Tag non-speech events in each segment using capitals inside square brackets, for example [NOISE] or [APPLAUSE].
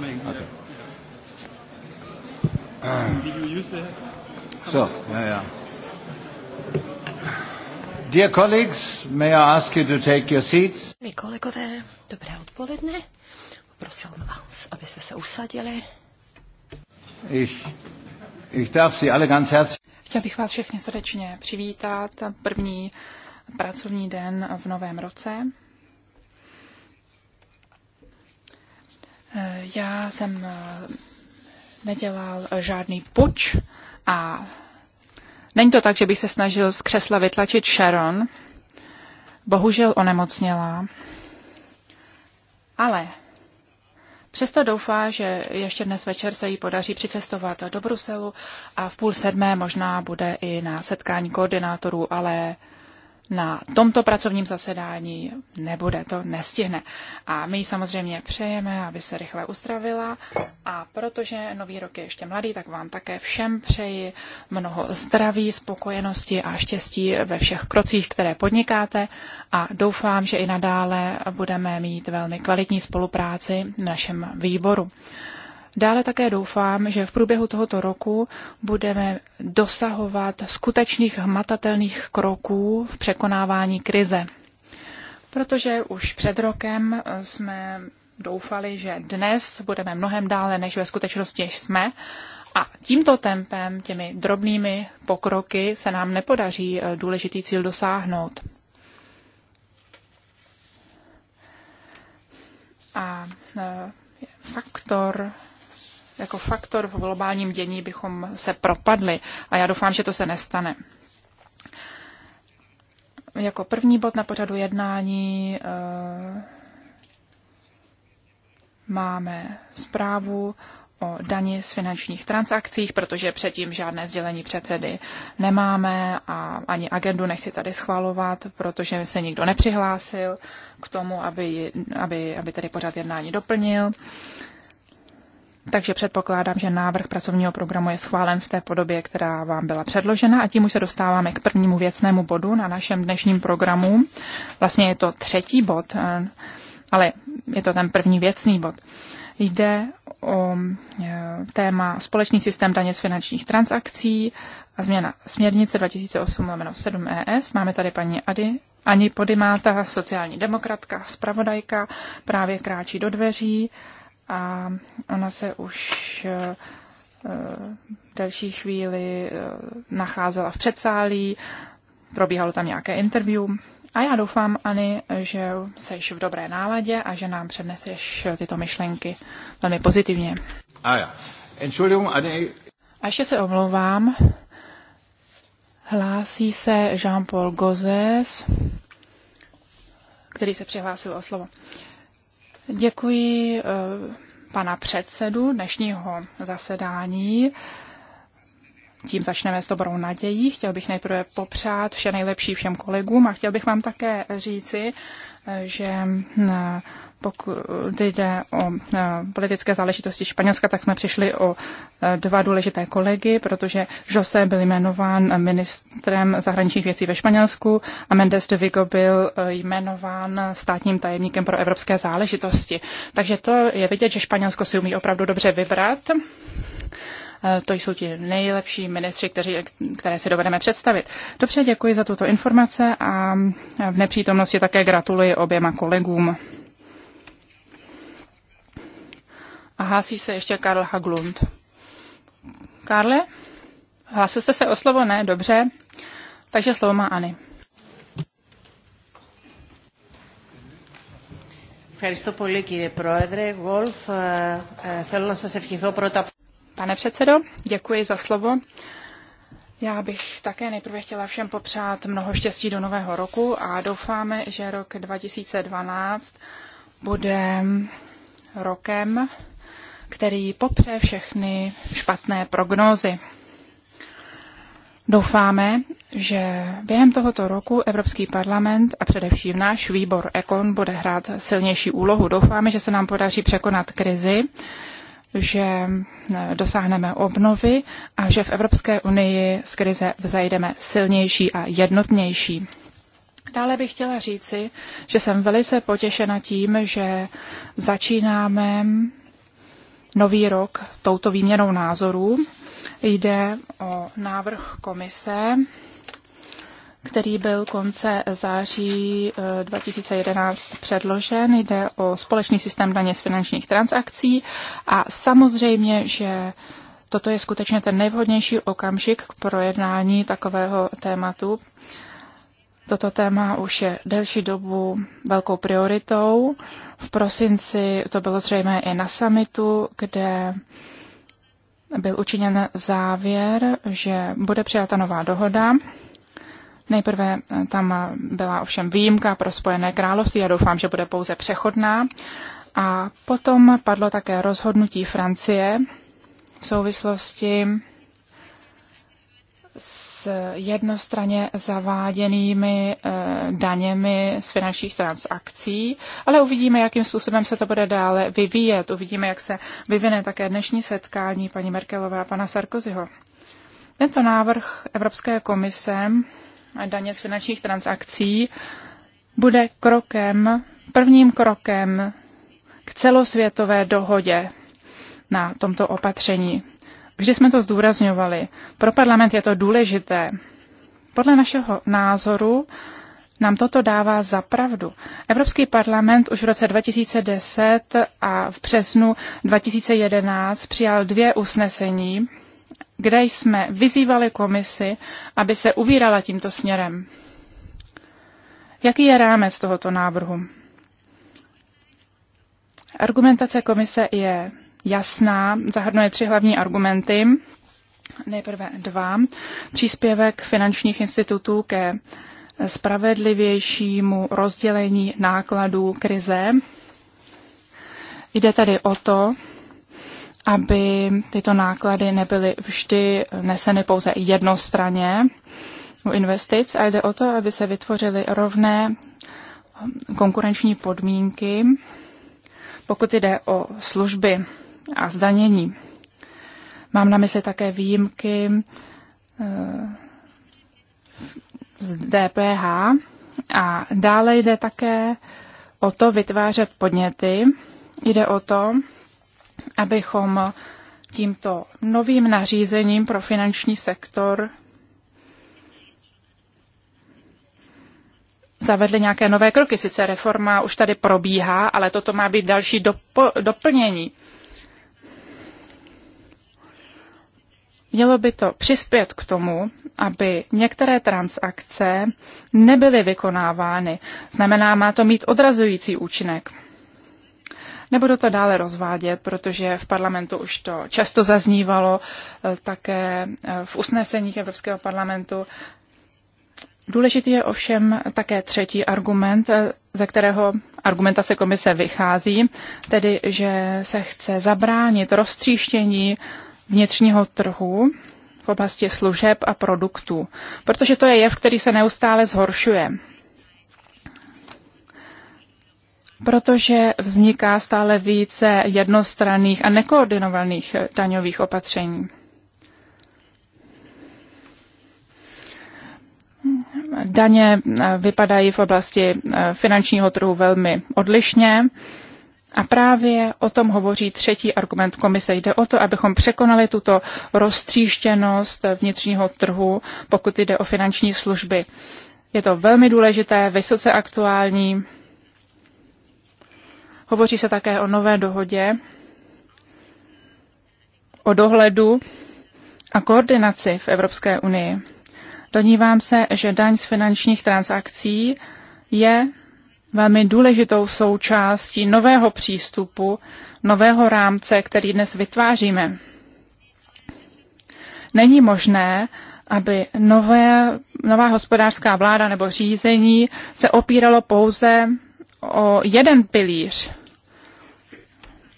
I mean, also. Did you use the... Uh, so, ja, Dear colleagues, may I ask you to take your seats? Milí kolegové, dobré odpoledne. Poprosil vás, abyste se usadili. Ich, ich darf Sie alle ganz herzlich... Chtěl bych vás všechny srdečně přivítat první pracovní den v novém roce. Já jsem eh, nedělal eh, žádný puč a není to tak, že bych se snažil z křesla vytlačit Sharon. Bohužel onemocněla. Ale Přesto doufá, že ještě dnes večer se jí podaří přicestovat do Bruselu a v půl sedmé možná bude i na setkání koordinátorů, ale na tomto pracovním zasedání nebude, to nestihne. A my ji samozřejmě přejeme, aby se rychle ustravila. A protože nový rok je ještě mladý, tak vám také všem přeji mnoho zdraví, spokojenosti a štěstí ve všech krocích, které podnikáte. A doufám, že i nadále budeme mít velmi kvalitní spolupráci v našem výboru. Dále také doufám, že v průběhu tohoto roku budeme dosahovat skutečných hmatatelných kroků v překonávání krize. Protože už před rokem eh, jsme doufali, že dnes budeme mnohem dále, než ve skutečnosti jsme. A tímto tempem, těmi drobnými pokroky, se nám nepodaří eh, důležitý cíl dosáhnout. A eh, faktor jako faktor v globálním dění bychom se propadli a já doufám, že to se nestane. Jako první bod na pořadu jednání eh, máme zprávu o dani z finančních transakcích, protože předtím žádné sdělení předsedy nemáme a ani agendu nechci tady schvalovat, protože se nikdo nepřihlásil k tomu, aby, aby, aby tady pořád jednání doplnil. Uh, takže předpokládám, že návrh pracovního programu je schválen v té podobě, která vám byla předložena a tím už se dostáváme k prvnímu věcnému bodu na našem dnešním programu. Vlastně je to třetí bod, eh, ale je to ten první věcný bod. Jde o eh, téma společný systém daně z finančních transakcí a změna směrnice 2008-7 ES. Máme tady paní Ady, Ani Podimáta, sociální demokratka, spravodajka, právě kráčí do dveří a ona se už eh, eh, další chvíli eh, nacházela v předsálí, probíhalo tam nějaké interview. A já doufám, Ani, že jsi v dobré náladě a že nám předneseš tyto myšlenky velmi pozitivně. Ah, a já. Entschuldigung, Ani. A ještě se omlouvám. Hlásí se Jean-Paul Gozes, který se přihlásil o slovo. Uh, Děkuji eh, pana předsedu dnešního zasedání. Tím začneme s dobrou nadějí. Chtěl bych nejprve popřát vše nejlepší všem kolegům a chtěl bych vám také říci, eh, že eh, pokud jde o e, politické záležitosti Španělska, tak jsme přišli o e, dva důležité kolegy, protože José byl jmenován ministrem zahraničních věcí ve Španělsku a Mendes de Vigo byl e, jmenován státním tajemníkem pro evropské záležitosti. Takže to je vidět, že Španělsko si umí opravdu dobře vybrat. To jsou ti nejlepší ministři, kteří, které si dovedeme představit. Dobře, děkuji za tuto informace a v nepřítomnosti také gratuluji oběma kolegům. A hásí se ještě Karl Haglund. Karle, hlásil jste se o slovo? Ne, dobře. Takže slovo má Ani. Ευχαριστώ πολύ κύριε Πρόεδρε. Γολφ, θέλω να σας ευχηθώ πρώτα. Pane předsedo, děkuji za slovo. Já bych také nejprve chtěla všem popřát mnoho štěstí do nového roku a doufáme, že rok 2012 bude rokem který popře všechny špatné prognózy. Doufáme, že během tohoto roku Evropský parlament a především náš výbor Ekon bude hrát silnější úlohu. Doufáme, že se nám podaří překonat krizi, že eh, dosáhneme obnovy a že v Evropské unii z krize vzajdeme silnější a jednotnější. Dále bych chtěla říci, že jsem velice potěšena tím, že začínáme nový rok touto výměnou názorů. Jde o návrh komise, který byl konce září 2011 eh, předložen. Jde o společný systém daně z finančních transakcí a samozřejmě, že toto je skutečně ten nejvhodnější okamžik k projednání takového tématu Toto téma už je delší dobu velkou prioritou. V prosinci to bylo zřejmé i na summitu, kde byl učiněn závěr, že bude přijata nová dohoda. Nejprve tam byla ovšem výjimka pro Spojené království, já doufám, že bude pouze přechodná. A potom padlo také rozhodnutí Francie v souvislosti s jednostranně zaváděnými eh, daněmi z finančních transakcí, ale uvidíme, jakým způsobem se to bude dále vyvíjet. Uvidíme, jak se vyvine také dnešní setkání paní Merkelové a pana Sarkozyho. Tento návrh Evropské komise eh, daně z finančních transakcí bude krokem, prvním krokem k celosvětové dohodě na tomto opatření. Vždy jsme to zdůrazňovali. Pro parlament je to důležité. Podle našeho názoru nám toto dává za pravdu. Evropský parlament už v roce 2010 a v březnu 2011 přijal dvě usnesení, kde jsme vyzývali komisi, aby se ubírala tímto směrem. Jaký je rámec tohoto návrhu? Argumentace komise je jasná, zahrnuje tři hlavní argumenty. Nejprve dva. Příspěvek finančních institutů ke spravedlivějšímu rozdělení nákladů krize. Jde tady o to, aby tyto náklady nebyly vždy neseny pouze jednostranně u investic a jde o to, aby se vytvořily rovné konkurenční podmínky, pokud jde o služby a zdanění. Mám na mysli také výjimky eh, z DPH a dále jde také o to vytvářet podněty. Jde o to, abychom tímto novým nařízením pro finanční sektor zavedli nějaké nové kroky. Sice reforma už tady probíhá, ale toto má být další dopo, doplnění. Mělo by to přispět k tomu, aby některé transakce nebyly vykonávány. Znamená, má to mít odrazující účinek. Nebudu to dále rozvádět, protože v parlamentu už to často zaznívalo, eh, také eh, v usneseních Evropského parlamentu. Důležitý je ovšem také třetí argument, eh, ze kterého argumentace komise vychází, tedy že se chce zabránit roztříštění vnitřního trhu v oblasti služeb a produktů, protože to je jev, který se neustále zhoršuje. Protože vzniká stále více jednostranných a nekoordinovaných eh, daňových opatření. Daně eh, vypadají v oblasti eh, finančního trhu velmi odlišně. A právě o tom hovoří třetí argument komise. Jde o to, abychom překonali tuto roztříštěnost vnitřního trhu, pokud jde o finanční služby. Je to velmi důležité, vysoce aktuální. Hovoří se také o nové dohodě, o dohledu a koordinaci v Evropské unii. Donívám se, že daň z finančních transakcí je velmi důležitou součástí nového přístupu, nového rámce, který dnes vytváříme. Není možné, aby nové, nová hospodářská vláda nebo řízení se opíralo pouze o jeden pilíř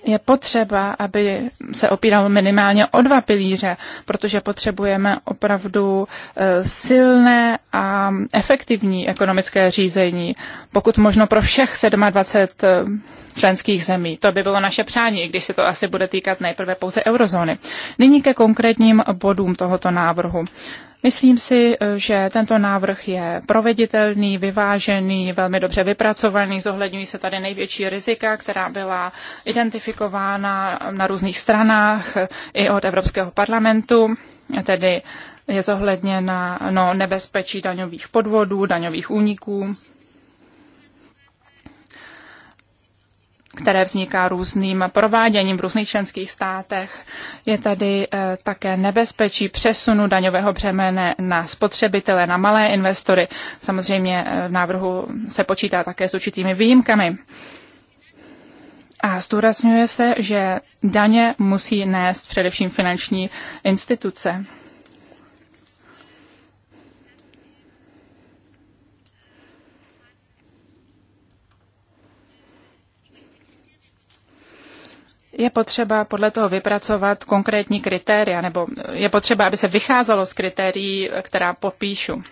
je potřeba, aby se opíral minimálně o dva pilíře, protože potřebujeme opravdu eh, silné a efektivní ekonomické řízení, pokud možno pro všech 27 eh, členských zemí. To by bylo naše přání, když se to asi bude týkat nejprve pouze eurozóny. Nyní ke konkrétním bodům tohoto návrhu. Myslím si, eh, že tento návrh je proveditelný, vyvážený, velmi dobře vypracovaný. Zohledňují se tady největší rizika, která byla identifikována na různých stranách eh, i od Evropského parlamentu, tedy je zohledněna no, nebezpečí daňových podvodů, daňových úniků které vzniká různým prováděním v různých členských státech. Je tady eh, také nebezpečí přesunu daňového břemene na spotřebitele, na malé investory. Samozřejmě eh, v návrhu se počítá také s určitými výjimkami. A zdůrazňuje se, že daně musí nést především finanční instituce. je potřeba podle toho vypracovat konkrétní kritéria, nebo je potřeba, aby se vycházelo z kritérií, která popíšu.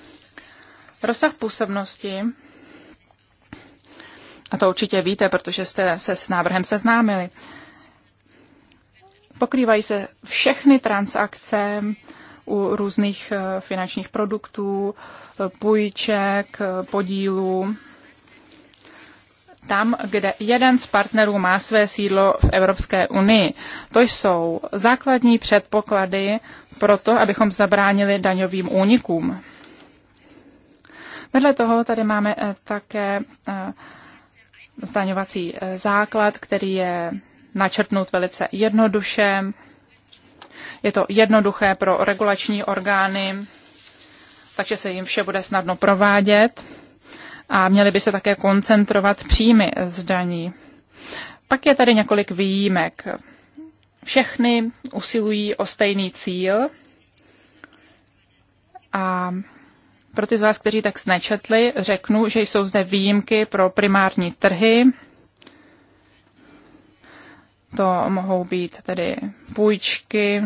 Rozsah působnosti, a to určitě víte, protože jste se s návrhem seznámili, pokrývají se všechny transakce u různých eh, finančních produktů, eh, půjček, eh, podílů tam, kde jeden z partnerů má své sídlo v Evropské unii. To jsou základní předpoklady pro to, abychom zabránili daňovým únikům. Vedle toho tady máme eh, také eh, zdaňovací eh, základ, který je načrtnut velice jednoduše. Je to jednoduché pro regulační orgány, takže se jim vše bude snadno provádět a měly by se také koncentrovat příjmy z daní. Pak je tady několik výjimek. Všechny usilují o stejný cíl a pro ty z vás, kteří tak nečetli, řeknu, že jsou zde výjimky pro primární trhy. To mohou být tedy půjčky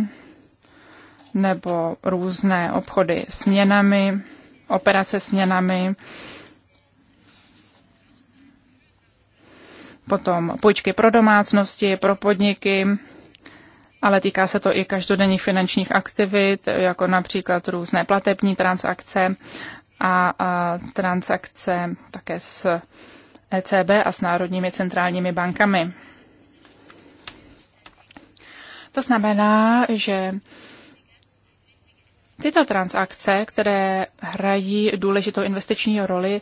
nebo různé obchody s měnami, operace s měnami, potom půjčky pro domácnosti, pro podniky, ale týká se to i každodenních finančních aktivit, jako například různé platební transakce a, a transakce také s ECB a s národními centrálními bankami. To znamená, že tyto transakce, které hrají důležitou investiční roli,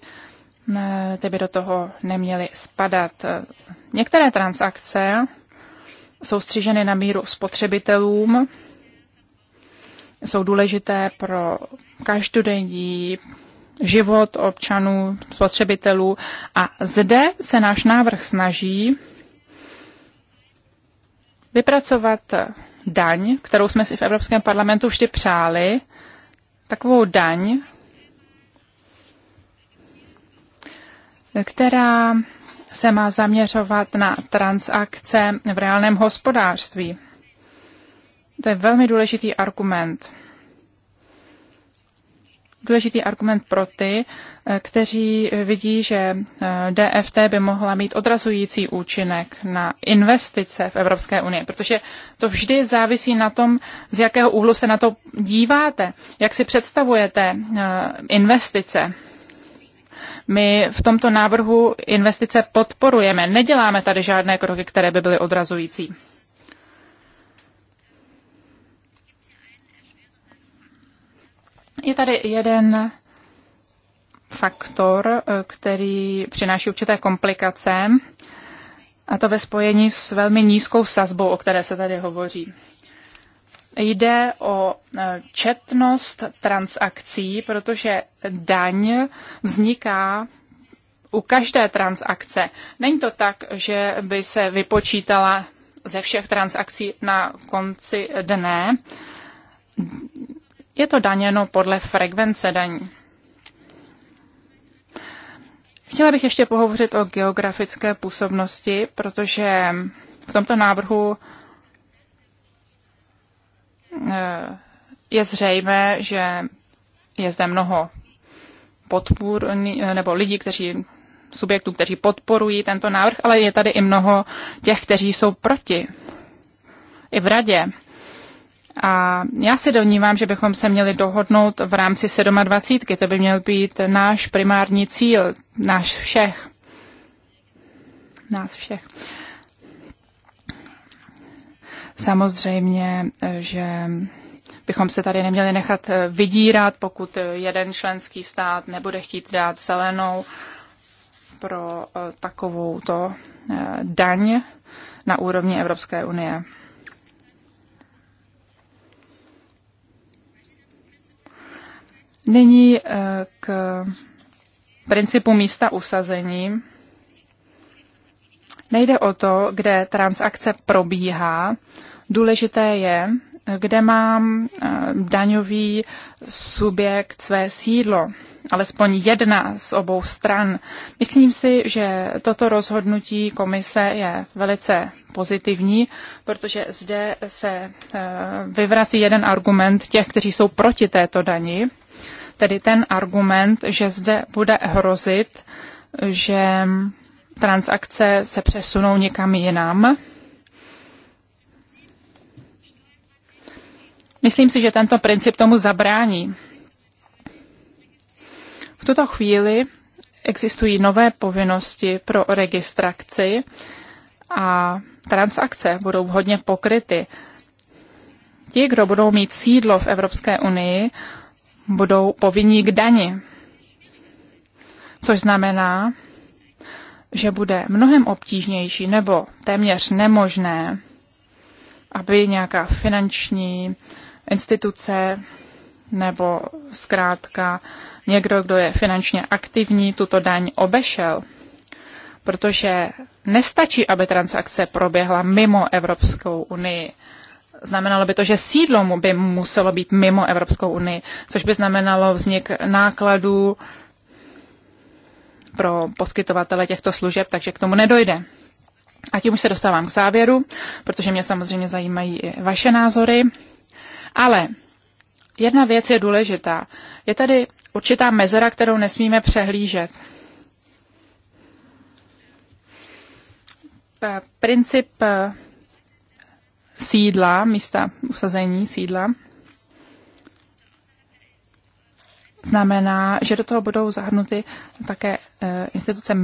ty by do toho neměly spadat. Některé transakce jsou stříženy na míru spotřebitelům, jsou důležité pro každodenní život občanů, spotřebitelů. A zde se náš návrh snaží vypracovat daň, kterou jsme si v Evropském parlamentu vždy přáli, takovou daň, která se má zaměřovat na transakce v reálném hospodářství. To je velmi důležitý argument. Důležitý argument pro ty, eh, kteří vidí, že eh, DFT by mohla mít odrazující účinek na investice v Evropské unii, protože to vždy závisí na tom, z jakého úhlu se na to díváte, jak si představujete eh, investice my v tomto návrhu investice podporujeme. Neděláme tady žádné kroky, které by byly odrazující. Je tady jeden faktor, který přináší určité komplikace, a to ve spojení s velmi nízkou sazbou, o které se tady hovoří. Jde o e, četnost transakcí, protože daň vzniká u každé transakce. Není to tak, že by se vypočítala ze všech transakcí na konci dne. Je to daněno podle frekvence daní. Chtěla bych ještě pohovořit o geografické působnosti, protože v tomto návrhu Eh, je zřejmé, že je zde mnoho podpůr eh, nebo lidí, kteří subjektů, kteří podporují tento návrh, ale je tady i mnoho těch, kteří jsou proti. I v radě. A já si domnívám, že bychom se měli dohodnout v rámci 27. To by měl být náš primární cíl, náš všech. Nás všech. Uh, Samozřejmě, eh, že bychom se tady neměli nechat eh, vydírat, pokud eh, jeden členský stát nebude chtít dát zelenou pro takovou to daň na úrovni Evropské unie. Nyní k principu místa usazení. Nejde o to, kde transakce probíhá, Důležité je, kde mám eh, daňový subjekt své sídlo, alespoň jedna z obou stran. Myslím si, že toto rozhodnutí komise je velice pozitivní, protože zde se eh, vyvrací jeden argument těch, kteří jsou proti této dani, tedy ten argument, že zde bude hrozit, že transakce se přesunou někam jinam Myslím si, že tento princip tomu zabrání. V tuto chvíli existují nové povinnosti pro registraci a transakce budou vhodně pokryty. Ti, kdo budou mít sídlo v Evropské unii, budou povinní k dani, což znamená, že bude mnohem obtížnější nebo téměř nemožné, aby nějaká finanční instituce nebo zkrátka někdo, kdo je finančně aktivní, tuto daň obešel. Protože nestačí, aby transakce proběhla mimo Evropskou unii. Znamenalo by to, že sídlo mu by muselo být mimo Evropskou unii, což by znamenalo vznik nákladů pro poskytovatele těchto služeb, takže k tomu nedojde. A tím už se dostávám k závěru, protože mě samozřejmě zajímají i vaše názory. Ale jedna věc je důležitá. Je tady určitá mezera, kterou nesmíme přehlížet. Princip eh, sídla, místa usazení sídla, znamená, že do toho budou zahrnuty také eh, instituce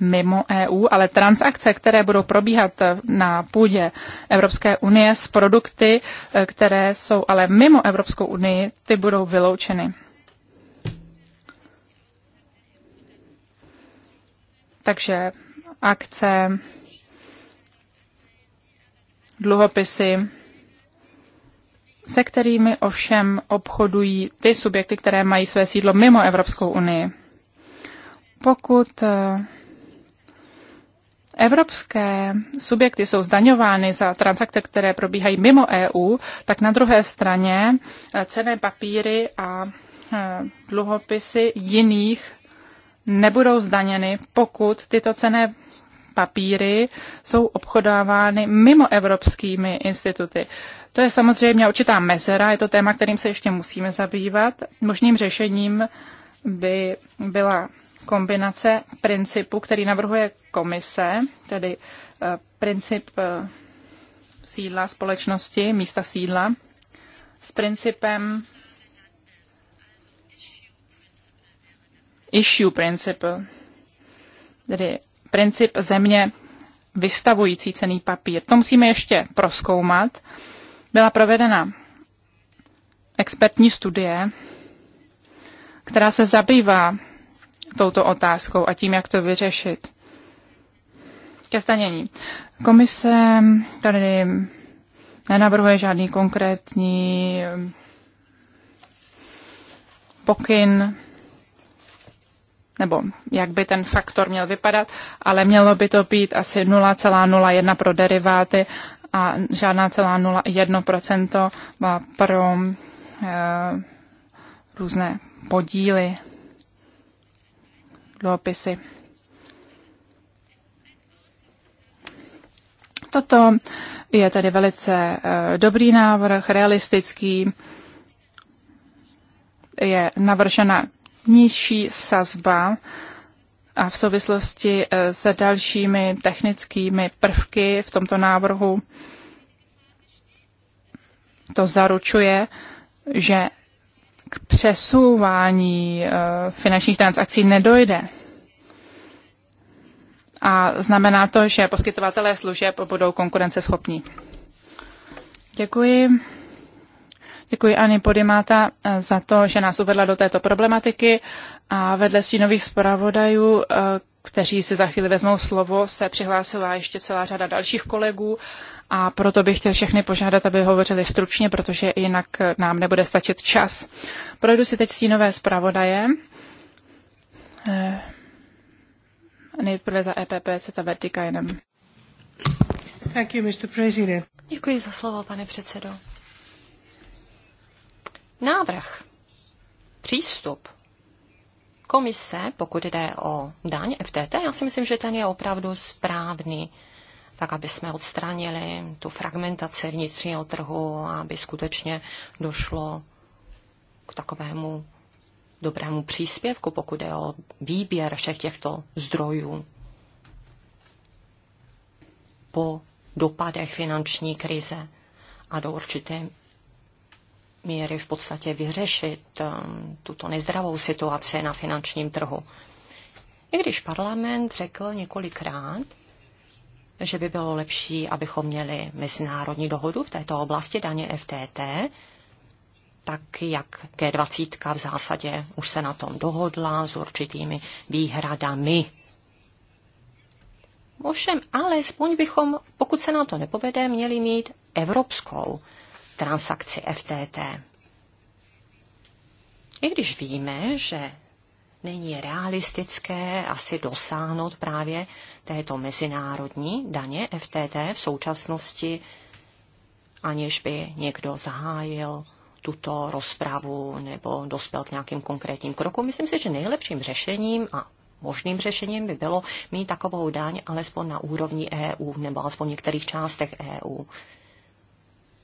mimo EU, ale transakce, které budou probíhat na půdě Evropské unie s produkty, eh, které jsou ale mimo Evropskou unii, ty budou vyloučeny. Takže akce, dluhopisy, se kterými ovšem obchodují ty subjekty, které mají své sídlo mimo Evropskou unii. Pokud eh, evropské subjekty jsou zdaňovány za transakce, které probíhají mimo EU, tak na druhé straně eh, cené papíry a eh, dluhopisy jiných nebudou zdaněny, pokud tyto cené papíry jsou obchodovány mimo evropskými instituty. To je samozřejmě určitá mezera, je to téma, kterým se ještě musíme zabývat. Možným řešením by byla kombinace principu, který navrhuje komise, tedy eh, princip eh, sídla společnosti, místa sídla, s principem issue principle, tedy princip země vystavující cený papír. To musíme ještě proskoumat. Byla provedena expertní studie, která se zabývá touto otázkou a tím, jak to vyřešit. Ke zdanění. Komise tady nenavrhuje žádný konkrétní pokyn nebo jak by ten faktor měl vypadat, ale mělo by to být asi 0,01 pro deriváty a žádná celá 0,1 pro e, různé podíly dluhopisy. Toto je tedy velice eh, dobrý návrh, realistický. Je navržena nižší sazba a v souvislosti eh, se dalšími technickými prvky v tomto návrhu to zaručuje, že k přesouvání eh, finančních transakcí nedojde. A znamená to, že poskytovatelé služeb budou konkurenceschopní. Děkuji. Děkuji Ani Podimáta eh, za to, že nás uvedla do této problematiky a vedle stínových zpravodajů, eh, kteří si za chvíli vezmou slovo, se přihlásila ještě celá řada dalších kolegů a proto bych chtěl všechny požádat, aby hovořili stručně, protože jinak nám nebude stačit čas. Projdu si teď stínové zpravodaje. Eh, nejprve za EPP se ta vertika jenom. Thank you, Mr. President. Děkuji za slovo, pane předsedo. Návrh. Přístup komise, pokud jde o daň FTT, já si myslím, že ten je opravdu správný tak aby jsme odstranili tu fragmentaci vnitřního trhu a aby skutečně došlo k takovému dobrému příspěvku, pokud je o výběr všech těchto zdrojů po dopadech finanční krize a do určité míry v podstatě vyřešit um, tuto nezdravou situaci na finančním trhu. I když parlament řekl několikrát, že by bylo lepší, abychom měli mezinárodní dohodu v této oblasti daně FTT, tak jak G20 v zásadě už se na tom dohodla s určitými výhradami. Ovšem, spoň bychom, pokud se nám to nepovede, měli mít evropskou transakci FTT. I když víme, že není realistické asi dosáhnout právě této mezinárodní daně FTT v současnosti, aniž by někdo zahájil tuto rozpravu nebo dospěl k nějakým konkrétním krokům. Myslím si, že nejlepším řešením a možným řešením by bylo mít takovou daň alespoň na úrovni EU nebo alespoň v některých částech EU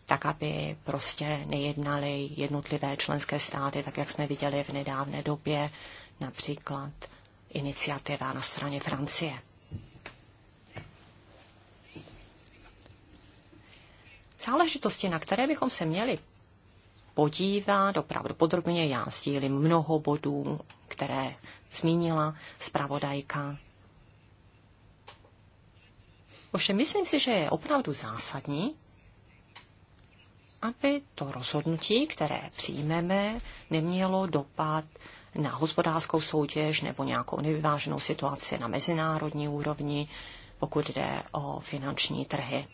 tak aby prostě nejednali jednotlivé členské státy, tak jak jsme viděli v nedávné době například iniciativa na straně Francie. Záležitosti, na které bychom se měli podívat, opravdu podrobně, já sdílím mnoho bodů, které zmínila zpravodajka. Ovšem myslím si, že je opravdu zásadní, aby to rozhodnutí, které přijmeme, nemělo dopad na hospodářskou soutěž nebo nějakou nevyváženou situaci na mezinárodní úrovni, pokud jde o finanční trhy.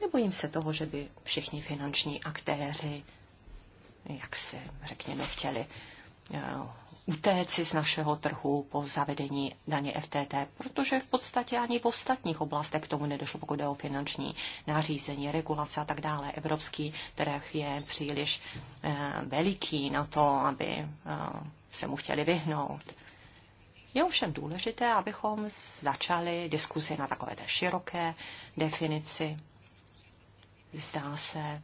Nebojím se toho, že by všichni finanční aktéři, jak si řekněme, chtěli eh, utéci z našeho trhu po zavedení daně FTT, protože v podstatě ani v ostatních oblastech k tomu nedošlo, pokud jde o finanční nařízení, regulace a tak dále. Evropský trh je příliš eh, veliký na to, aby eh, se mu chtěli vyhnout. Je ovšem důležité, abychom začali diskuzi na takové té široké definici. Zdá se,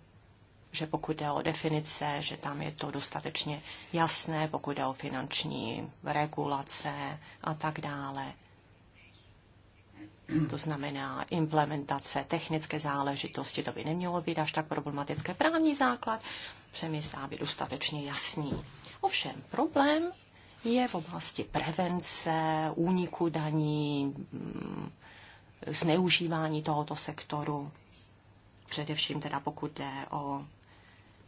že pokud jde o definice, že tam je to dostatečně jasné, pokud jde o finanční regulace a tak dále. To znamená implementace, technické záležitosti, to by nemělo být až tak problematické. Právní základ přemyslá by dostatečně jasný. Ovšem, problém je v oblasti prevence, úniku daní, mm, zneužívání tohoto sektoru, především teda pokud jde o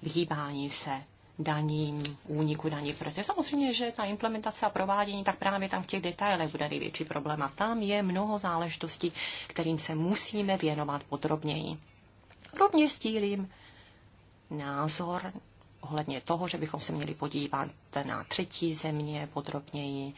vyhýbání se daním, úniku daní, protože samozřejmě, že ta implementace a provádění, tak právě tam v těch detailech bude největší problém a tam je mnoho záležitostí, kterým se musíme věnovat podrobněji. Rovně stílím názor ohledně toho, že bychom se měli podívat na třetí země podrobněji,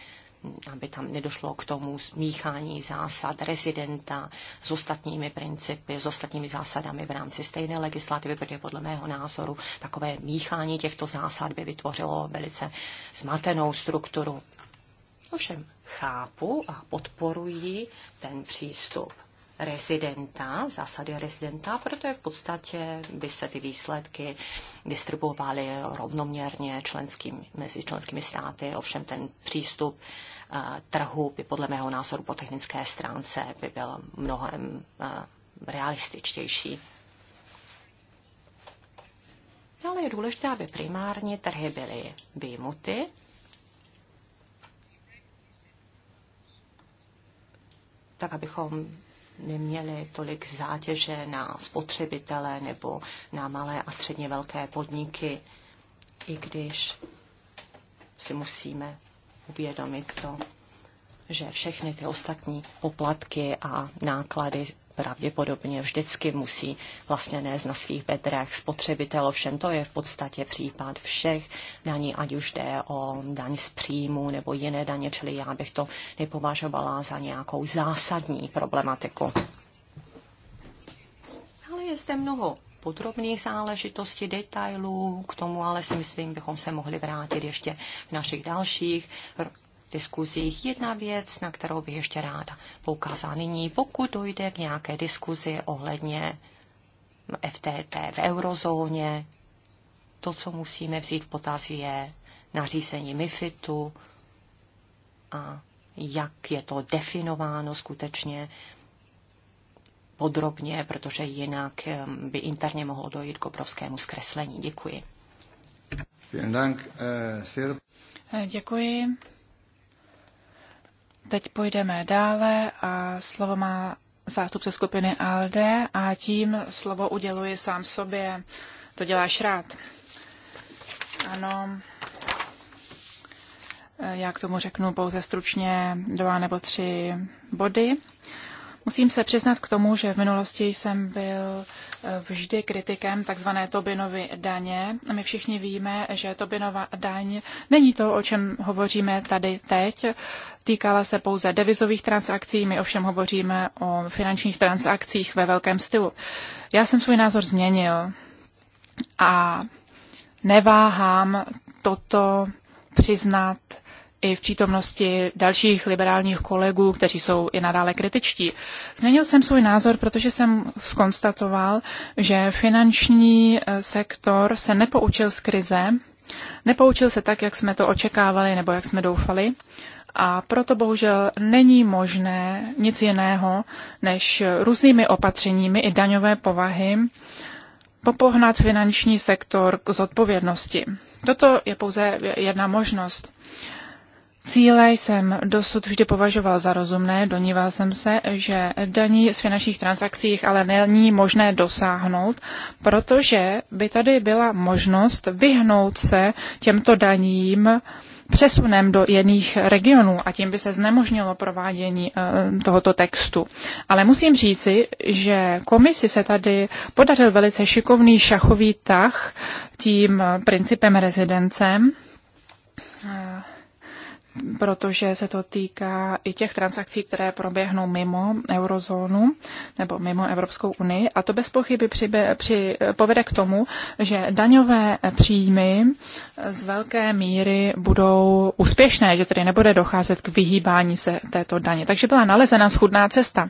aby tam nedošlo k tomu smíchání zásad rezidenta s ostatními principy, s ostatními zásadami v rámci stejné legislativy, protože podle mého názoru takové míchání těchto zásad by vytvořilo velice zmatenou strukturu. Ovšem chápu a podporuji ten přístup rezidenta, zásady rezidenta, protože v podstatě by se ty výsledky distribuovaly rovnoměrně členským, mezi členskými státy. Ovšem ten přístup eh, trhu by podle mého názoru po technické stránce by byl mnohem eh, realističtější. Ale je důležité, aby primárně trhy byly vyjmuty tak abychom neměli tolik zátěže na spotřebitele nebo na malé a středně velké podniky, i když si musíme uvědomit to, že všechny ty ostatní poplatky a náklady pravděpodobně vždycky musí vlastně nést na svých bedrech spotřebitel. Ovšem to je v podstatě případ všech daní, ať už jde o daň z příjmu nebo jiné daně, čili já bych to nepovažovala za nějakou zásadní problematiku. Ale je zde mnoho podrobných záležitostí, detailů. K tomu ale si myslím, bychom se mohli vrátit ještě v našich dalších diskuzích. Jedna věc, na kterou bych ještě ráda poukázal nyní, pokud dojde k nějaké diskuzi ohledně FTT v eurozóně, to, co musíme vzít v potaz, je nařízení MIFITu a jak je to definováno skutečně podrobně, protože jinak um, by interně mohlo dojít k obrovskému zkreslení. Děkuji. Eh, eh, děkuji. Teď půjdeme dále a slovo má zástupce skupiny ALD a tím slovo uděluji sám sobě. To děláš rád. Ano, já k tomu řeknu pouze stručně dva nebo tři body. Musím se přiznat k tomu, že v minulosti jsem byl eh, vždy kritikem tzv. Tobinovy daně. My všichni víme, že Tobinova daň není to, o čem hovoříme tady teď. Týkala se pouze devizových transakcí, my ovšem hovoříme o finančních transakcích ve velkém stylu. Já jsem svůj názor změnil a neváhám toto přiznat i v přítomnosti dalších liberálních kolegů, kteří jsou i nadále kritičtí. Změnil jsem svůj názor, protože jsem skonstatoval, že finanční eh, sektor se nepoučil z krize, nepoučil se tak, jak jsme to očekávali nebo jak jsme doufali. A proto bohužel není možné nic jiného, než různými opatřeními i daňové povahy popohnat finanční sektor k zodpovědnosti. Toto je pouze jedna možnost. Cíle jsem dosud vždy považoval za rozumné, doníval jsem se, že daní z finančních transakcí ale není možné dosáhnout, protože by tady byla možnost vyhnout se těmto daním přesunem do jiných regionů a tím by se znemožnilo provádění eh, tohoto textu. Ale musím říci, že komisi se tady podařil velice šikovný šachový tah tím principem rezidencem eh, protože se to týká i těch transakcí, které proběhnou mimo eurozónu nebo mimo Evropskou unii. A to bez pochyby přibe, při, povede k tomu, že daňové příjmy z velké míry budou úspěšné, že tedy nebude docházet k vyhýbání se této daně. Takže byla nalezena schudná cesta.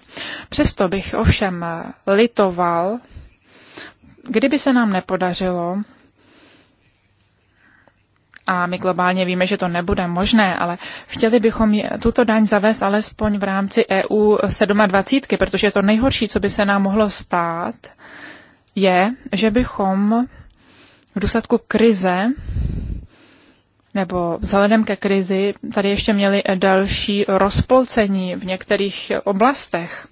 Přesto bych ovšem litoval, kdyby se nám nepodařilo a my globálně víme, že to nebude možné, ale chtěli bychom tuto daň zavést alespoň v rámci EU 27, protože to nejhorší, co by se nám mohlo stát, je, že bychom v důsledku krize nebo vzhledem ke krizi tady ještě měli další rozpolcení v některých oblastech.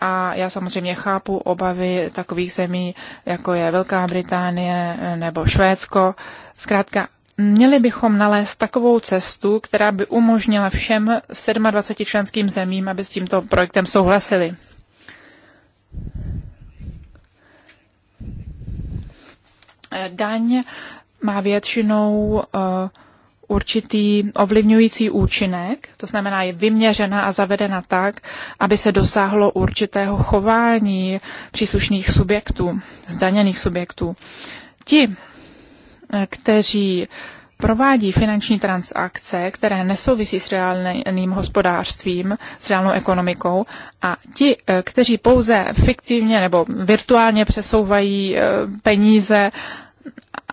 A já samozřejmě chápu obavy takových zemí, jako je Velká Británie nebo Švédsko, Zkrátka, měli bychom nalézt takovou cestu, která by umožnila všem 27 členským zemím, aby s tímto projektem souhlasili. Daň má většinou eh, určitý ovlivňující účinek, to znamená je vyměřena a zavedena tak, aby se dosáhlo určitého chování příslušných subjektů, zdaněných subjektů. Ti, kteří provádí finanční transakce, které nesouvisí s reálným hospodářstvím, s reálnou ekonomikou a ti, eh, kteří pouze fiktivně nebo virtuálně přesouvají eh, peníze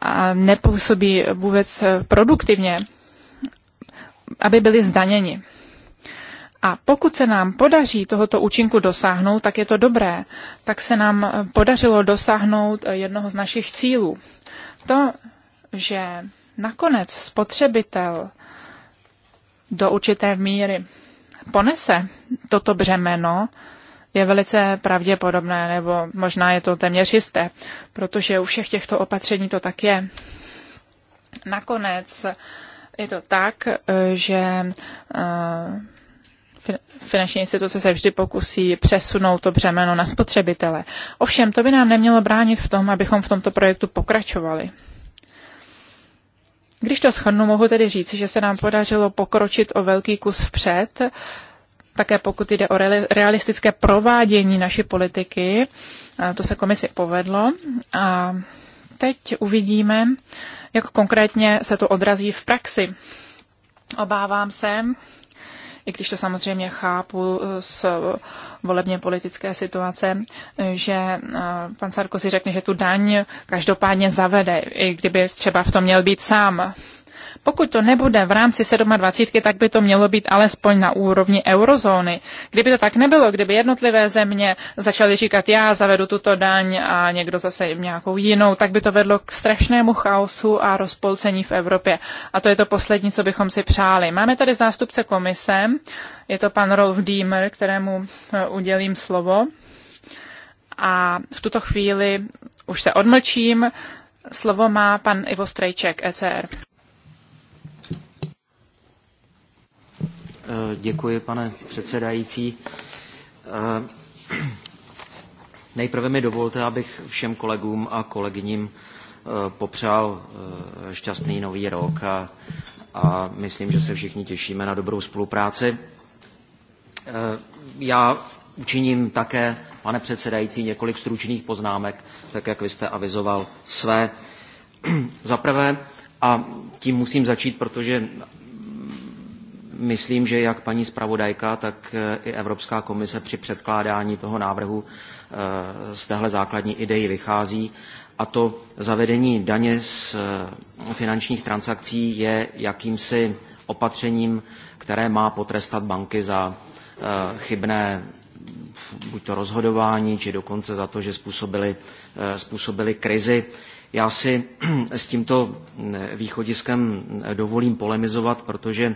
a nepůsobí vůbec eh, produktivně, aby byli zdaněni. A pokud se nám podaří tohoto účinku dosáhnout, tak je to dobré. Tak se nám podařilo dosáhnout jednoho z našich cílů. To že nakonec spotřebitel do určité míry ponese toto břemeno, je velice pravděpodobné, nebo možná je to téměř jisté, protože u všech těchto opatření to tak je. Nakonec je to tak, že eh, finanční instituce se vždy pokusí přesunout to břemeno na spotřebitele. Ovšem, to by nám nemělo bránit v tom, abychom v tomto projektu pokračovali. Když to shrnu, mohu tedy říci, že se nám podařilo pokročit o velký kus vpřed, také pokud jde o realistické provádění naší politiky. To se komisi povedlo. A teď uvidíme, jak konkrétně se to odrazí v praxi. Obávám se, i když to samozřejmě chápu z volebně politické situace, že eh, pan Sarkozy řekne, že tu daň každopádně zavede, i kdyby třeba v tom měl být sám. Pokud to nebude v rámci 27, tak by to mělo být alespoň na úrovni eurozóny. Kdyby to tak nebylo, kdyby jednotlivé země začaly říkat, já zavedu tuto daň a někdo zase nějakou jinou, tak by to vedlo k strašnému chaosu a rozpolcení v Evropě. A to je to poslední, co bychom si přáli. Máme tady zástupce komise, je to pan Rolf Diemer, kterému eh, udělím slovo. A v tuto chvíli už se odmlčím. Slovo má pan Ivo Strejček, ECR. Eh, děkuji, pane předsedající. Eh, nejprve mi dovolte, abych všem kolegům a kolegyním eh, popřál šťastný nový rok a, a myslím, že se všichni těšíme na dobrou spolupráci. Já učiním také, pane předsedající, několik stručných poznámek, tak jak vy jste avizoval své. [CLEARS THROAT] Za prvé, a tím musím začít, protože myslím, že jak paní zpravodajka, tak eh, i Evropská komise při předkládání toho návrhu eh, z téhle základní idei vychází. A to zavedení daně z eh, finančních transakcí je jakýmsi opatřením, které má potrestat banky za chybné buď to rozhodování, či dokonce za to, že způsobili, způsobili krizi. Já si [CLEARS THROAT] s tímto východiskem dovolím polemizovat, protože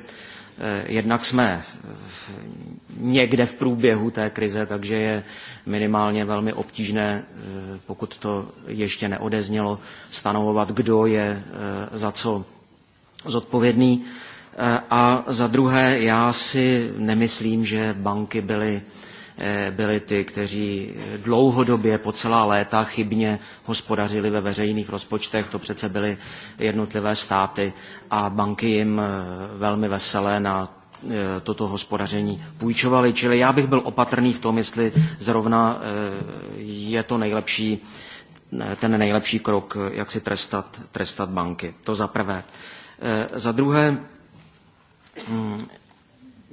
Eh, jednak jsme někde v průběhu té krize, takže je minimálně velmi obtížné, eh, pokud to ještě neodeznělo, stanovovat, kdo je eh, za co zodpovědný. A za druhé, já si nemyslím, že banky byly Eh, byli ty, kteří eh, dlouhodobě po celá léta chybně hospodařili ve veřejných rozpočtech. To přece byly jednotlivé státy a banky jim eh, velmi veselé na toto hospodaření půjčovali. Čili já bych byl opatrný v tom, jestli zrovna je to nejlepší, ten nejlepší krok, jak si trestat, trestat banky. To za prvé. Za druhé, mm,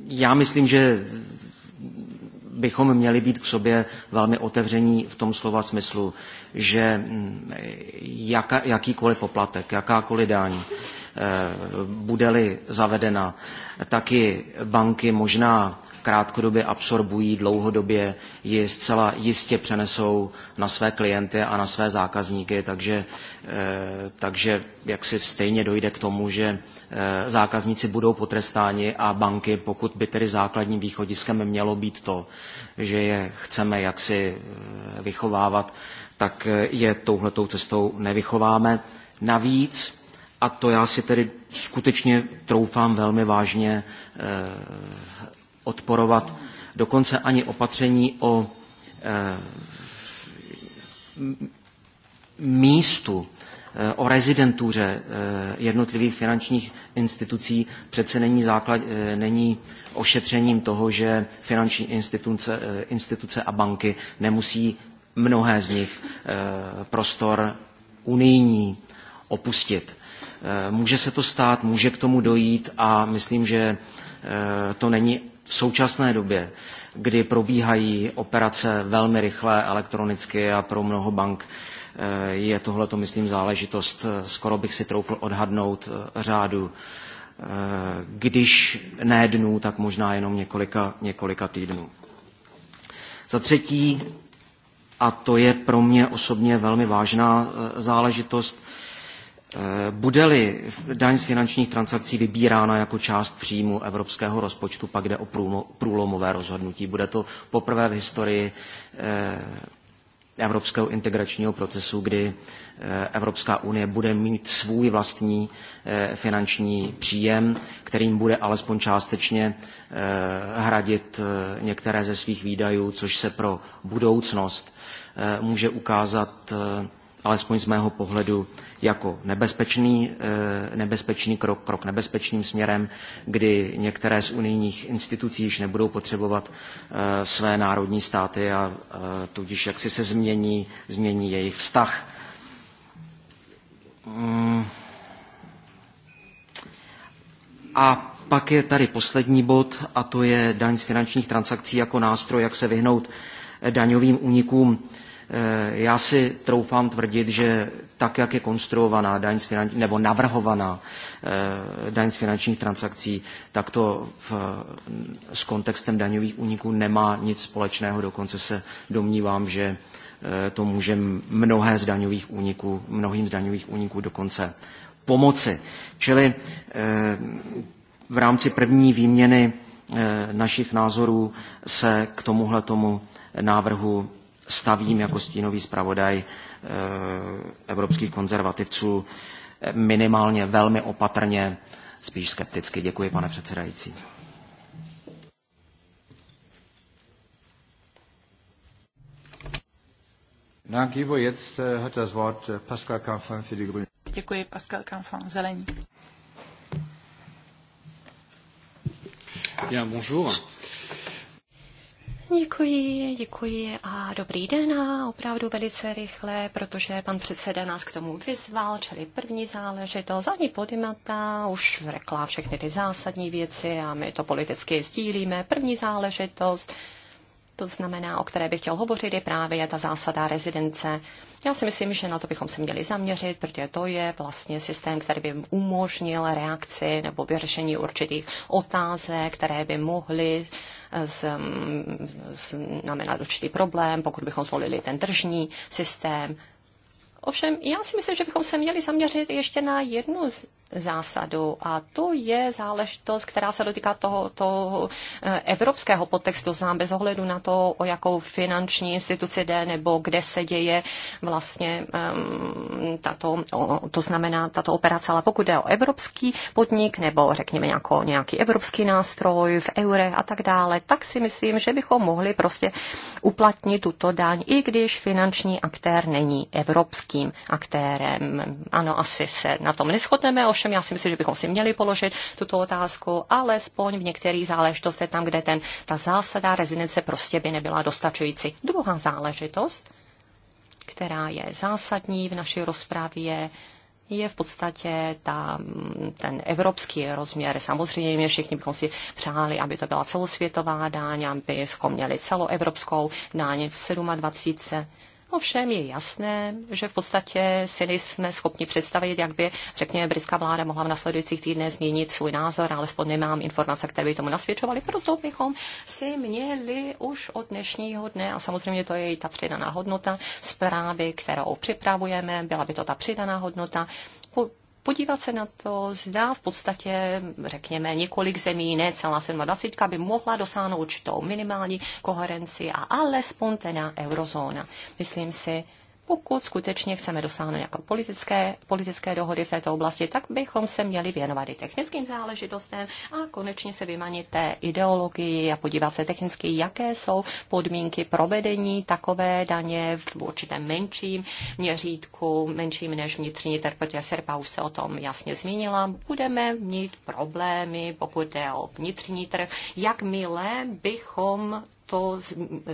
já myslím, že bychom měli být k sobě velmi otevření v tom slova smyslu, že mm, jaka, jakýkoliv poplatek, jakákoliv daň, eh, bude-li zavedena, taky banky možná krátkodobě absorbují, dlouhodobě ji zcela jistě přenesou na své klienty a na své zákazníky, takže, eh, takže jak si stejně dojde k tomu, že eh, zákazníci budou potrestáni a banky, pokud by tedy základním východiskem mělo být to, že je chceme jaksi eh, vychovávat, tak je touhletou cestou nevychováme. Navíc, a to já si tedy skutečně troufám velmi vážně odporovat dokonce ani opatření o eh, místu, eh, o rezidentuře eh, jednotlivých finančních institucí přece není, základ, není ošetřením toho, že finanční instituce, instituce a banky nemusí mnohé z nich prostor unijní opustit. Může se to stát, může k tomu dojít a myslím, že to není v současné době, kdy probíhají operace velmi rychle elektronicky a pro mnoho bank eh, je tohle, to myslím, záležitost, skoro bych si troufl odhadnout eh, řádu, eh, když ne dnů, tak možná jenom několika, několika týdnů. Za třetí, a to je pro mě osobně velmi vážná záležitost, Eh, bude-li daň z finančních transakcí vybírána jako část příjmu evropského rozpočtu, pak jde o průlomové rozhodnutí. Bude to poprvé v historii eh, evropského integračního procesu, kdy eh, Evropská unie bude mít svůj vlastní finanční příjem, kterým bude alespoň částečně hradit některé ze svých výdajů, což se pro budoucnost může ukázat alespoň z mého pohledu, jako nebezpečný, eh, nebezpečný krok, krok nebezpečným směrem, kdy některé z unijních institucí již nebudou potřebovat eh, své národní státy a eh, tudíž jaksi se změní, změní jejich vztah. Mm. A pak je tady poslední bod, a to je daň z finančních transakcí jako nástroj, jak se vyhnout daňovým únikům. Eh, já si troufám tvrdit, že tak, jak je konstruovaná daň z finanč... nebo navrhovaná eh, daň z finančních transakcí, tak to v... s kontextem daňových úniků nemá nic společného. Dokonce se domnívám, že eh, to může mnohé z daňových úniků, mnohým z daňových úniků dokonce pomoci. Čili v rámci první výměny našich názorů se k tomuhle tomu návrhu stavím jako stínový zpravodaj eh, evropských konzervativců eh, minimálně velmi opatrně, spíš skepticky. Děkuji, pane předsedající. Eh, Děkuji, Pascal Canfan, Zelení. Bien, bonjour. Děkuji, děkuji a dobrý den a opravdu velice rychle, protože pan předseda nás k tomu vyzval, čili první záležitost, ani podimata, už řekla všechny ty zásadní věci a my to politicky sdílíme. První záležitost, to znamená, o které bych chtěl hovořit, je právě ta zásada rezidence. Já si myslím, že na to bychom se měli zaměřit, protože to je vlastně systém, který by umožnil reakci nebo vyřešení určitých otázek, které by mohly z, určitý problém, pokud bychom zvolili ten tržní systém. Ovšem, já si myslím, že bychom se měli zaměřit ještě na jednu z zásadu. A to je záležitost, která se dotýká toho, toho eh, evropského podtextu, znám bez ohledu na to, o jakou finanční instituci jde nebo kde se děje vlastně um, tato, o, to znamená tato operace. Ale pokud jde o evropský podnik nebo řekněme jako nějaký evropský nástroj v eurech a tak dále, tak si myslím, že bychom mohli prostě uplatnit tuto daň, i když finanční aktér není evropským aktérem. Ano, asi se na tom neschodneme, o Ovšem, já si myslím, že bychom si měli položit tuto otázku, alespoň v některých záležitostech tam, kde ten, ta zásada rezidence prostě by nebyla dostačující. Druhá záležitost, která je zásadní v naší rozpravě, je v podstatě ta, ten evropský rozměr. Samozřejmě všichni bychom si přáli, aby to byla celosvětová dáň, abychom měli celoevropskou dáň v 27 Ovšem je jasné, že v podstatě si nejsme schopni představit, jak by, řekněme, britská vláda mohla v nasledujících týdnech změnit svůj názor, alespoň nemám informace, které by tomu nasvědčovaly. Proto bychom si měli už od dnešního dne, a samozřejmě to je i ta přidaná hodnota zprávy, kterou připravujeme, byla by to ta přidaná hodnota, podívat se na to, zda v podstatě, řekněme, několik zemí, ne celá 27, by mohla dosáhnout určitou minimální koherenci a alespoň teda eurozóna. Myslím si, pokud skutečně chceme dosáhnout nějaké politické, politické dohody v této oblasti, tak bychom se měli věnovat i technickým záležitostem a konečně se vymanit té ideologii a podívat se technicky, jaké jsou podmínky provedení takové daně v určitém menším měřítku, menším než vnitřní trh, Serpa už se o tom jasně zmínila. Budeme mít problémy, pokud je o vnitřní trh, jakmile bychom to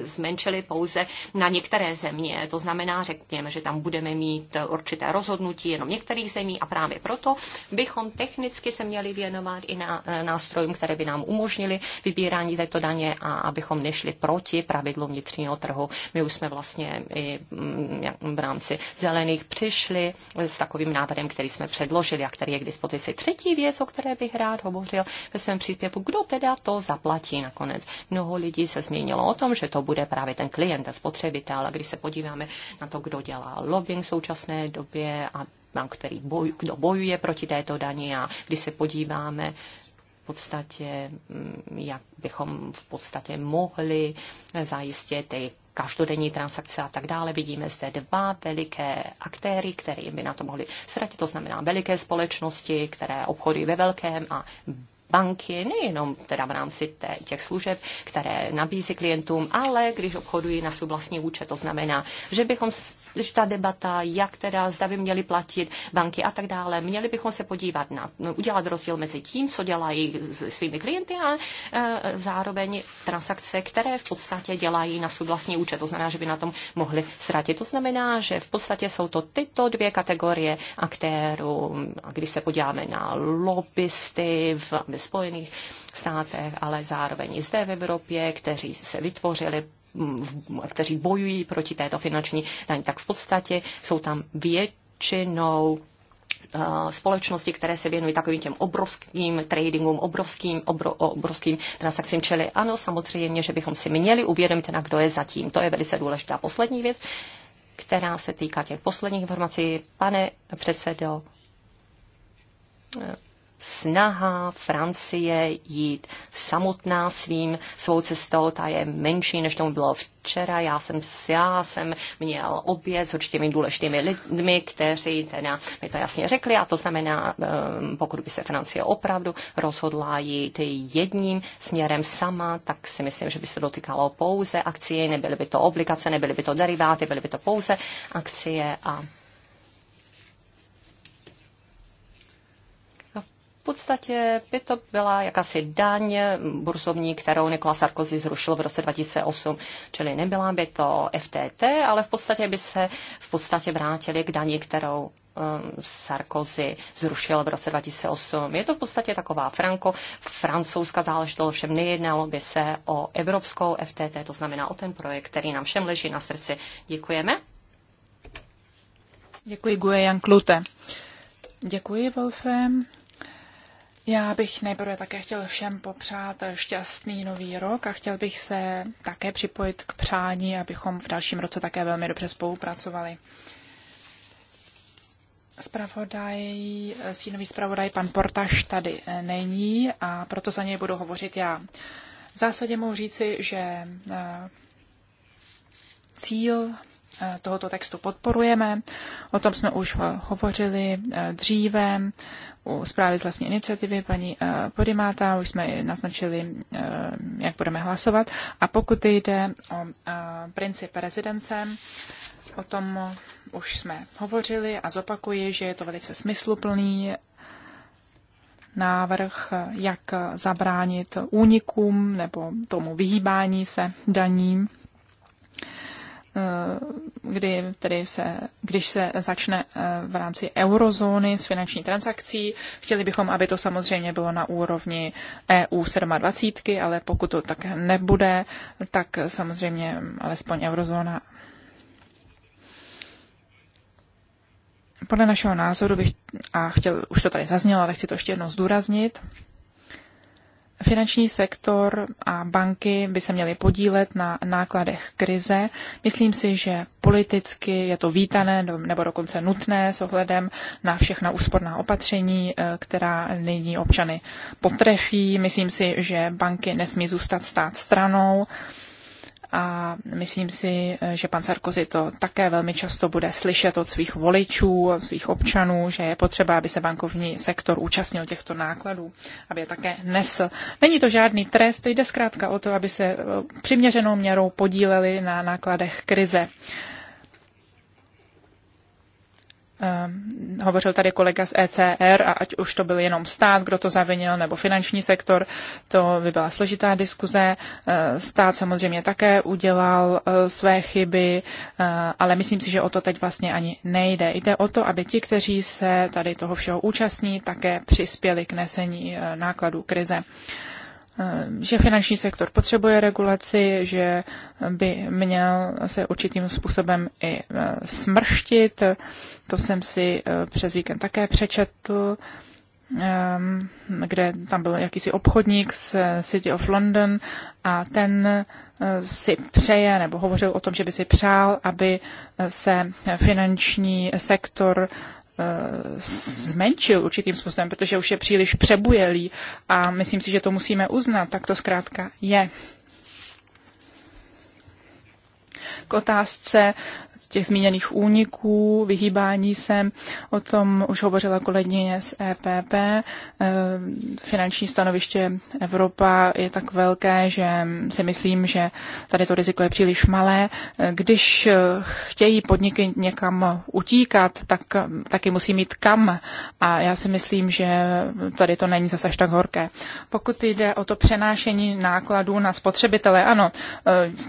zmenšili pouze na některé země. To znamená, řekněme, že tam budeme mít určité rozhodnutí jenom některých zemí a právě proto bychom technicky se měli věnovat i na eh, nástrojům, které by nám umožnili vybírání této daně a abychom nešli proti pravidlu vnitřního trhu. My už jsme vlastně i mm, v rámci zelených přišli s takovým návrhem, který jsme předložili a který je k dispozici. Třetí věc, o které bych rád hovořil ve svém příspěvku, kdo teda to zaplatí nakonec. Mnoho lidí se změní zmínilo o tom, že to bude právě ten klient, ten spotřebitel. A když se podíváme na to, kdo dělá lobbying v současné době a který boj, kdo bojuje proti této daně a když se podíváme v podstatě, mm, jak bychom v podstatě mohli zajistit ty každodenní transakce a tak dále. Vidíme zde dva veliké aktéry, kterými by na to mohli sratit, to znamená veliké společnosti, které obchodují ve velkém a banky, nejenom teda v rámci té, těch služeb, které nabízí klientům, ale když obchodují na svůj vlastní účet, to znamená, že bychom že ta debata, jak teda zda by měly platit banky a tak dále, měli bychom se podívat na, no, udělat rozdíl mezi tím, co dělají s svými klienty a e, zároveň transakce, které v podstatě dělají na svůj vlastní účet. To znamená, že by na tom mohli ztratit. To znamená, že v podstatě jsou to tyto dvě kategorie aktérů. A když se podíváme na lobbysty v, Spojených státech, ale zároveň i zde v Evropě, kteří se vytvořili mm, kteří bojují proti této finanční daň, tak v podstatě jsou tam většinou eh, společnosti, které se věnují takovým těm obrovským tradingům, obrovským, obro, obrovským transakcím, čili ano, samozřejmě, že bychom si měli uvědomit, na kdo je zatím. To je velice důležitá poslední věc, která se týká těch posledních informací. Pane předsedo, eh, snaha Francie jít samotná svým, svou cestou, ta je menší, než tomu bylo včera. Já jsem, já jsem měl oběd s určitými důležitými lidmi, kteří teda mi to jasně řekli a to znamená, ehm, pokud by se Francie opravdu rozhodla jít jedním směrem sama, tak si myslím, že by se dotýkalo pouze akcie, nebyly by to obligace, nebyly by to deriváty, byly by to pouze akcie a V podstatě by to byla jakási daň burzovní, kterou Nikola Sarkozy zrušil v roce 2008, čili nebyla by to FTT, ale v podstatě by se v podstatě vrátili k daní, kterou um, Sarkozy zrušil v roce 2008. Je to v podstatě taková franko-francouzská záležitost, ovšem nejednalo by se o evropskou FTT, to znamená o ten projekt, který nám všem leží na srdci. Děkujeme. Děkuji, Guje Jan Klute. Děkuji, Wolfem. Já bych nejprve také chtěl všem popřát šťastný nový rok a chtěl bych se také připojit k přání, abychom v dalším roce také velmi dobře spolupracovali. Spravodaj, sínový spravodaj pan Portaš tady není a proto za něj budu hovořit já. V zásadě mohu říci, že eh, cíl Eh, tohoto textu podporujeme. O tom jsme už eh, hovořili eh, dříve u zprávy z vlastní iniciativy paní Podimáta, už jsme naznačili, jak budeme hlasovat. A pokud jde o princip rezidence, o tom už jsme hovořili a zopakuji, že je to velice smysluplný návrh, jak zabránit únikům nebo tomu vyhýbání se daním kdy tedy se, když se začne eh, v rámci eurozóny s finanční transakcí. Chtěli bychom, aby to samozřejmě bylo na úrovni EU 27, ale pokud to tak nebude, tak samozřejmě alespoň eurozóna. Podle našeho názoru bych, a chtěl, už to tady zaznělo, ale chci to ještě jednou zdůraznit, Finanční sektor a banky by se měly podílet na nákladech krize. Myslím si, že politicky je to vítané nebo dokonce nutné s ohledem na všechna úsporná opatření, eh, která nyní občany potrefí. Myslím si, že banky nesmí zůstat stát stranou a myslím si, že pan Sarkozy to také velmi často bude slyšet od svých voličů, od svých občanů, že je potřeba, aby se bankovní sektor účastnil těchto nákladů, aby je také nesl. Není to žádný trest, jde zkrátka o to, aby se eh, přiměřenou měrou podíleli na nákladech krize. Ehm, hovořil tady kolega z ECR a ať už to byl jenom stát, kdo to zavinil, nebo finanční sektor, to by byla složitá diskuze. Ehm, stát samozřejmě také udělal eh, své chyby, eh, ale myslím si, že o to teď vlastně ani nejde. Jde o to, aby ti, kteří se tady toho všeho účastní, také přispěli k nesení eh, nákladů krize. Eh, že finanční sektor potřebuje regulaci, že by měl se určitým způsobem i eh, smrštit. To jsem si eh, přes víkend také přečetl, ehm, kde tam byl jakýsi obchodník z City of London a ten si přeje, nebo hovořil o tom, že by si přál, aby se finanční sektor Eh, zmenšil určitým způsobem, protože už je příliš přebujelý a myslím si, že to musíme uznat, tak to zkrátka je. K otázce těch zmíněných úniků, vyhýbání se, o tom už hovořila kolegyně z EPP. E, finanční stanoviště Evropa je tak velké, že si myslím, že tady to riziko je příliš malé. E, když e, chtějí podniky někam utíkat, tak taky musí mít kam. A já si myslím, že tady to není zase až tak horké. Pokud jde o to přenášení nákladů na spotřebitele, ano,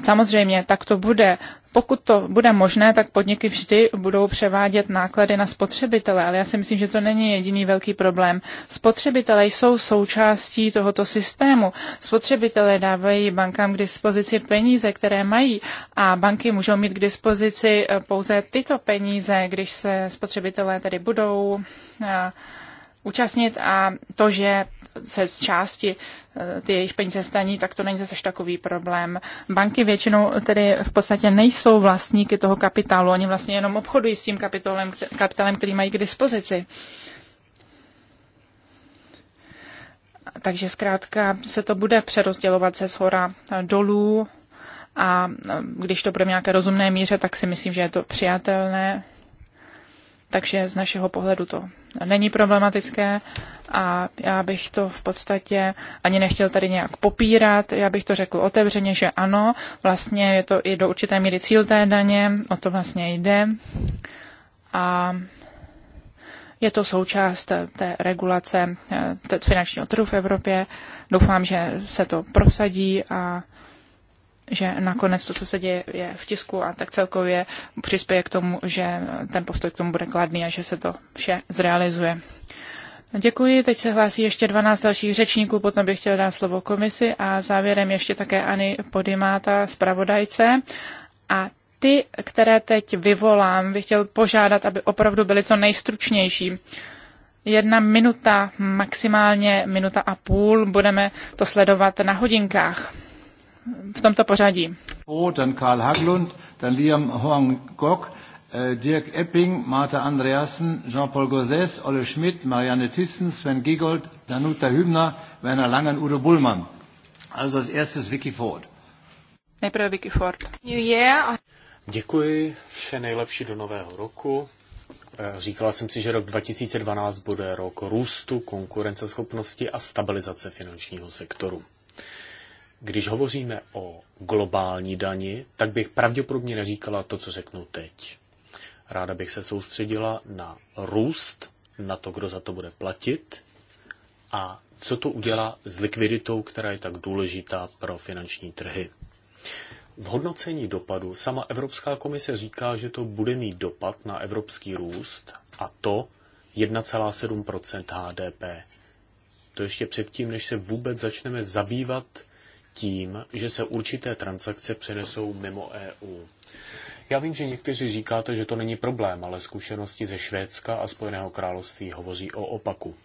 samozřejmě tak to bude. Pokud to bude možné, tak podniky vždy budou převádět náklady na spotřebitele, ale já si myslím, že to není jediný velký problém. Spotřebitele jsou součástí tohoto systému. Spotřebitele dávají bankám k dispozici peníze, které mají a banky můžou mít k dispozici eh, pouze tyto peníze, když se spotřebitelé tedy budou eh, účastnit a to, že se z části eh, ty jejich peníze staní, tak to není zase takový problém. Banky většinou tedy v podstatě nejsou vlastníky toho kapitálu, oni vlastně jenom obchodují s tím kapitálem, kapitálem který mají k dispozici. Takže zkrátka se to bude přerozdělovat ze shora eh, dolů a eh, když to bude v nějaké rozumné míře, tak si myslím, že je to přijatelné takže z našeho pohledu to není problematické a já bych to v podstatě ani nechtěl tady nějak popírat, já bych to řekl otevřeně, že ano, vlastně je to i do určité míry cíl té daně, o to vlastně jde a je to součást té regulace eh, finančního trhu v Evropě. Doufám, že se to prosadí a že nakonec to, co se děje je v tisku a tak celkově přispěje k tomu, že ten postoj k tomu bude kladný a že se to vše zrealizuje. Děkuji, teď se hlásí ještě 12 dalších řečníků, potom bych chtěl dát slovo komisi a závěrem ještě také Ani Podimáta, zpravodajce. A ty, které teď vyvolám, bych chtěl požádat, aby opravdu byly co nejstručnější. Jedna minuta, maximálně minuta a půl, budeme to sledovat na hodinkách v tomto pořadí. Karl Haglund, dann Liam Hoang Gok, äh, Dirk Epping, Marta Andreasen, Jean-Paul Gauzès, Olle Schmidt, Marianne Thyssen, Sven Giegold, Danuta Hübner, Werner Langen, Udo Bullmann. Also als erstes Vicky Ford. Nejprve Vicky Ford. New Year. Děkuji, vše nejlepší do nového roku. Eh, říkala jsem si, že rok 2012 bude rok růstu, konkurenceschopnosti a stabilizace finančního sektoru. Když hovoříme o globální dani, tak bych pravděpodobně neříkala to, co řeknu teď. Ráda bych se soustředila na růst, na to, kdo za to bude platit a co to udělá s likviditou, která je tak důležitá pro finanční trhy. V hodnocení dopadu sama Evropská komise říká, že to bude mít dopad na evropský růst a to 1,7 HDP. To ještě předtím, než se vůbec začneme zabývat tím, že se určité transakce přenesou mimo EU. Já vím, že někteří říkáte, že to není problém, ale zkušenosti ze Švédska a Spojeného království hovoří o opaku.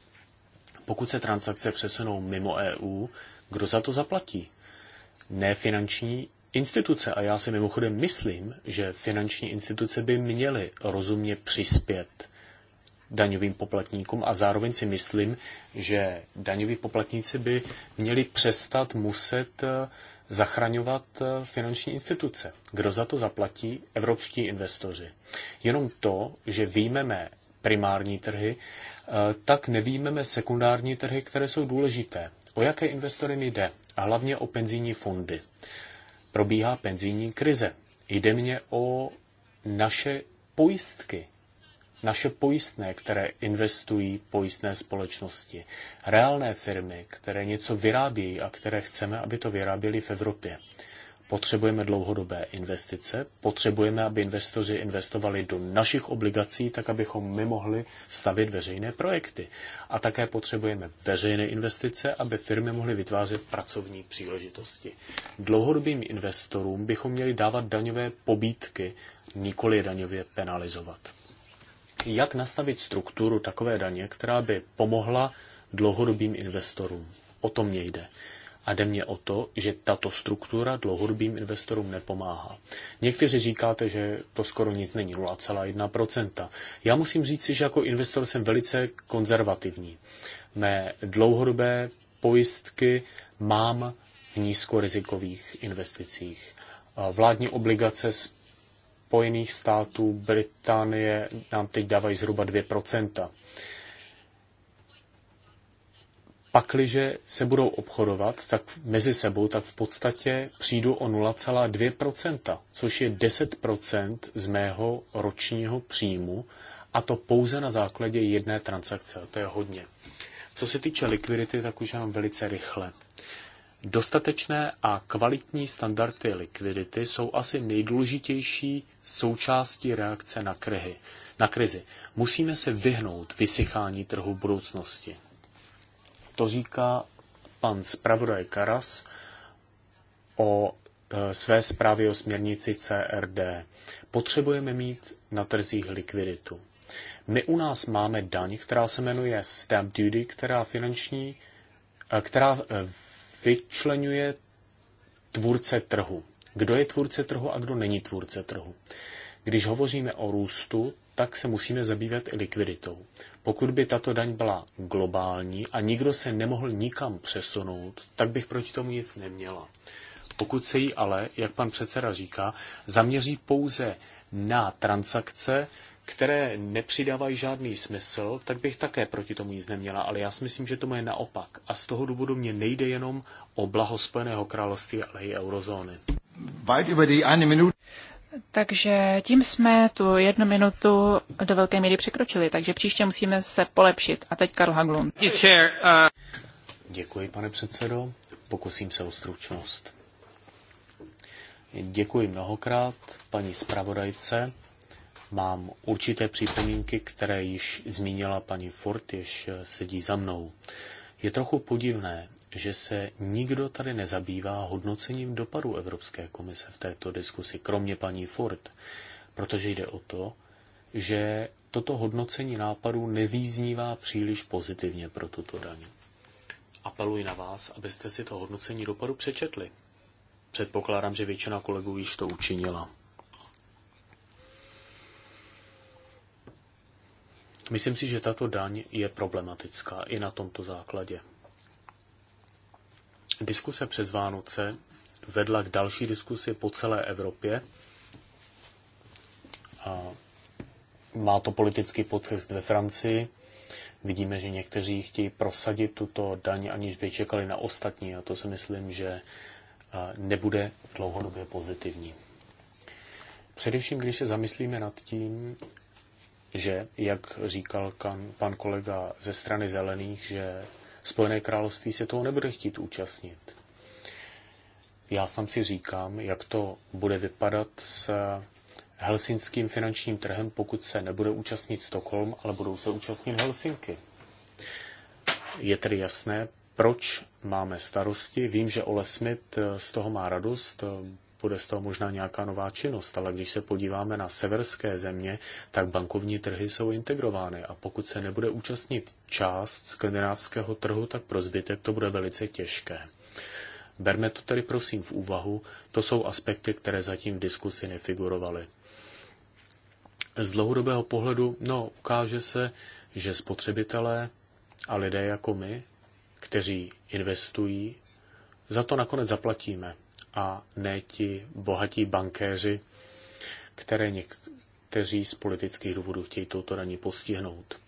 Pokud se transakce přesunou mimo EU, kdo za to zaplatí? Ne finanční instituce. A já si mimochodem myslím, že finanční instituce by měly rozumně přispět daňovým poplatníkům a zároveň si myslím, že daňoví poplatníci by měli přestat muset eh, zachraňovat eh, finanční instituce. Kdo za to zaplatí? Evropští investoři. Jenom to, že výjmeme primární trhy, eh, tak nevýjmeme sekundární trhy, které jsou důležité. O jaké investory mi jde? A hlavně o penzijní fondy. Probíhá penzijní krize. Jde mě o naše pojistky, naše pojistné, které investují pojistné společnosti, reálné firmy, které něco vyrábějí a které chceme, aby to vyráběli v Evropě. Potřebujeme dlouhodobé investice, potřebujeme, aby investoři investovali do našich obligací, tak abychom my mohli stavit veřejné projekty. A také potřebujeme veřejné investice, aby firmy mohly vytvářet pracovní příležitosti. Dlouhodobým investorům bychom měli dávat daňové pobídky, nikoli daňově penalizovat jak nastavit strukturu takové daně, která by pomohla dlouhodobým investorům. O to mě jde. A jde mě o to, že tato struktura dlouhodobým investorům nepomáhá. Někteří říkáte, že to skoro nic není, 0,1%. Já musím říct si, že jako investor jsem velice konzervativní. Mé dlouhodobé pojistky mám v nízkorizikových investicích. Vládní obligace s Spojených států, Británie nám teď dávají zhruba 2%. Pakliže se budou obchodovat tak mezi sebou, tak v podstatě přijdu o 0,2%, což je 10% z mého ročního příjmu a to pouze na základě jedné transakce. To je hodně. Co se týče likvidity, tak už mám velice rychle. Dostatečné a kvalitní standardy likvidity jsou asi nejdůležitější součástí reakce na, kryhy, na krizi. Musíme se vyhnout vysychání trhu budoucnosti. To říká pan zpravodaj Karas o e, své zprávě o směrnici CRD. Potřebujeme mít na trzích likviditu. My u nás máme daň, která se jmenuje stamp duty, která finanční, e, která e, vyčlenuje tvůrce trhu. Kdo je tvůrce trhu a kdo není tvůrce trhu. Když hovoříme o růstu, tak se musíme zabývat i likviditou. Pokud by tato daň byla globální a nikdo se nemohl nikam přesunout, tak bych proti tomu nic neměla. Pokud se jí ale, jak pan předseda říká, zaměří pouze na transakce, které nepřidávají žádný smysl, tak bych také proti tomu nic neměla. Ale já si myslím, že to je naopak. A z toho důvodu mě nejde jenom o blaho Spojeného království, ale i eurozóny. Takže tím jsme tu jednu minutu do velké míry překročili, takže příště musíme se polepšit. A teď Karl Haglund. Uh, Děkuji, pane předsedo. Pokusím se o stručnost. Děkuji mnohokrát paní zpravodajce Mám určité připomínky, které již zmínila paní Ford, jež sedí za mnou. Je trochu podivné, že se nikdo tady nezabývá hodnocením dopadu Evropské komise v této diskusi, kromě paní Ford, protože jde o to, že toto hodnocení nápadů nevýznívá příliš pozitivně pro tuto daň. Apeluji na vás, abyste si to hodnocení dopadu přečetli. Předpokládám, že většina kolegů již to učinila. Myslím si, že tato daň je problematická i na tomto základě. Diskuse přes Vánoce vedla k další diskusi po celé Evropě. A má to politický podtext ve Francii. Vidíme, že někteří chtějí prosadit tuto daň, aniž by čekali na ostatní a to si myslím, že nebude dlouhodobě pozitivní. Především, když se zamyslíme nad tím, že, jak říkal kan, pan kolega ze strany zelených, že Spojené království se toho nebude chtít účastnit. Já sám si říkám, jak to bude vypadat s helsinským finančním trhem, pokud se nebude účastnit Stockholm, ale budou se účastnit Helsinky. Je tedy jasné, proč máme starosti. Vím, že Ole Smith z toho má radost, bude z toho možná nějaká nová činnost, ale když se podíváme na severské země, tak bankovní trhy jsou integrovány a pokud se nebude účastnit část skandinávského trhu, tak pro zbytek to bude velice těžké. Berme to tedy prosím v úvahu, to jsou aspekty, které zatím v diskusi nefigurovaly. Z dlouhodobého pohledu, no, ukáže se, že spotřebitelé a lidé jako my, kteří investují, za to nakonec zaplatíme a ne ti bohatí bankéři, které někteří z politických důvodů chtějí touto daní postihnout.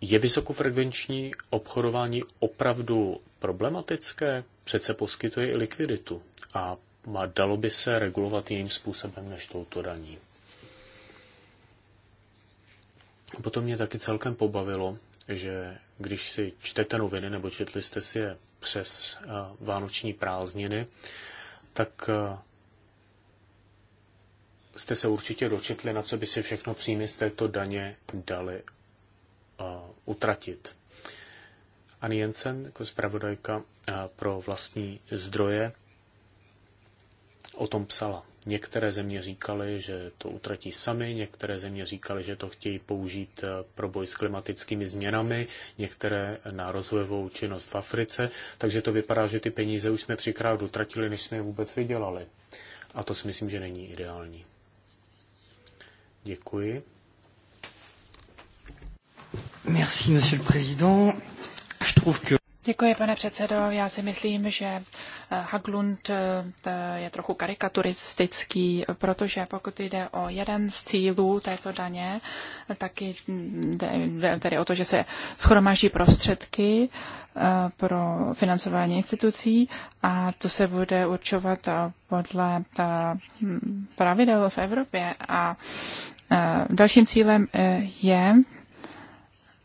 Je vysokofrekvenční obchodování opravdu problematické? Přece poskytuje i likviditu a dalo by se regulovat jiným způsobem než touto daní. Potom mě taky celkem pobavilo, že když si čtete noviny nebo četli jste si je přes eh, vánoční prázdniny, tak eh, jste se určitě dočetli, na co by si všechno příjmy z této daně dali eh, utratit. Ani Jensen jako zpravodajka pro vlastní zdroje o tom psala. Některé země říkaly, že to utratí sami, některé země říkaly, že to chtějí použít eh, pro boj s klimatickými změnami, některé na rozvojovou činnost v Africe, takže to vypadá, že ty peníze už jsme třikrát utratili, než jsme je vůbec vydělali. A to si myslím, že není ideální. Děkuji. Merci, monsieur le président. Je trouve que... Děkuji, pane předsedo. Já si myslím, že eh, Haglund eh, je trochu karikaturistický, protože pokud jde o jeden z cílů této daně, taky jde tedy o to, že se schromaží prostředky eh, pro financování institucí a to se bude určovat podle pravidel v Evropě. A dalším cílem je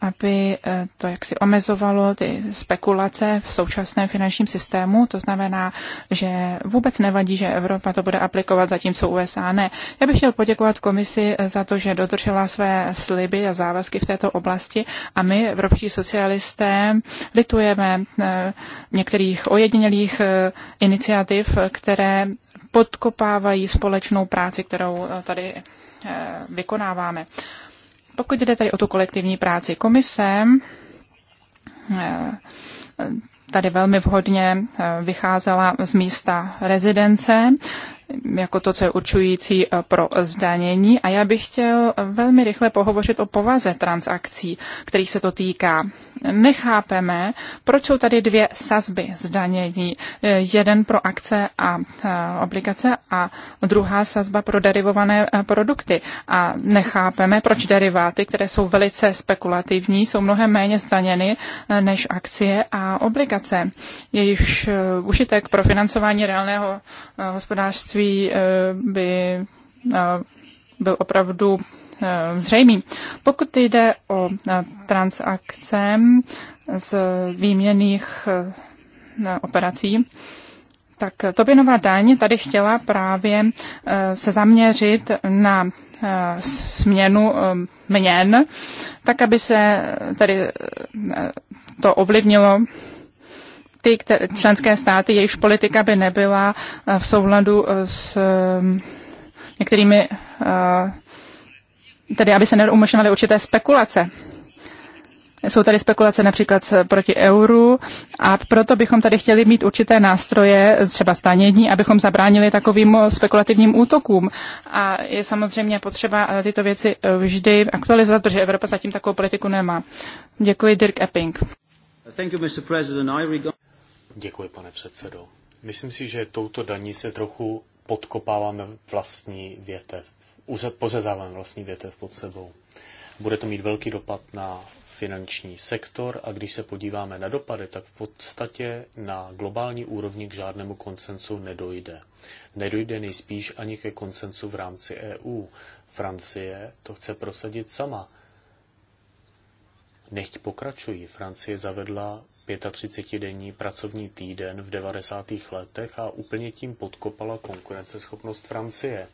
aby eh, to jaksi omezovalo ty spekulace v současném finančním systému. To znamená, že vůbec nevadí, že Evropa to bude aplikovat, zatímco USA ne. Já bych chtěl poděkovat komisi eh, za to, že dodržela své sliby a závazky v této oblasti a my, evropští socialisté, litujeme eh, některých ojedinělých iniciativ, které podkopávají společnou práci, kterou tady vykonáváme. Pokud jde tady o tu kolektivní práci komise, eh, tady velmi vhodně eh, vycházela z místa rezidence jako to, co je určující eh, pro zdanění. A já bych chtěl eh, velmi rychle pohovořit o povaze transakcí, kterých se to týká. Nechápeme, proč jsou tady dvě sazby zdanění. Eh, jeden pro akce a obligace a druhá sazba pro derivované produkty. A nechápeme, proč deriváty, které jsou velice spekulativní, jsou mnohem méně zdaněny než akcie a obligace. Jejich užitek pro financování reálného hospodářství vítězství eh, by eh, byl opravdu eh, zřejmý. Pokud jde o transakce z výměných operací, tak Tobinová daň tady chtěla právě se zaměřit na směnu měn, tak aby se tady to ovlivnilo ty které, členské státy, jejichž politika by nebyla eh, v souladu eh, s ehm, některými, eh, tedy aby se neumožňovaly určité spekulace. Jsou tady spekulace například proti euru a proto bychom tady chtěli mít určité nástroje, třeba stanění, abychom zabránili takovým spekulativním útokům. A je samozřejmě potřeba tyto věci vždy aktualizovat, protože Evropa zatím takovou politiku nemá. Děkuji, Dirk Epping. Děkuji, pane předsedo. Myslím si, že touto daní se trochu podkopáváme vlastní větev, pořezáváme vlastní větev pod sebou. Bude to mít velký dopad na finanční sektor a když se podíváme na dopady, tak v podstatě na globální úrovni k žádnému konsensu nedojde. Nedojde nejspíš ani ke konsensu v rámci EU. Francie to chce prosadit sama. Nechť pokračují. Francie zavedla 35-denní pracovní týden v 90. letech a úplně tím podkopala konkurenceschopnost Francie.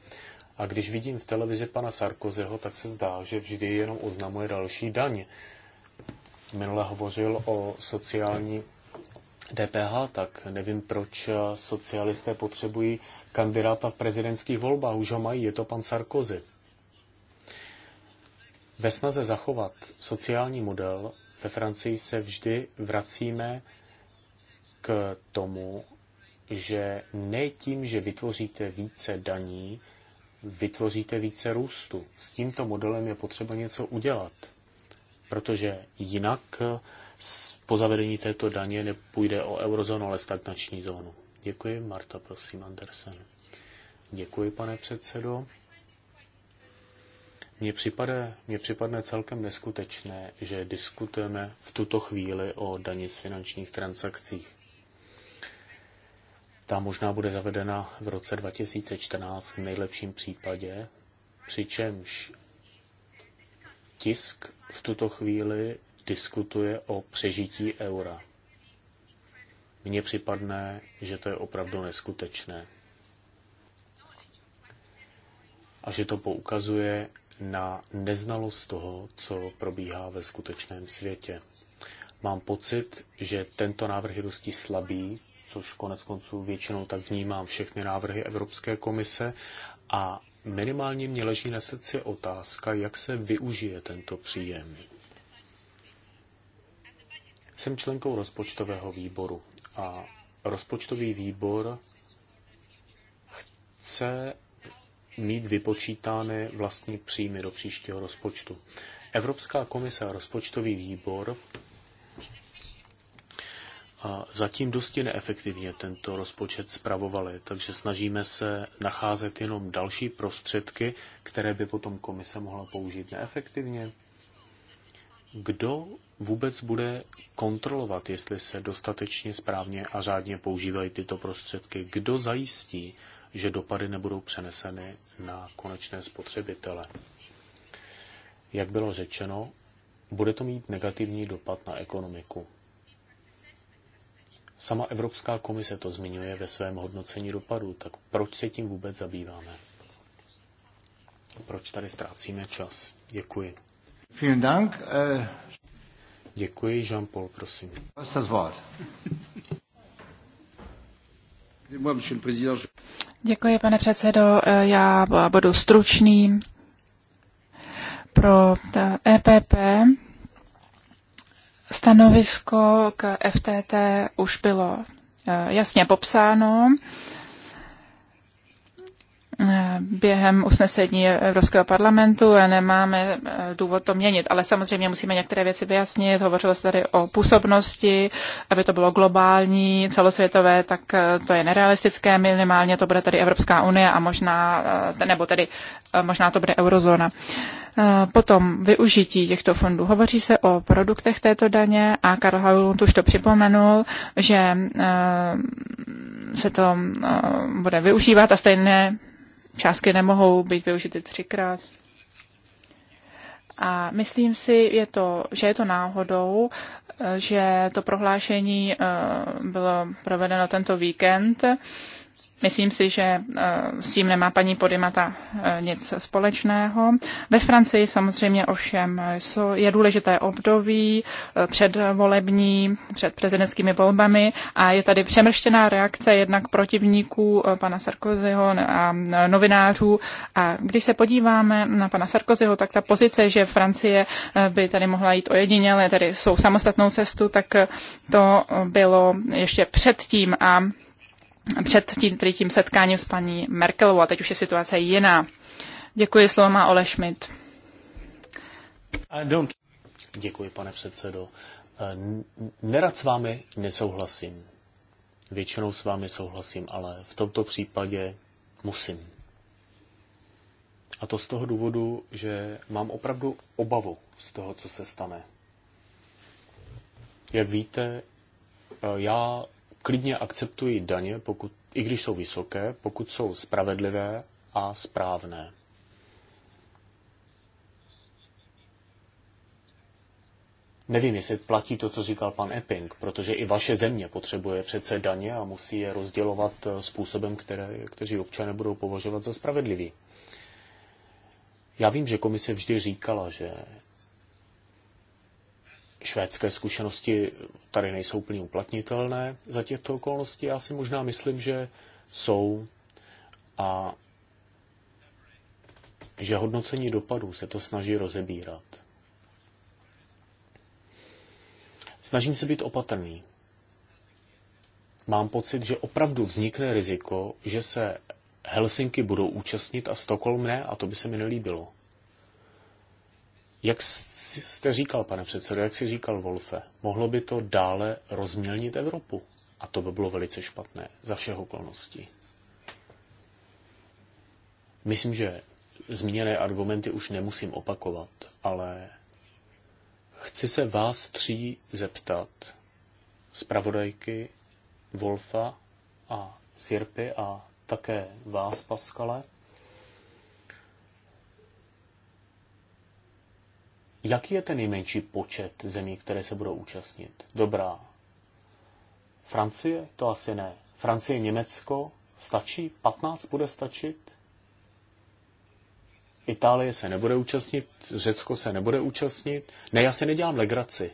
A když vidím v televizi pana Sarkozyho, tak se zdá, že vždy jenom oznamuje další daň. Minule hovořil o sociální DPH, tak nevím, proč socialisté potřebují kandidáta v prezidentských volbách. Už ho mají, je to pan Sarkozy. Ve snaze zachovat sociální model ve Francii se vždy vracíme k tomu, že ne tím, že vytvoříte více daní, vytvoříte více růstu. S tímto modelem je potřeba něco udělat, protože jinak po zavedení této daně nepůjde o eurozónu, ale stagnační zónu. Děkuji, Marta, prosím, Andersen. Děkuji, pane předsedo. Mně připadne, mně připadne celkem neskutečné, že diskutujeme v tuto chvíli o dani z finančních transakcích. Ta možná bude zavedena v roce 2014 v nejlepším případě, přičemž tisk v tuto chvíli diskutuje o přežití eura. Mně připadne, že to je opravdu neskutečné. A že to poukazuje na neznalost toho, co probíhá ve skutečném světě. Mám pocit, že tento návrh je dosti slabý, což konec konců většinou tak vnímám všechny návrhy Evropské komise a minimálně mě leží na srdci otázka, jak se využije tento příjem. Jsem členkou rozpočtového výboru a rozpočtový výbor chce mít vypočítané vlastní příjmy do příštího rozpočtu. Evropská komise a rozpočtový výbor a zatím dosti neefektivně tento rozpočet spravovali, takže snažíme se nacházet jenom další prostředky, které by potom komise mohla použít neefektivně. Kdo vůbec bude kontrolovat, jestli se dostatečně správně a řádně používají tyto prostředky? Kdo zajistí, že dopady nebudou přeneseny na konečné spotřebitele. Jak bylo řečeno, bude to mít negativní dopad na ekonomiku. Sama Evropská komise to zmiňuje ve svém hodnocení dopadů, tak proč se tím vůbec zabýváme? Proč tady ztrácíme čas? Děkuji. Vielen Dank. Eh. Děkuji, Jean-Paul, prosím. [LAUGHS] Děkuji, pane předsedo. Eh, já budu stručný. Pro EPP stanovisko k FTT už bylo eh, jasně popsáno během usnesení Evropského parlamentu a nemáme eh, důvod to měnit, ale samozřejmě musíme některé věci vyjasnit. Hovořilo se tady o působnosti, aby to bylo globální, celosvětové, tak eh, to je nerealistické. Minimálně to bude tady Evropská unie a možná, eh, nebo tedy možná to bude eurozóna. Potom využití těchto fondů. Hovoří se o produktech této daně a Karl Haulund už to připomenul, že se to bude využívat a stejné částky nemohou být využity třikrát. A myslím si, je to, že je to náhodou, že to prohlášení eh, bylo provedeno tento víkend Myslím si, že eh, s tím nemá paní Podimata eh, nic společného. Ve Francii samozřejmě ovšem je důležité období eh, před volební, před prezidentskými volbami a je tady přemrštěná reakce jednak protivníků pana Sarkozyho a novinářů. A když se podíváme na pana Sarkozyho, tak ta pozice, že Francie by tady mohla jít ojediněle, tedy jsou samostatnou cestu, tak to bylo ještě předtím a před tím, tím setkáním s paní Merkelovou a teď už je situace jiná. Děkuji, slovo má Ole Schmidt. Děkuji, pane předsedo. Eh, nerad s vámi nesouhlasím. Většinou s vámi souhlasím, ale v tomto případě musím. A to z toho důvodu, že mám opravdu obavu z toho, co se stane. Jak víte, eh, já klidně akceptuji daně, pokud, i když jsou vysoké, pokud jsou spravedlivé a správné. Nevím, jestli platí to, co říkal pan Epping, protože i vaše země potřebuje přece daně a musí je rozdělovat eh, způsobem, které, kteří občané budou považovat za spravedlivý. Já vím, že komise vždy říkala, že švédské zkušenosti tady nejsou úplně uplatnitelné za těchto okolností. Já si možná myslím, že jsou a že hodnocení dopadů se to snaží rozebírat. Snažím se být opatrný. Mám pocit, že opravdu vznikne riziko, že se Helsinky budou účastnit a Stockholm ne, a to by se mi nelíbilo. Jak jste říkal, pane předsedo, jak si říkal Wolfe, mohlo by to dále rozmělnit Evropu. A to by bylo velice špatné za všech okolností. Myslím, že zmíněné argumenty už nemusím opakovat, ale chci se vás tří zeptat, zpravodajky Wolfa a Sirpy a také vás, Paskale, Jaký je ten nejmenší počet zemí, které se budou účastnit? Dobrá. Francie? To asi ne. Francie, Německo? Stačí? 15 bude stačit? Itálie se nebude účastnit, Řecko se nebude účastnit. Ne, já se nedělám legraci.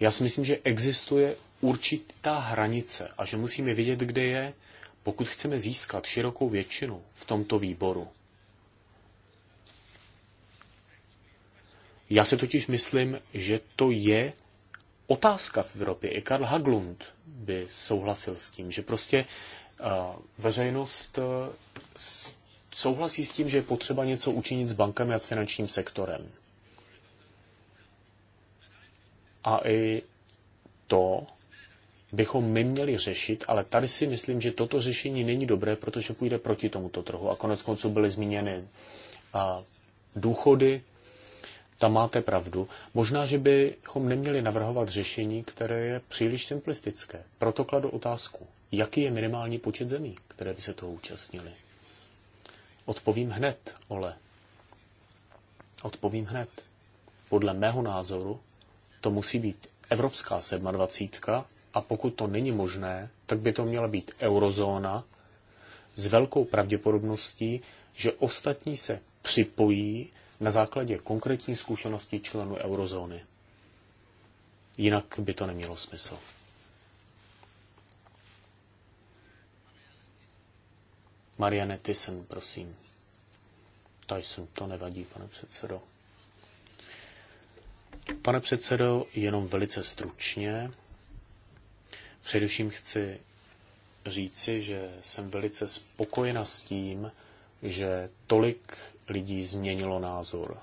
Já si myslím, že existuje určitá hranice a že musíme vidět, kde je, pokud chceme získat širokou většinu v tomto výboru. Já si totiž myslím, že to je otázka v Evropě. I Karl Haglund by souhlasil s tím, že prostě eh, veřejnost eh, souhlasí s tím, že je potřeba něco učinit s bankami a s finančním sektorem. A i to bychom my měli řešit, ale tady si myslím, že toto řešení není dobré, protože půjde proti tomuto trhu. A konec konců byly zmíněny eh, důchody, tam máte pravdu. Možná, že bychom neměli navrhovat řešení, které je příliš simplistické. Proto kladu otázku, jaký je minimální počet zemí, které by se toho účastnili. Odpovím hned, Ole. Odpovím hned. Podle mého názoru to musí být Evropská 27 a pokud to není možné, tak by to měla být eurozóna s velkou pravděpodobností, že ostatní se připojí na základě konkrétní zkušenosti členů eurozóny. Jinak by to nemělo smysl. Marianne Tyson, prosím. Tyson, to nevadí, pane předsedo. Pane předsedo, jenom velice stručně. Především chci říci, že jsem velice spokojena s tím, že tolik lidí změnilo názor.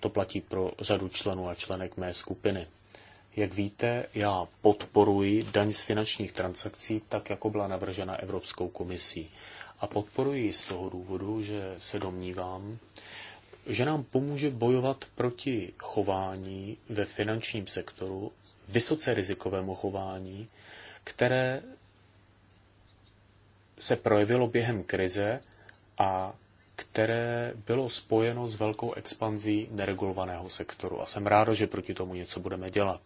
To platí pro řadu členů a členek mé skupiny. Jak víte, já podporuji daň z finančních transakcí tak, jako byla navržena Evropskou komisí. A podporuji ji z toho důvodu, že se domnívám, že nám pomůže bojovat proti chování ve finančním sektoru, vysoce rizikovému chování, které se projevilo během krize a které bylo spojeno s velkou expanzí neregulovaného sektoru. A jsem rád, že proti tomu něco budeme dělat.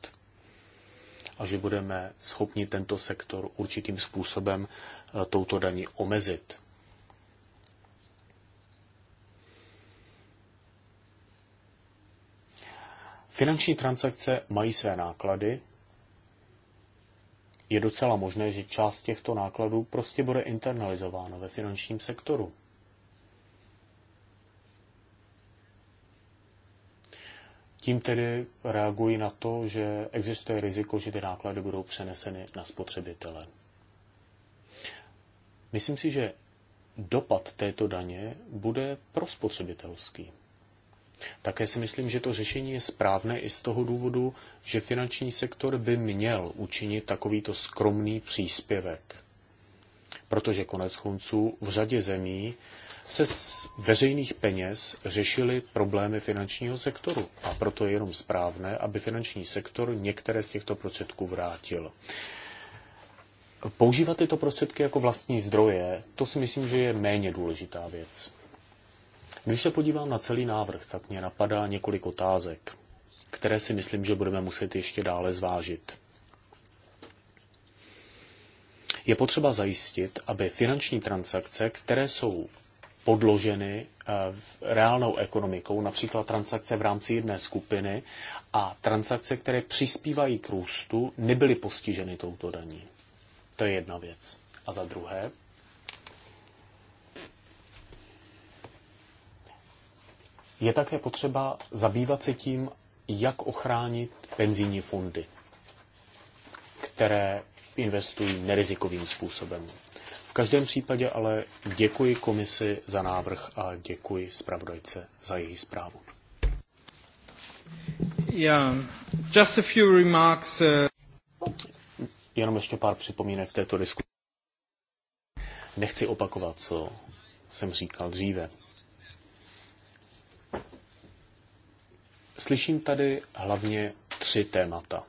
A že budeme schopni tento sektor určitým způsobem eh, touto daní omezit. Finanční transakce mají své náklady. Je docela možné, že část těchto nákladů prostě bude internalizována ve finančním sektoru. Tím tedy reagují na to, že existuje riziko, že ty náklady budou přeneseny na spotřebitele. Myslím si, že dopad této daně bude prospotřebitelský. Také si myslím, že to řešení je správné i z toho důvodu, že finanční sektor by měl učinit takovýto skromný příspěvek. Protože konec konců v řadě zemí se z veřejných peněz řešily problémy finančního sektoru. A proto je jenom správné, aby finanční sektor některé z těchto prostředků vrátil. Používat tyto prostředky jako vlastní zdroje, to si myslím, že je méně důležitá věc. Když se podívám na celý návrh, tak mě napadá několik otázek, které si myslím, že budeme muset ještě dále zvážit. Je potřeba zajistit, aby finanční transakce, které jsou podloženy eh, reálnou ekonomikou, například transakce v rámci jedné skupiny a transakce, které přispívají k růstu, nebyly postiženy touto daní. To je jedna věc. A za druhé, je také potřeba zabývat se tím, jak ochránit penzijní fondy, které investují nerizikovým způsobem. V každém případě ale děkuji komisi za návrh a děkuji zpravodajce za její zprávu. Yeah. Just a few remarks, uh... Jenom ještě pár připomínek k této diskusi. Nechci opakovat, co jsem říkal dříve. Slyším tady hlavně tři témata.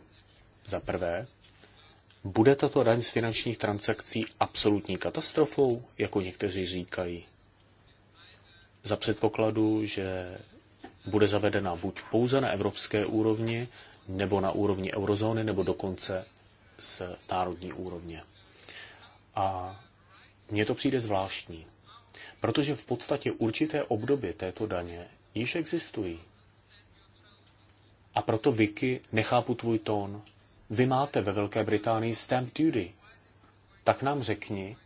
Za prvé, bude tato daň z finančních transakcí absolutní katastrofou, jako někteří říkají? Za předpokladu, že bude zavedena buď pouze na evropské úrovni, nebo na úrovni eurozóny, nebo dokonce z národní úrovně. A mně to přijde zvláštní, protože v podstatě určité období této daně již existují. A proto, Vicky, nechápu tvůj tón. Vy máte ve Velké Británii stamp duty. Tak nám řekni,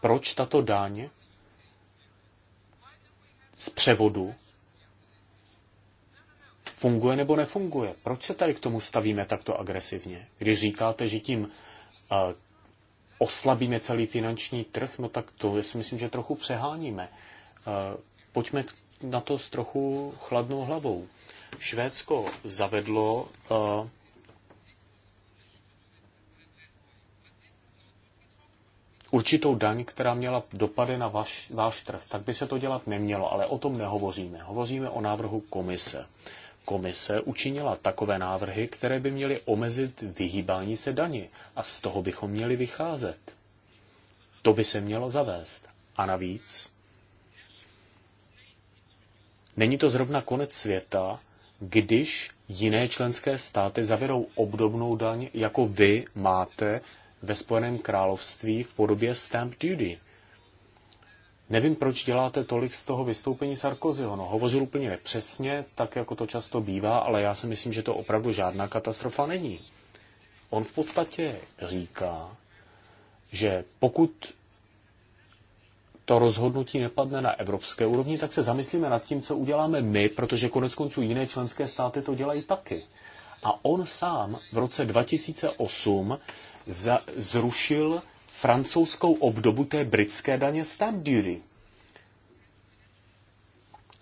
proč tato daň z převodu funguje nebo nefunguje. Proč se tady k tomu stavíme takto agresivně? Když říkáte, že tím uh, oslabíme celý finanční trh, no tak to já si myslím, že trochu přeháníme. Uh, pojďme na to s trochu chladnou hlavou. Švédsko zavedlo uh, určitou daň, která měla dopady na váš, váš trh. Tak by se to dělat nemělo, ale o tom nehovoříme. Hovoříme o návrhu komise. Komise učinila takové návrhy, které by měly omezit vyhýbání se dani a z toho bychom měli vycházet. To by se mělo zavést. A navíc, není to zrovna konec světa, když jiné členské státy zavedou obdobnou daň, jako vy máte ve Spojeném království v podobě stamp duty. Nevím, proč děláte tolik z toho vystoupení Sarkozyho. No, hovořil úplně nepřesně, tak jako to často bývá, ale já si myslím, že to opravdu žádná katastrofa není. On v podstatě říká, že pokud to rozhodnutí nepadne na evropské úrovni, tak se zamyslíme nad tím, co uděláme my, protože konec konců jiné členské státy to dělají taky. A on sám v roce 2008 za, zrušil francouzskou obdobu té britské daně stamp duty.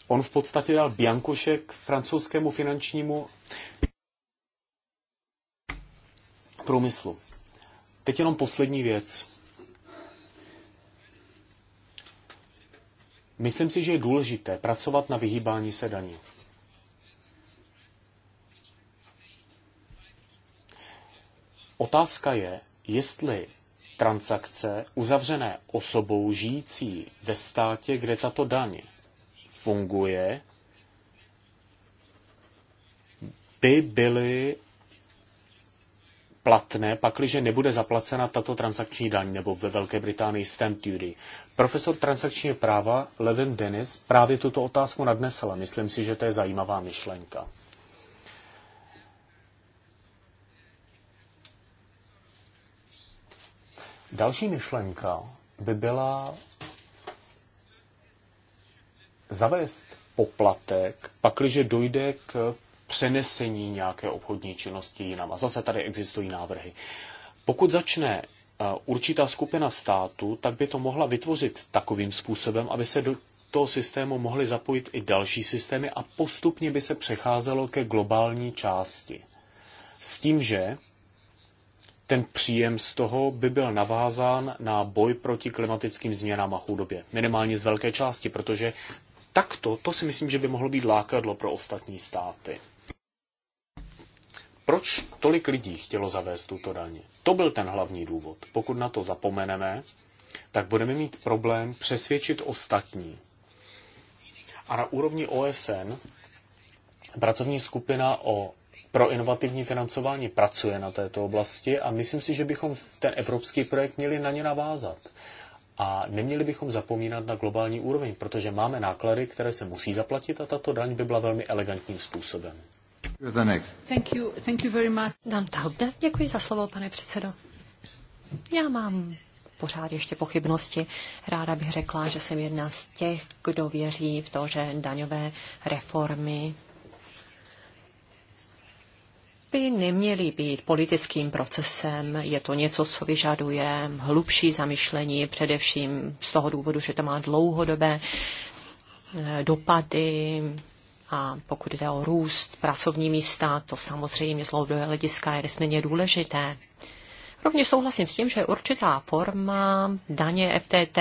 On v podstatě dal biankošek francouzskému finančnímu průmyslu. Teď jenom poslední věc. Myslím si, že je důležité pracovat na vyhýbání se daní. Otázka je, jestli transakce uzavřené osobou žijící ve státě, kde tato daň funguje, by byly platné, pakliže nebude zaplacena tato transakční daň, nebo ve Velké Británii stamp duty. Profesor transakčního práva Levin Dennis právě tuto otázku nadnesl a myslím si, že to je zajímavá myšlenka. Další myšlenka by byla zavést poplatek, pakliže dojde k přenesení nějaké obchodní činnosti jinam. A zase tady existují návrhy. Pokud začne eh, určitá skupina státu, tak by to mohla vytvořit takovým způsobem, aby se do toho systému mohly zapojit i další systémy a postupně by se přecházelo ke globální části. S tím, že ten příjem z toho by byl navázán na boj proti klimatickým změnám a chudobě. Minimálně z velké části, protože takto, to si myslím, že by mohlo být lákadlo pro ostatní státy. Proč tolik lidí chtělo zavést tuto daně? To byl ten hlavní důvod. Pokud na to zapomeneme, tak budeme mít problém přesvědčit ostatní. A na úrovni OSN pracovní skupina o pro inovativní financování pracuje na této oblasti a myslím si, že bychom ten evropský projekt měli na ně navázat. A neměli bychom zapomínat na globální úroveň, protože máme náklady, které se musí zaplatit a tato daň by byla velmi elegantním způsobem. Thank you, thank you very much. Dan Taubne, děkuji za slovo, pane předsedo. Já mám pořád ještě pochybnosti. Ráda bych řekla, že jsem jedna z těch, kdo věří v to, že daňové reformy by neměly být politickým procesem. Je to něco, co vyžaduje hlubší zamyšlení, především z toho důvodu, že to má dlouhodobé eh, dopady, a pokud jde o růst, pracovní místa, to samozřejmě z dlouhodobého hlediska je nesmírně důležité. Rovněž souhlasím s tím, že určitá forma daně FTT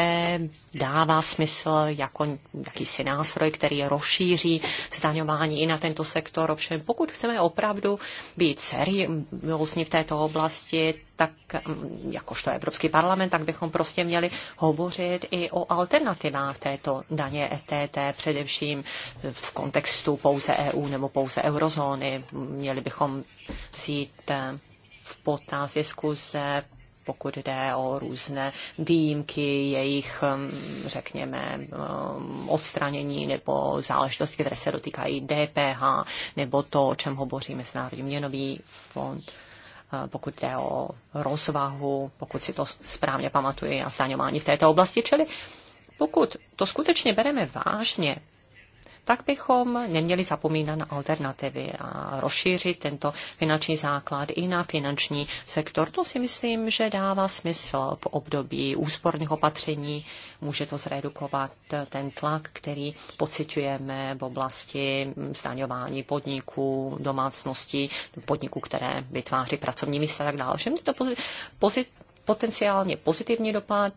dává smysl jako jakýsi nástroj, který rozšíří zdaňování i na tento sektor. Ovšem, pokud chceme opravdu být seriózní v této oblasti, tak mm, jakožto Evropský parlament, tak bychom prostě měli hovořit i o alternativách této daně FTT, především v kontextu pouze EU nebo pouze eurozóny. Měli bychom vzít eh, potaz diskuse, pokud jde o různé výjimky, jejich, um, řekněme, um, odstranění nebo záležitosti, které se dotýkají DPH, nebo to, o čem hovoří Mezinárodní měnový fond uh, pokud jde o rozvahu, pokud si to správně pamatuje, a zdaňování v této oblasti. Čili pokud to skutečně bereme vážně, tak bychom neměli zapomínat na alternativy a rozšířit tento finanční základ i na finanční sektor. To si myslím, že dává smysl v období úsporných opatření. Může to zredukovat ten tlak, který pociťujeme v oblasti zdaňování podniků, domácností, podniků, které vytváří pracovní místa a tak dále. Všem tyto pozit potenciálně pozitivní dopad,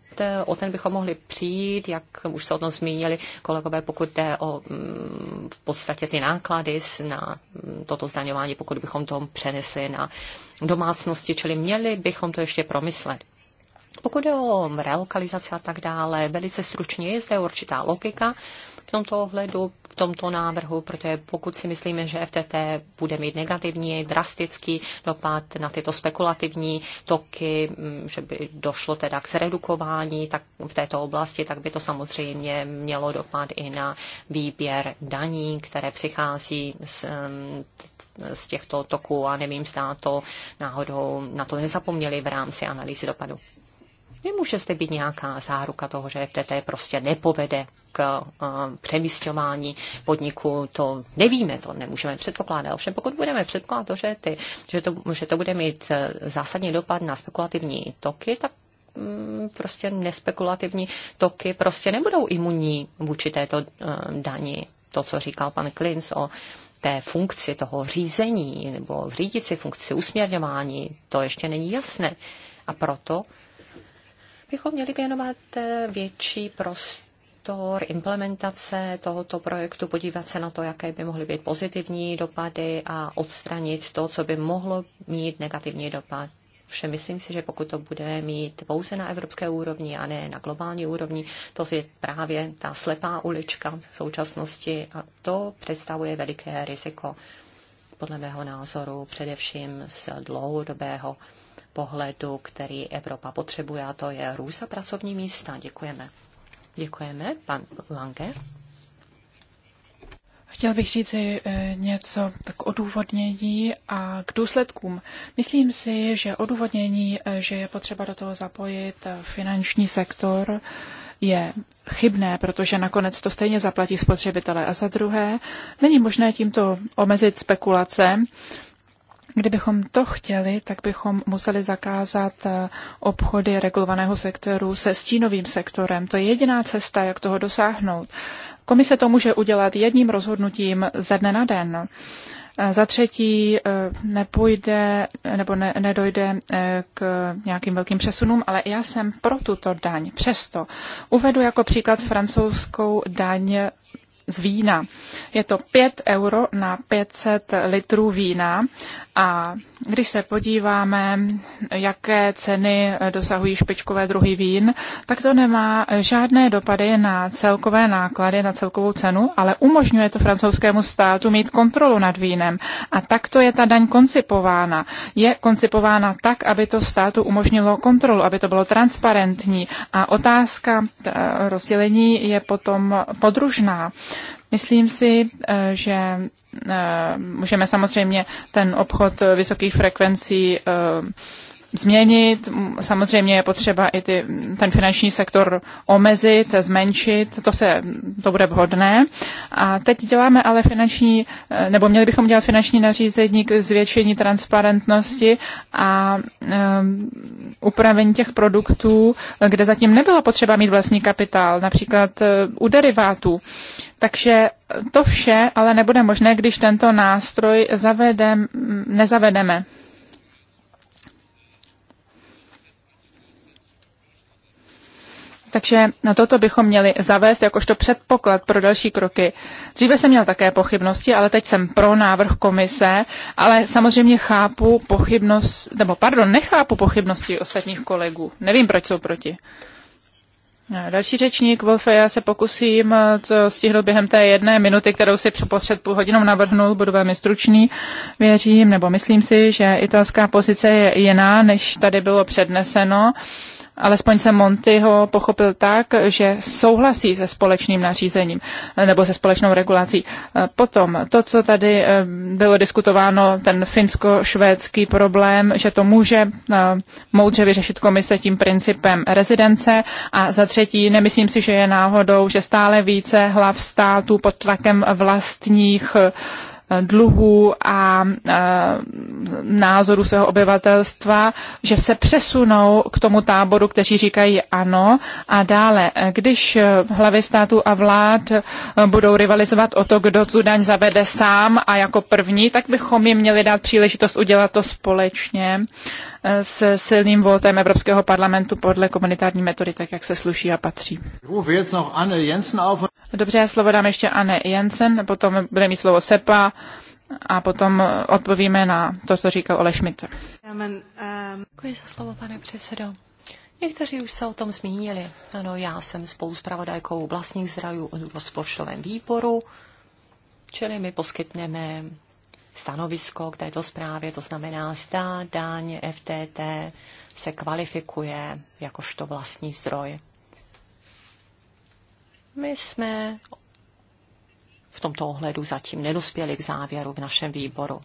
o ten bychom mohli přijít, jak už se o tom zmínili kolegové, pokud jde o mm, v podstatě ty náklady na mm, toto zdaňování, pokud bychom to přenesli na domácnosti, čili měli bychom to ještě promyslet. Pokud je o relokalizaci a tak dále, velice stručně je zde určitá logika, v tomto ohledu, v tomto návrhu, protože pokud si myslíme, že FTT bude mít negativní, drastický dopad na tyto spekulativní toky, mm, že by došlo teda k zredukování tak v této oblasti, tak by to samozřejmě mělo dopad i na výběr daní, které přichází z mm, z těchto toků a nevím, zda to náhodou na to nezapomněli v rámci analýzy dopadu. Nemůže zde být nějaká záruka toho, že FTT prostě nepovede Eh, přemysťování podniku to nevíme, to nemůžeme předpokládat. Ovšem pokud budeme předpokládat to, že, ty, že, to, že to bude mít eh, zásadní dopad na spekulativní toky, tak mm, prostě nespekulativní toky prostě nebudou imunní vůči této eh, dani. To, co říkal pan Klins o té funkci toho řízení nebo řídící funkci usměrňování, to ještě není jasné. A proto bychom měli věnovat větší prostor sektor implementace tohoto projektu, podívat se na to, jaké by mohly být pozitivní dopady a odstranit to, co by mohlo mít negativní dopad. Vše myslím si, že pokud to bude mít pouze na evropské úrovni a ne na globální úrovni, to je právě ta slepá ulička v současnosti a to představuje veliké riziko, podle mého názoru, především z dlouhodobého pohledu, který Evropa potřebuje, a to je růst a pracovní místa. Děkujeme. Děkujeme, pan Lange. Chtěl bych si eh, něco o odůvodnění a k důsledkům. Myslím si, že odůvodnění, eh, že je potřeba do toho zapojit eh, finanční sektor, je chybné, protože nakonec to stejně zaplatí spotřebitelé. A za druhé, není možné tímto omezit spekulace, Kdybychom to chtěli, tak bychom museli zakázat eh, obchody regulovaného sektoru se stínovým sektorem. To je jediná cesta, jak toho dosáhnout. Komise to může udělat jedním rozhodnutím ze dne na den. Eh, za třetí eh, nepůjde nebo ne, nedojde k nějakým velkým přesunům, ale já jsem pro tuto daň. Přesto uvedu jako příklad francouzskou daň z vína. Je to 5 euro na 500 litrů vína a když se podíváme, jaké ceny dosahují špičkové druhy vín, tak to nemá žádné dopady na celkové náklady, na celkovou cenu, ale umožňuje to francouzskému státu mít kontrolu nad vínem. A takto je ta daň koncipována. Je koncipována tak, aby to státu umožnilo kontrolu, aby to bylo transparentní. A otázka eh, rozdělení je potom podružná. Myslím si, eh, že eh, můžeme samozřejmě ten obchod vysokých frekvencí eh, změnit. Samozřejmě je potřeba i ty, ten finanční sektor omezit, zmenšit, to, se, to bude vhodné. A teď děláme ale finanční, eh, nebo měli bychom dělat finanční nařízení k zvětšení transparentnosti a um, upravení těch produktů, kde zatím nebylo potřeba mít vlastní kapitál, například eh, u derivátů. Takže to vše ale nebude možné, když tento nástroj zavedem, nezavedeme. Takže na toto bychom měli zavést jakožto předpoklad pro další kroky. Dříve jsem měl také pochybnosti, ale teď jsem pro návrh komise, ale samozřejmě chápu pochybnost, nebo pardon, nechápu pochybnosti ostatních kolegů. Nevím, proč jsou proti. Další řečník, Wolfe, já se pokusím to eh, stihnout během té jedné minuty, kterou si před půl hodinou navrhnul, budu velmi stručný, věřím, nebo myslím si, že italská pozice je jiná, než tady bylo předneseno. Uh, alespoň jsem Montyho pochopil tak, že souhlasí se společným nařízením eh, nebo se společnou regulací. Eh, Potom to, co tady eh, bylo diskutováno, ten finsko-švédský problém, že to může moudře vyřešit komise tím principem rezidence a za třetí, nemyslím si, že je náhodou, že stále více hlav států pod tlakem vlastních uh, dluhů a názoru svého obyvatelstva, že se přesunou k tomu táboru, kteří říkají ano. A dále, když hlavy států a vlád budou rivalizovat o to, kdo tu daň zavede sám a jako první, tak bychom jim měli dát příležitost udělat to společně s silným votem Evropského parlamentu podle komunitární metody, tak jak se sluší a patří. Dobře, já slovo dám ještě Anne Jensen, potom bude mít slovo Sepa a potom odpovíme na to, co říkal Ole Schmidt. Ehm, děkuji za slovo, pane předsedo. Někteří už se o tom zmínili. Ano, já jsem spolu s pravodajkou vlastních zdrojů od rozpočtovém výboru, čili my poskytneme stanovisko k této zprávě, to znamená, zda daň FTT se kvalifikuje jakožto vlastní zdroj. My jsme v tomto ohledu zatím nedospěli k závěru v našem výboru.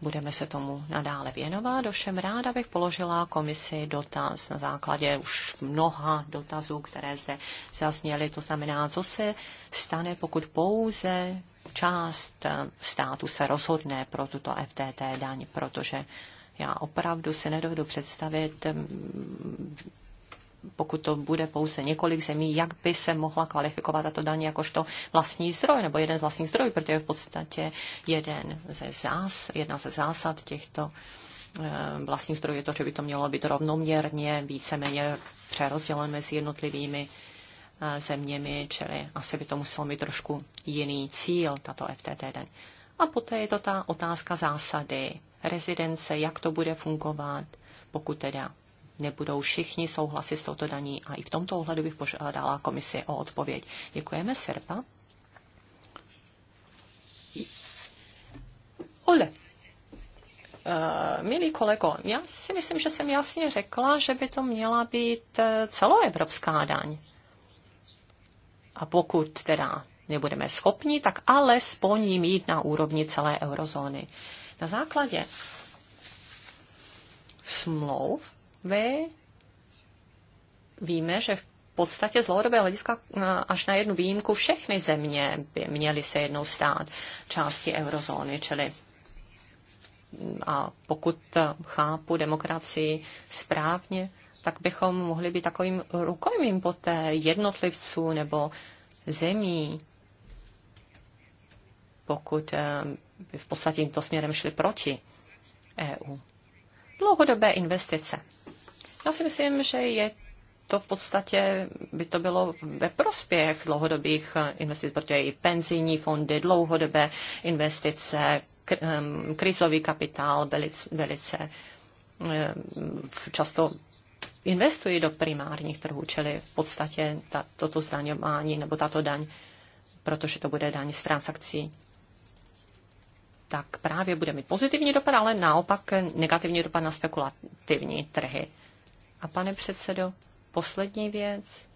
Budeme se tomu nadále věnovat, ovšem ráda bych položila komisi dotaz na základě už mnoha dotazů, které zde zazněly. To znamená, co se stane, pokud pouze část eh, státu se rozhodne pro tuto FTT daň, protože já opravdu si nedovedu představit, mm, pokud to bude pouze několik zemí, jak by se mohla kvalifikovat tato daň jakožto vlastní zdroj, nebo jeden z vlastních zdrojů, protože v podstatě jeden ze zás, jedna ze zásad těchto eh, vlastních zdrojů je to, že by to mělo být rovnoměrně, víceméně přerozdělen mezi jednotlivými Eh, zeměmi, čili asi by to muselo mít trošku jiný cíl, tato FTT den. A poté je to ta otázka zásady, rezidence, jak to bude fungovat, pokud teda nebudou všichni souhlasit s touto daní. A i v tomto ohledu bych požádala komisi o odpověď. Děkujeme, Serpa. Ole, Uh, milý kolego, já si myslím, že jsem jasně řekla, že by to měla být eh, celoevropská daň a pokud teda nebudeme schopni, tak alespoň jim jít na úrovni celé eurozóny. Na základě smlouv vy víme, že v podstatě z dlouhodobého hlediska eh, až na jednu výjimku všechny země by měly se jednou stát části eurozóny, čili mm, a pokud eh, chápu demokracii správně, tak bychom mohli být takovým rukojmím poté jednotlivců nebo zemí, pokud eh, by v podstatě tímto směrem šli proti EU. Dlouhodobé investice. Já si myslím, že je to v podstatě by to bylo ve prospěch dlouhodobých eh, investic, protože i penzijní fondy, dlouhodobé investice, eh, krizový kapitál velice, velice často investují do primárních trhů, čili v podstatě ta, toto zdaňování nebo tato daň, protože to bude daň z transakcí, tak právě bude mít pozitivní dopad, ale naopak negativní dopad na spekulativní trhy. A pane předsedo, poslední věc.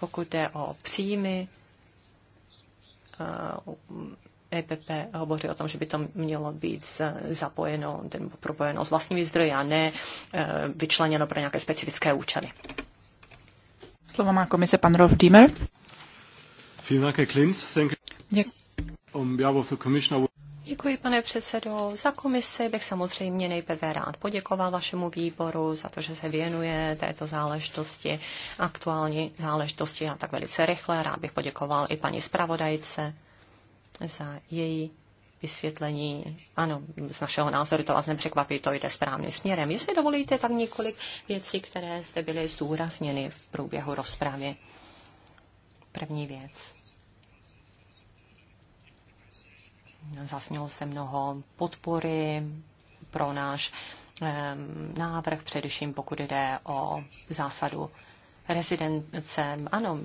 Pokud je o příjmy, EPP hovoří o tom, že by to mělo být zapojeno, ten propojeno s vlastními zdroji a ne e, vyčleněno pro nějaké specifické účely. Slovo má komise pan Rolf Diemer. Um, Děkuji, pane předsedo. Za komisi bych samozřejmě nejprve rád poděkoval vašemu výboru za to, že se věnuje této záležitosti, aktuální záležitosti a tak velice rychle. Rád bych poděkoval i paní zpravodajce za její vysvětlení. Ano, z našeho názoru to vás nepřekvapí, to jde správným směrem. Jestli dovolíte, tak několik věcí, které zde byly zdůrazněny v průběhu rozpravy. První věc. Zasnělo se mnoho podpory pro náš návrh, především pokud jde o zásadu rezidence. Ano,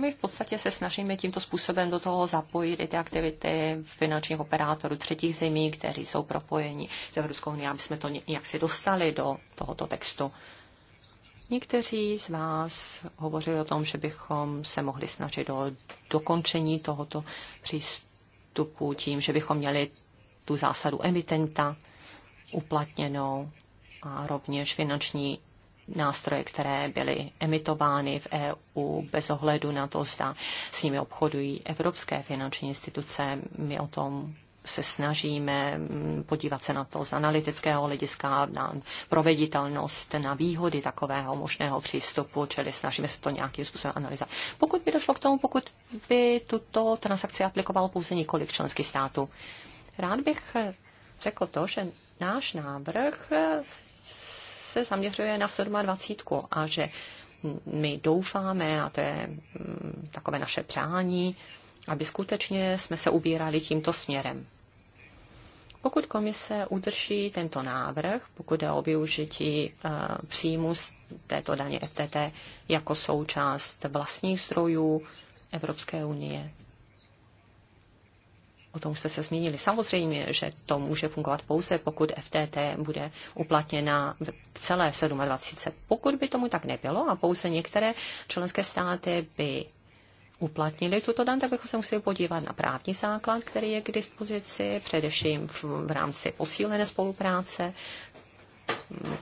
my v podstatě se snažíme tímto způsobem do toho zapojit i ty aktivity finančních operátorů třetích zemí, kteří jsou propojeni s Evropskou unii, aby jsme to nějak si dostali do tohoto textu. Někteří z vás hovořili o tom, že bychom se mohli snažit o dokončení tohoto přístupu tím, že bychom měli tu zásadu emitenta uplatněnou a rovněž finanční nástroje, které byly emitovány v EU bez ohledu na to, zda s nimi obchodují evropské finanční instituce. My o tom se snažíme podívat se na to z analytického hlediska, na proveditelnost, na výhody takového možného přístupu, čili snažíme se to nějakým způsobem analyzovat. Pokud by došlo k tomu, pokud by tuto transakci aplikovalo pouze několik členských států, rád bych řekl to, že náš návrh se zaměřuje na 27 a že my doufáme, a to je mm, takové naše přání, aby skutečně jsme se ubírali tímto směrem. Pokud komise udrží tento návrh, pokud je o využití eh, příjmu z této daně FTT jako součást vlastních zdrojů Evropské unie, O tom jste se zmínili. Samozřejmě, že to může fungovat pouze, pokud FTT bude uplatněna v celé 27. Pokud by tomu tak nebylo a pouze některé členské státy by uplatnili tuto dan, tak bychom se museli podívat na právní základ, který je k dispozici, především v, v rámci posílené spolupráce.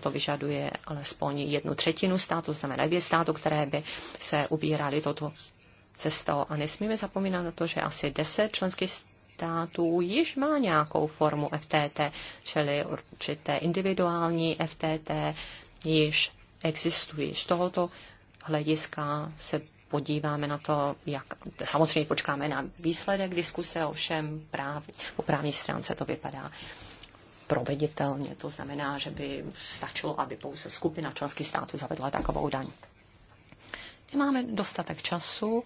To vyžaduje alespoň jednu třetinu státu, znamená dvě státu, které by se ubíraly toto cestou. A nesmíme zapomínat na to, že asi deset členských států již má nějakou formu FTT, čili určité individuální FTT již existují. Z tohoto hlediska se podíváme na to, jak samozřejmě počkáme na výsledek diskuse, ovšem práv, po právní stránce to vypadá proveditelně. To znamená, že by stačilo, aby pouze skupina členských států zavedla takovou daň. Nemáme dostatek času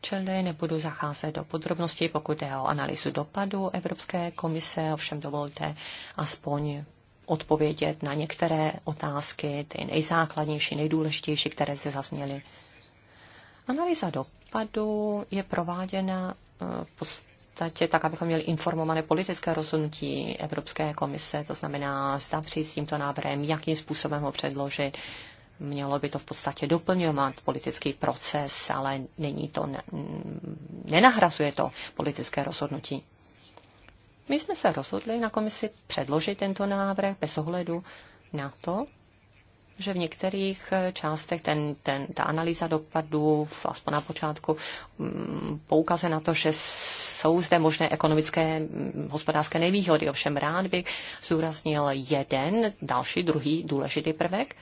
čili nebudu zacházet do podrobností, pokud je o analýzu dopadu Evropské komise, ovšem dovolte aspoň odpovědět na některé otázky, ty nejzákladnější, nejdůležitější, které se zazněly. Analýza dopadu je prováděna eh, v podstatě tak, abychom měli informované politické rozhodnutí Evropské komise, to znamená, zda přijít s tímto návrhem, jakým způsobem ho předložit, mělo by to v podstatě doplňovat politický proces, ale není to, nenahrazuje to politické rozhodnutí. My jsme se rozhodli na komisi předložit tento návrh bez ohledu na to, že v některých částech ten, ten, ta analýza dopadů, aspoň na počátku, mm, poukaze na to, že jsou zde možné ekonomické, mm, hospodářské nevýhody. Ovšem rád bych zúraznil jeden, další, druhý důležitý prvek,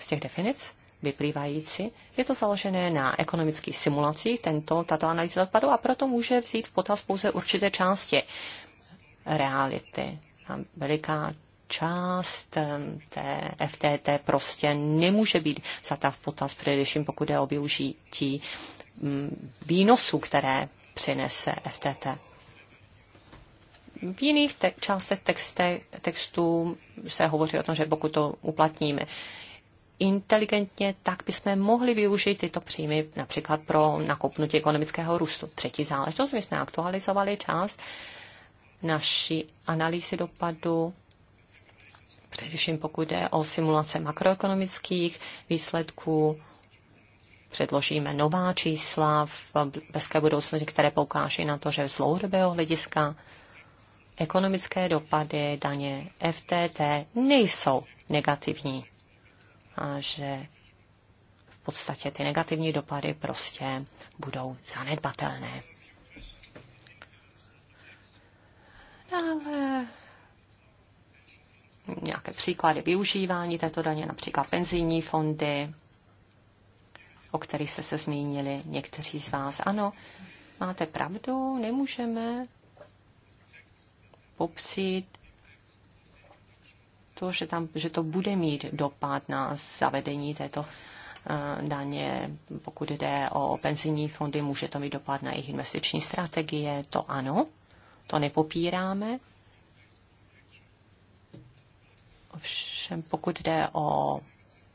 z těch definic vyplývající. Je to založené na ekonomických simulacích, tento, tato analýza odpadu, a proto může vzít v potaz pouze určité části reality. A veliká část té FTT prostě nemůže být zata v potaz, především pokud je o využití mm, výnosů, které přinese FTT. V jiných te- částech texte, textu se hovoří o tom, že pokud to uplatníme inteligentně, tak bychom mohli využít tyto příjmy například pro nakopnutí ekonomického růstu. Třetí záležitost, my jsme aktualizovali část naší analýzy dopadu, především pokud jde o simulace makroekonomických výsledků, předložíme nová čísla v bezké budoucnosti, které poukáží na to, že z dlouhodobého hlediska ekonomické dopady daně FTT nejsou negativní a že v podstatě ty negativní dopady prostě budou zanedbatelné. Dále nějaké příklady využívání této daně, například penzijní fondy, o kterých jste se zmínili někteří z vás. Ano, máte pravdu, nemůžeme popřít to, že, tam, že to bude mít dopad na zavedení této eh, daně, pokud jde o penzijní fondy, může to mít dopad na jejich investiční strategie, to ano, to nepopíráme. Ovšem, pokud jde o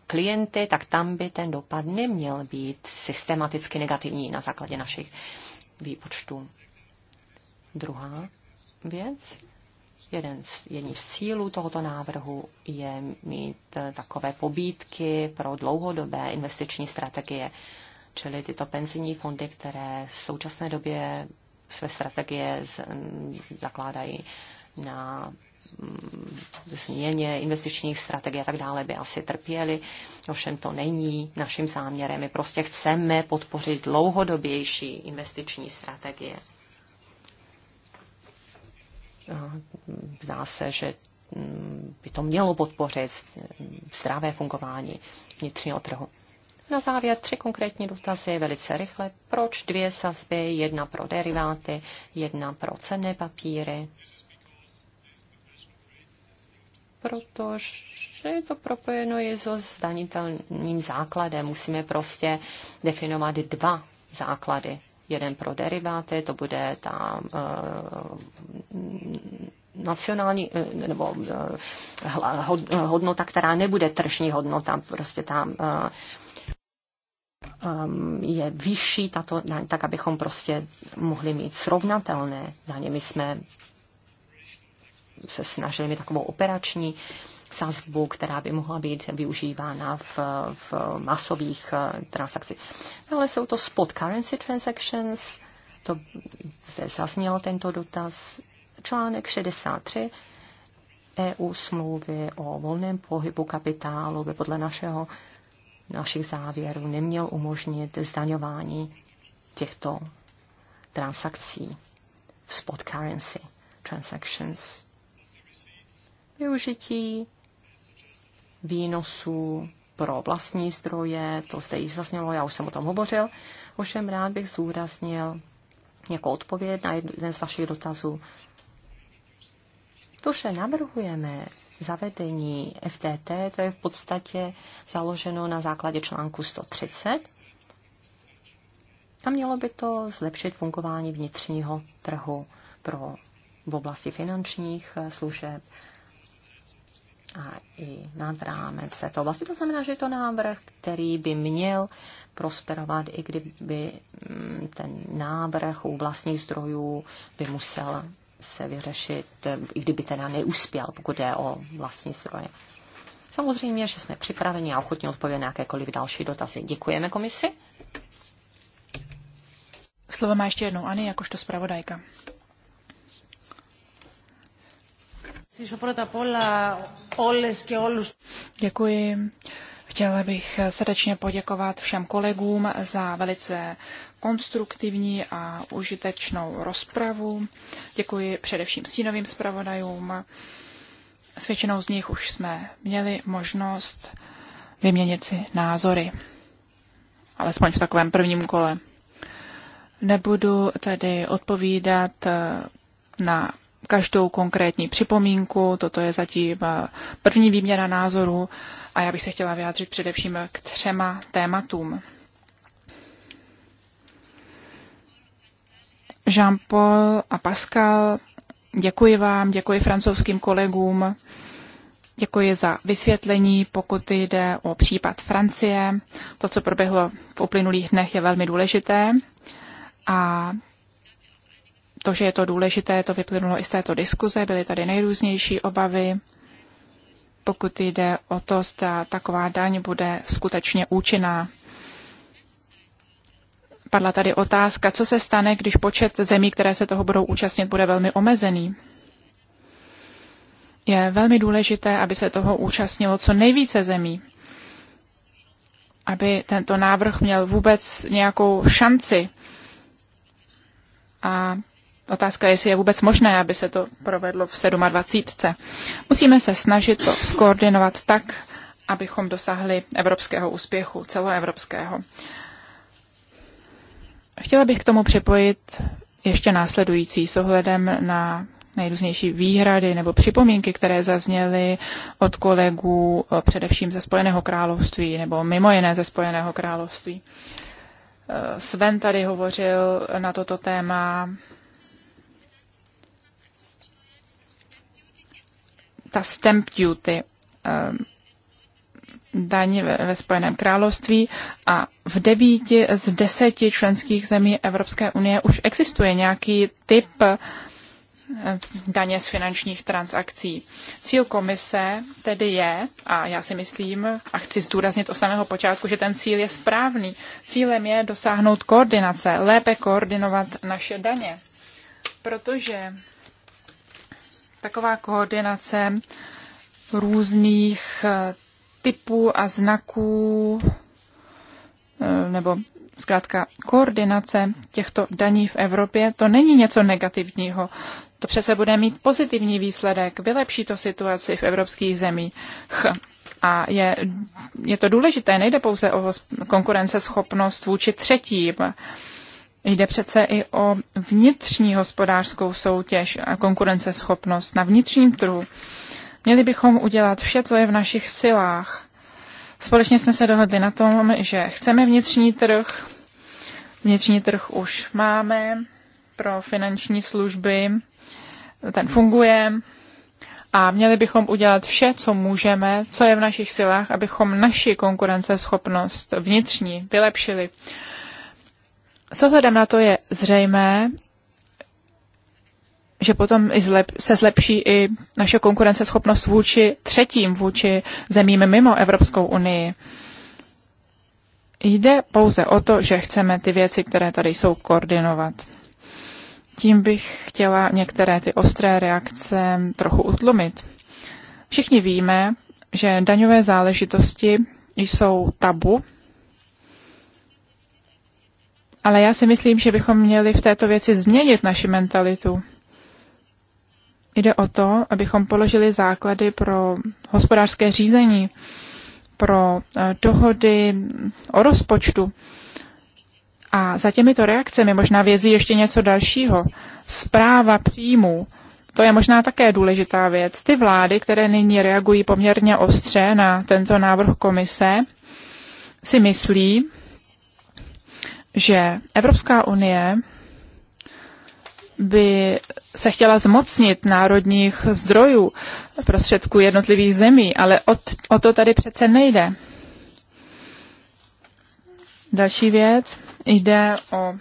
klienty, tak tam by ten dopad neměl být systematicky negativní na základě našich výpočtů. Druhá věc Jeden z, jedním z cílů tohoto návrhu je mít eh, takové pobídky pro dlouhodobé investiční strategie, čili tyto penzijní fondy, které v současné době své strategie z, mm, zakládají na mm, změně investičních strategií a tak dále by asi trpěli. Ovšem to není naším záměrem. My prostě chceme podpořit dlouhodobější investiční strategie. Eh, zdá se, že mm, by to mělo podpořit mm, zdravé fungování vnitřního trhu. Na závěr tři konkrétní dotazy, velice rychle. Proč dvě sazby, jedna pro deriváty, jedna pro cenné papíry? Protože je to propojeno je so zdanitelným základem. Musíme prostě definovat dva základy jeden pro deriváty, to bude ta eh, nacionální eh, nebo eh, hodnota, která nebude tržní hodnota, prostě tam je vyšší tato daň, tak abychom prostě mohli mít srovnatelné daně. My jsme se snažili mít takovou operační uh, sazbu, která by mohla být využívána v, v masových eh, transakcích. No, ale jsou to spot currency transactions, to zde zazněl tento dotaz, článek 63 EU smlouvy o volném pohybu kapitálu by podle našeho, našich závěrů neměl umožnit zdaňování těchto transakcí v spot currency transactions. Využití výnosů pro vlastní zdroje, to zde již zasnělo, já už jsem o tom hovořil. Ovšem rád bych zdůraznil jako odpověď na jeden z vašich dotazů. To, že navrhujeme zavedení FTT, to je v podstatě založeno na základě článku 130 a mělo by to zlepšit fungování vnitřního trhu pro v oblasti finančních služeb, a i nad rámec této oblasti. To znamená, že je to návrh, který by měl prosperovat, i kdyby mm, ten návrh u vlastních zdrojů by musel se vyřešit, i kdyby teda neuspěl, pokud jde o vlastní zdroje. Samozřejmě, že jsme připraveni a ochotně odpovědět na jakékoliv další dotazy. Děkujeme komisi. Slovo má ještě jednou Ani jakožto zpravodajka. Děkuji. Chtěla bych srdečně poděkovat všem kolegům za velice konstruktivní a užitečnou rozpravu. Děkuji především stínovým zpravodajům. S většinou z nich už jsme měli možnost vyměnit si názory, alespoň v takovém prvním kole. Nebudu tedy odpovídat na každou konkrétní připomínku. Toto je zatím eh, první výměna názoru a já bych se chtěla vyjádřit především k třema tématům. Jean-Paul a Pascal, děkuji vám, děkuji francouzským kolegům, děkuji za vysvětlení, pokud jde o případ Francie. To, co proběhlo v uplynulých dnech, je velmi důležité a to, že je to důležité, to vyplynulo i z této diskuze, byly tady nejrůznější obavy, pokud jde o to, zda taková daň bude skutečně účinná. Padla tady otázka, co se stane, když počet zemí, které se toho budou účastnit, bude velmi omezený. Je velmi důležité, aby se toho účastnilo co nejvíce zemí, aby tento návrh měl vůbec nějakou šanci. A Otázka je, jestli je vůbec možné, aby se to provedlo v 27. Musíme se snažit to skoordinovat tak, abychom dosáhli evropského úspěchu, celoevropského. Chtěla bych k tomu připojit ještě následující s ohledem na nejrůznější výhrady nebo připomínky, které zazněly od kolegů především ze Spojeného království nebo mimo jiné ze Spojeného království. Sven tady hovořil na toto téma, ta stamp duty, ehm, daň ve Spojeném království a v devíti z deseti členských zemí Evropské unie už existuje nějaký typ ehm, daně z finančních transakcí. Cíl komise tedy je, a já si myslím, a chci zdůraznit od samého počátku, že ten cíl je správný. Cílem je dosáhnout koordinace, lépe koordinovat naše daně. Protože taková koordinace různých eh, typů a znaků, eh, nebo zkrátka koordinace těchto daní v Evropě, to není něco negativního. To přece bude mít pozitivní výsledek, vylepší to situaci v evropských zemích. A je, je to důležité, nejde pouze o konkurenceschopnost vůči třetím, Jde přece i o vnitřní hospodářskou soutěž a konkurenceschopnost na vnitřním trhu. Měli bychom udělat vše, co je v našich silách. Společně jsme se dohodli na tom, že chceme vnitřní trh. Vnitřní trh už máme pro finanční služby. Ten funguje. A měli bychom udělat vše, co můžeme, co je v našich silách, abychom naši konkurenceschopnost vnitřní vylepšili. S ohledem na to je zřejmé, že potom i zlep, se zlepší i naše konkurenceschopnost vůči třetím, vůči zemím mimo Evropskou unii. Jde pouze o to, že chceme ty věci, které tady jsou, koordinovat. Tím bych chtěla některé ty ostré reakce trochu utlumit. Všichni víme, že daňové záležitosti jsou tabu ale já si myslím, že bychom měli v této věci změnit naši mentalitu. Jde o to, abychom položili základy pro hospodářské řízení, pro eh, dohody mm, o rozpočtu. A za těmito reakcemi možná vězí ještě něco dalšího. Zpráva příjmů. To je možná také důležitá věc. Ty vlády, které nyní reagují poměrně ostře na tento návrh komise, si myslí, že Evropská unie by se chtěla zmocnit národních zdrojů prostředků jednotlivých zemí, ale o, o to tady přece nejde. Další věc jde o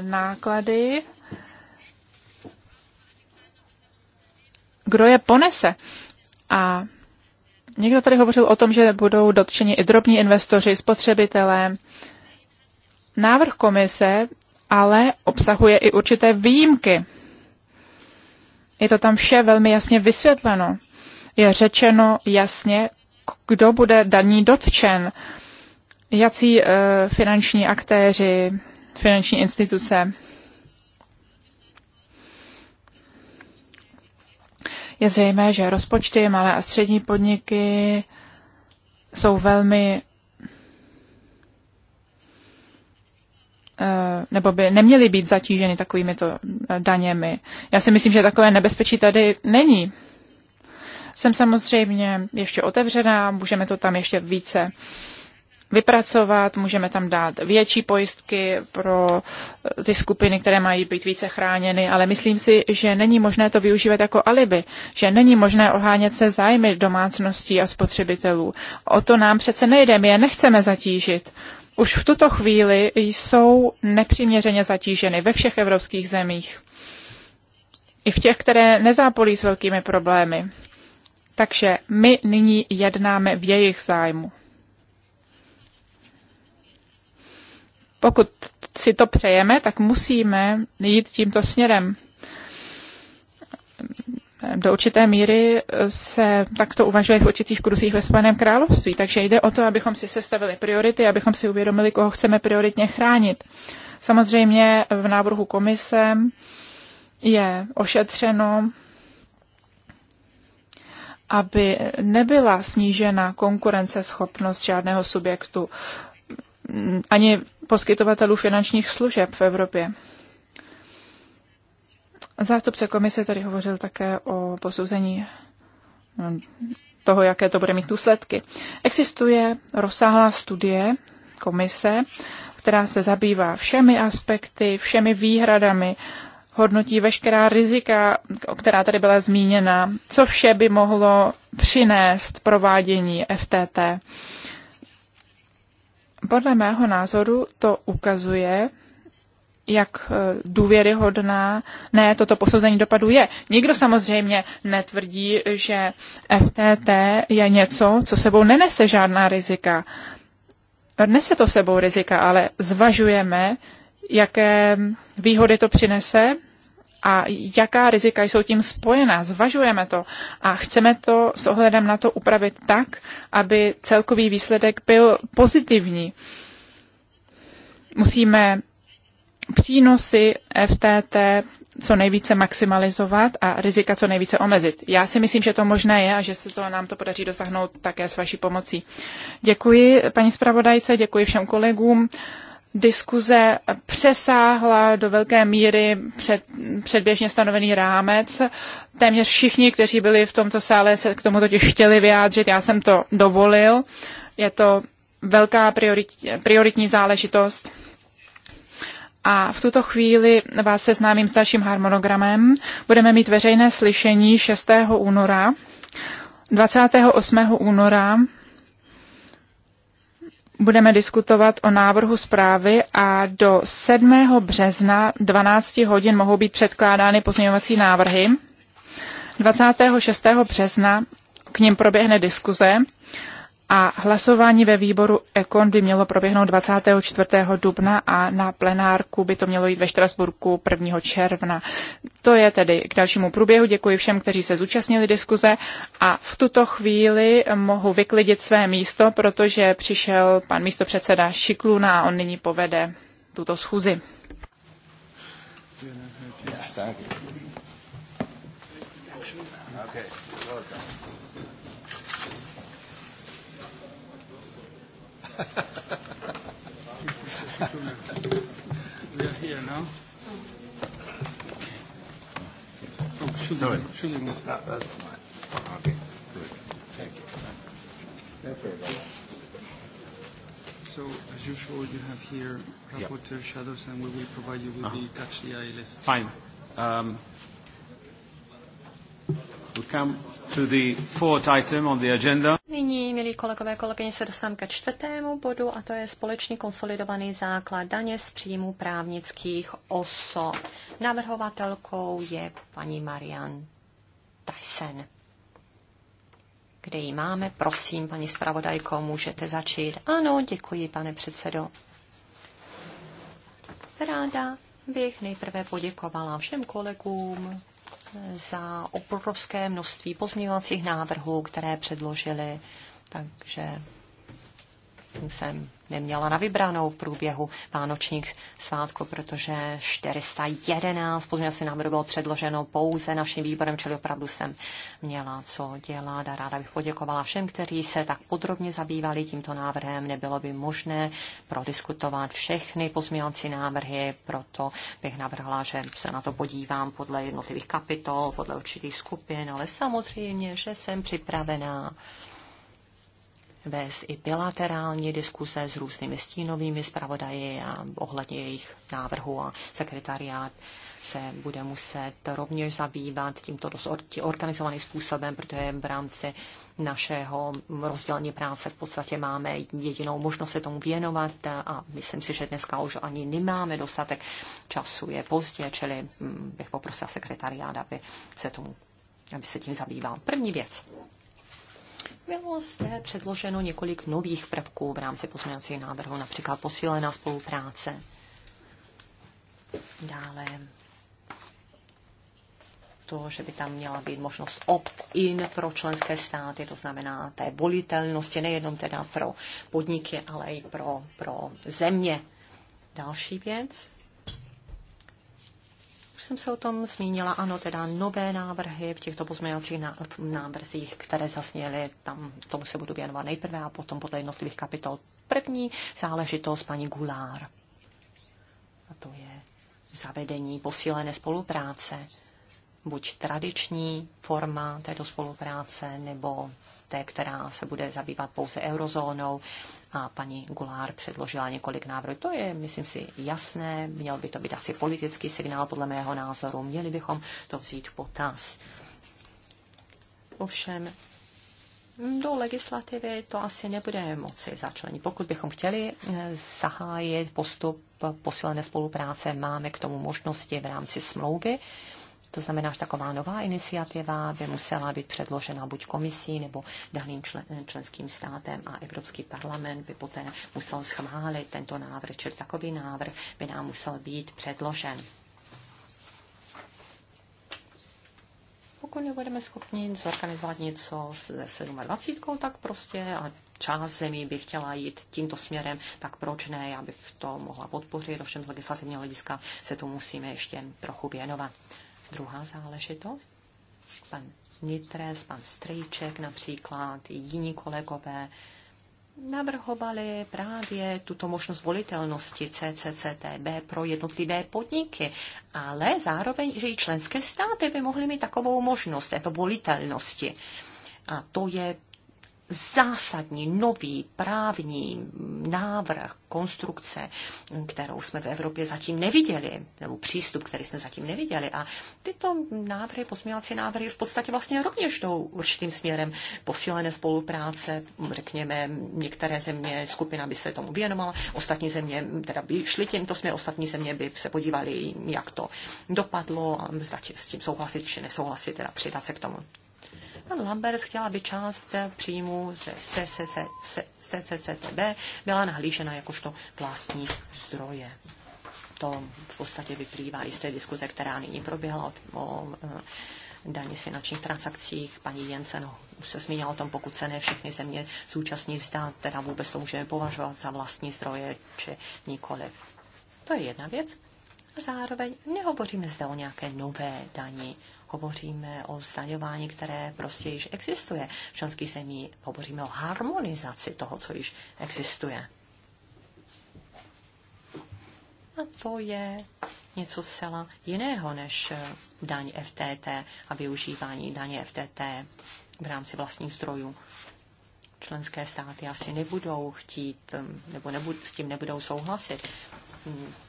náklady. Kdo je ponese? A někdo tady hovořil o tom, že budou dotčeni i drobní investoři, spotřebitelé, Návrh komise ale obsahuje i určité výjimky. Je to tam vše velmi jasně vysvětleno. Je řečeno jasně, kdo bude daní dotčen, jací e, finanční aktéři, finanční instituce. Je zřejmé, že rozpočty, malé a střední podniky jsou velmi Eh, nebo by neměly být zatíženy takovými to eh, daněmi. Já si myslím, že takové nebezpečí tady není. Jsem samozřejmě ještě otevřená, můžeme to tam ještě více vypracovat, můžeme tam dát větší pojistky pro eh, ty skupiny, které mají být více chráněny, ale myslím si, že není možné to využívat jako alibi, že není možné ohánět se zájmy domácností a spotřebitelů. O to nám přece nejde, my je nechceme zatížit už v tuto chvíli jsou nepřiměřeně zatíženy ve všech evropských zemích. I v těch, které nezápolí s velkými problémy. Takže my nyní jednáme v jejich zájmu. Pokud si to přejeme, tak musíme jít tímto směrem do určité míry se takto uvažuje v určitých kruzích ve Spojeném království. Takže jde o to, abychom si sestavili priority, abychom si uvědomili, koho chceme prioritně chránit. Samozřejmě v návrhu komise je ošetřeno, aby nebyla snížena konkurenceschopnost žádného subjektu, ani poskytovatelů finančních služeb v Evropě. Zástupce komise tady hovořil také o posouzení no, toho, jaké to bude mít důsledky. Existuje rozsáhlá studie komise, která se zabývá všemi aspekty, všemi výhradami, hodnotí veškerá rizika, která tady byla zmíněna, co vše by mohlo přinést provádění FTT. Podle mého názoru to ukazuje, jak eh, důvěryhodná ne toto posouzení dopadu je. Nikdo samozřejmě netvrdí, že FTT je něco, co sebou nenese žádná rizika. Nese to sebou rizika, ale zvažujeme, jaké výhody to přinese a jaká rizika jsou tím spojená. Zvažujeme to a chceme to s ohledem na to upravit tak, aby celkový výsledek byl pozitivní. Musíme přínosy FTT co nejvíce maximalizovat a rizika co nejvíce omezit. Já si myslím, že to možné je a že se to nám to podaří dosáhnout také s vaší pomocí. Děkuji paní zpravodajce, děkuji všem kolegům. Diskuze přesáhla do velké míry před, předběžně stanovený rámec. Téměř všichni, kteří byli v tomto sále, se k tomu totiž chtěli vyjádřit. Já jsem to dovolil. Je to velká priorit, prioritní záležitost a v tuto chvíli vás seznámím s dalším harmonogramem. Budeme mít veřejné slyšení 6. února, 28. února budeme diskutovat o návrhu zprávy a do 7. března 12 hodin mohou být předkládány pozměňovací návrhy. 26. března k ním proběhne diskuze a hlasování ve výboru Ekon by mělo proběhnout 24. dubna a na plenárku by to mělo jít ve Štrasburku 1. června. To je tedy k dalšímu průběhu. Děkuji všem, kteří se zúčastnili diskuze a v tuto chvíli mohu vyklidit své místo, protože přišel pan místopředseda Šikluna a on nyní povede tuto schůzi. Yeah, we are here now. Oh, should Sorry. We, should we move? No, that's fine. Okay, good. Thank you. Thank you. So, as usual, you have here rapporteur yep. shadows, and we will provide you with uh -huh. the ah. catch the eye list. Fine. Um, we come to the fourth item on the agenda Nyní, milí kolegové, kolegyně, se dostávám ke čtvrtému bodu a to je společný konsolidovaný základ daně z příjmu právnických osob. Navrhovatelkou je paní Marian Tyson. Kde ji máme? Prosím, paní zpravodajko, můžete začít. Ano, děkuji, pane předsedo. Ráda bych nejprve poděkovala všem kolegům, za obrovské množství pozměňovacích návrhů, které předložili, takže jsem neměla na vybranou v průběhu vánočních svátků, protože 411 pozměňovací návrhů bylo předloženo pouze naším výborem, čili opravdu jsem měla co dělat a ráda bych poděkovala všem, kteří se tak podrobně zabývali tímto návrhem. Nebylo by možné prodiskutovat všechny pozměňovací návrhy, proto bych navrhla, že se na to podívám podle jednotlivých kapitol, podle určitých skupin, ale samozřejmě, že jsem připravená vést i bilaterální diskuse s různými stínovými zpravodaji a ohledně jejich návrhu a sekretariát se bude muset rovněž zabývat tímto dost organizovaným způsobem, protože v rámci našeho rozdělení práce v podstatě máme jedinou možnost se tomu věnovat a myslím si, že dneska už ani nemáme dostatek času, je pozdě, čili mm, bych poprosila sekretariát, aby se tomu aby se tím zabýval. První věc. Bylo zde předloženo několik nových prvků v rámci pozměňovacího návrhu, například posílená spolupráce. Dále to, že by tam měla být možnost opt-in pro členské státy, to znamená té volitelnosti nejenom teda pro podniky, ale i pro, pro země. Další věc, už jsem se o tom zmínila, ano, teda nové návrhy v těchto pozměňovacích návrzích, které zasněly, tam tomu se budu věnovat nejprve a potom podle jednotlivých kapitol. První záležitost paní Gulár. A to je zavedení posílené spolupráce. Buď tradiční forma této spolupráce, nebo té, která se bude zabývat pouze eurozónou a paní Gulár předložila několik návrhů. To je, myslím si, jasné. Měl by to být asi politický signál, podle mého názoru. Měli bychom to vzít v potaz. Ovšem, do legislativy to asi nebude moci začlenit. Pokud bychom chtěli eh, zahájit postup posílené spolupráce, máme k tomu možnosti v rámci smlouvy to znamená, že taková nová iniciativa by musela být předložena buď komisí nebo daným člen, členským státem a Evropský parlament by poté musel schválit tento návrh, čili takový návrh by nám musel být předložen. pokud nebudeme schopni zorganizovat něco se 27, tak prostě a část zemí by chtěla jít tímto směrem, tak proč ne, já bych to mohla podpořit, ovšem z legislativního hlediska se tu musíme ještě trochu věnovat druhá záležitost. Pan Nitres, pan Strejček například, i jiní kolegové navrhovali právě tuto možnost volitelnosti CCCTB pro jednotlivé podniky, ale zároveň, že i členské státy by mohly mít takovou možnost této volitelnosti. A to je zásadní nový právní návrh, konstrukce, kterou jsme v Evropě zatím neviděli, nebo přístup, který jsme zatím neviděli. A tyto návrhy, posměvací návrhy v podstatě vlastně rovněž jdou určitým směrem posílené spolupráce, řekněme, některé země, skupina by se tomu věnovala, ostatní země teda by šly tímto směrem, ostatní země by se podívali, jak to dopadlo a zda s tím souhlasit či nesouhlasit, teda přidat se k tomu. Pan Lambert chtěl aby část příjmu ze CCCTB byla nahlížena jakožto vlastní zdroje. To v podstatě vyplývá i z té diskuze, která nyní proběhla o, o eh, daní z finančních transakcích. Paní Jensen no, už se zmínila o tom, pokud se ne všechny země zúčastní zda, teda vůbec to můžeme považovat za vlastní zdroje, či nikoliv. To je jedna věc. Zároveň nehovoříme zde o nějaké nové dani hovoříme o zdaňování, které prostě již existuje v členských zemí, hovoříme o harmonizaci toho, co již existuje. A to je něco zcela jiného než eh, daň FTT a využívání daně FTT v rámci vlastních zdrojů. Členské státy asi nebudou chtít eh, nebo nebud, s tím nebudou souhlasit,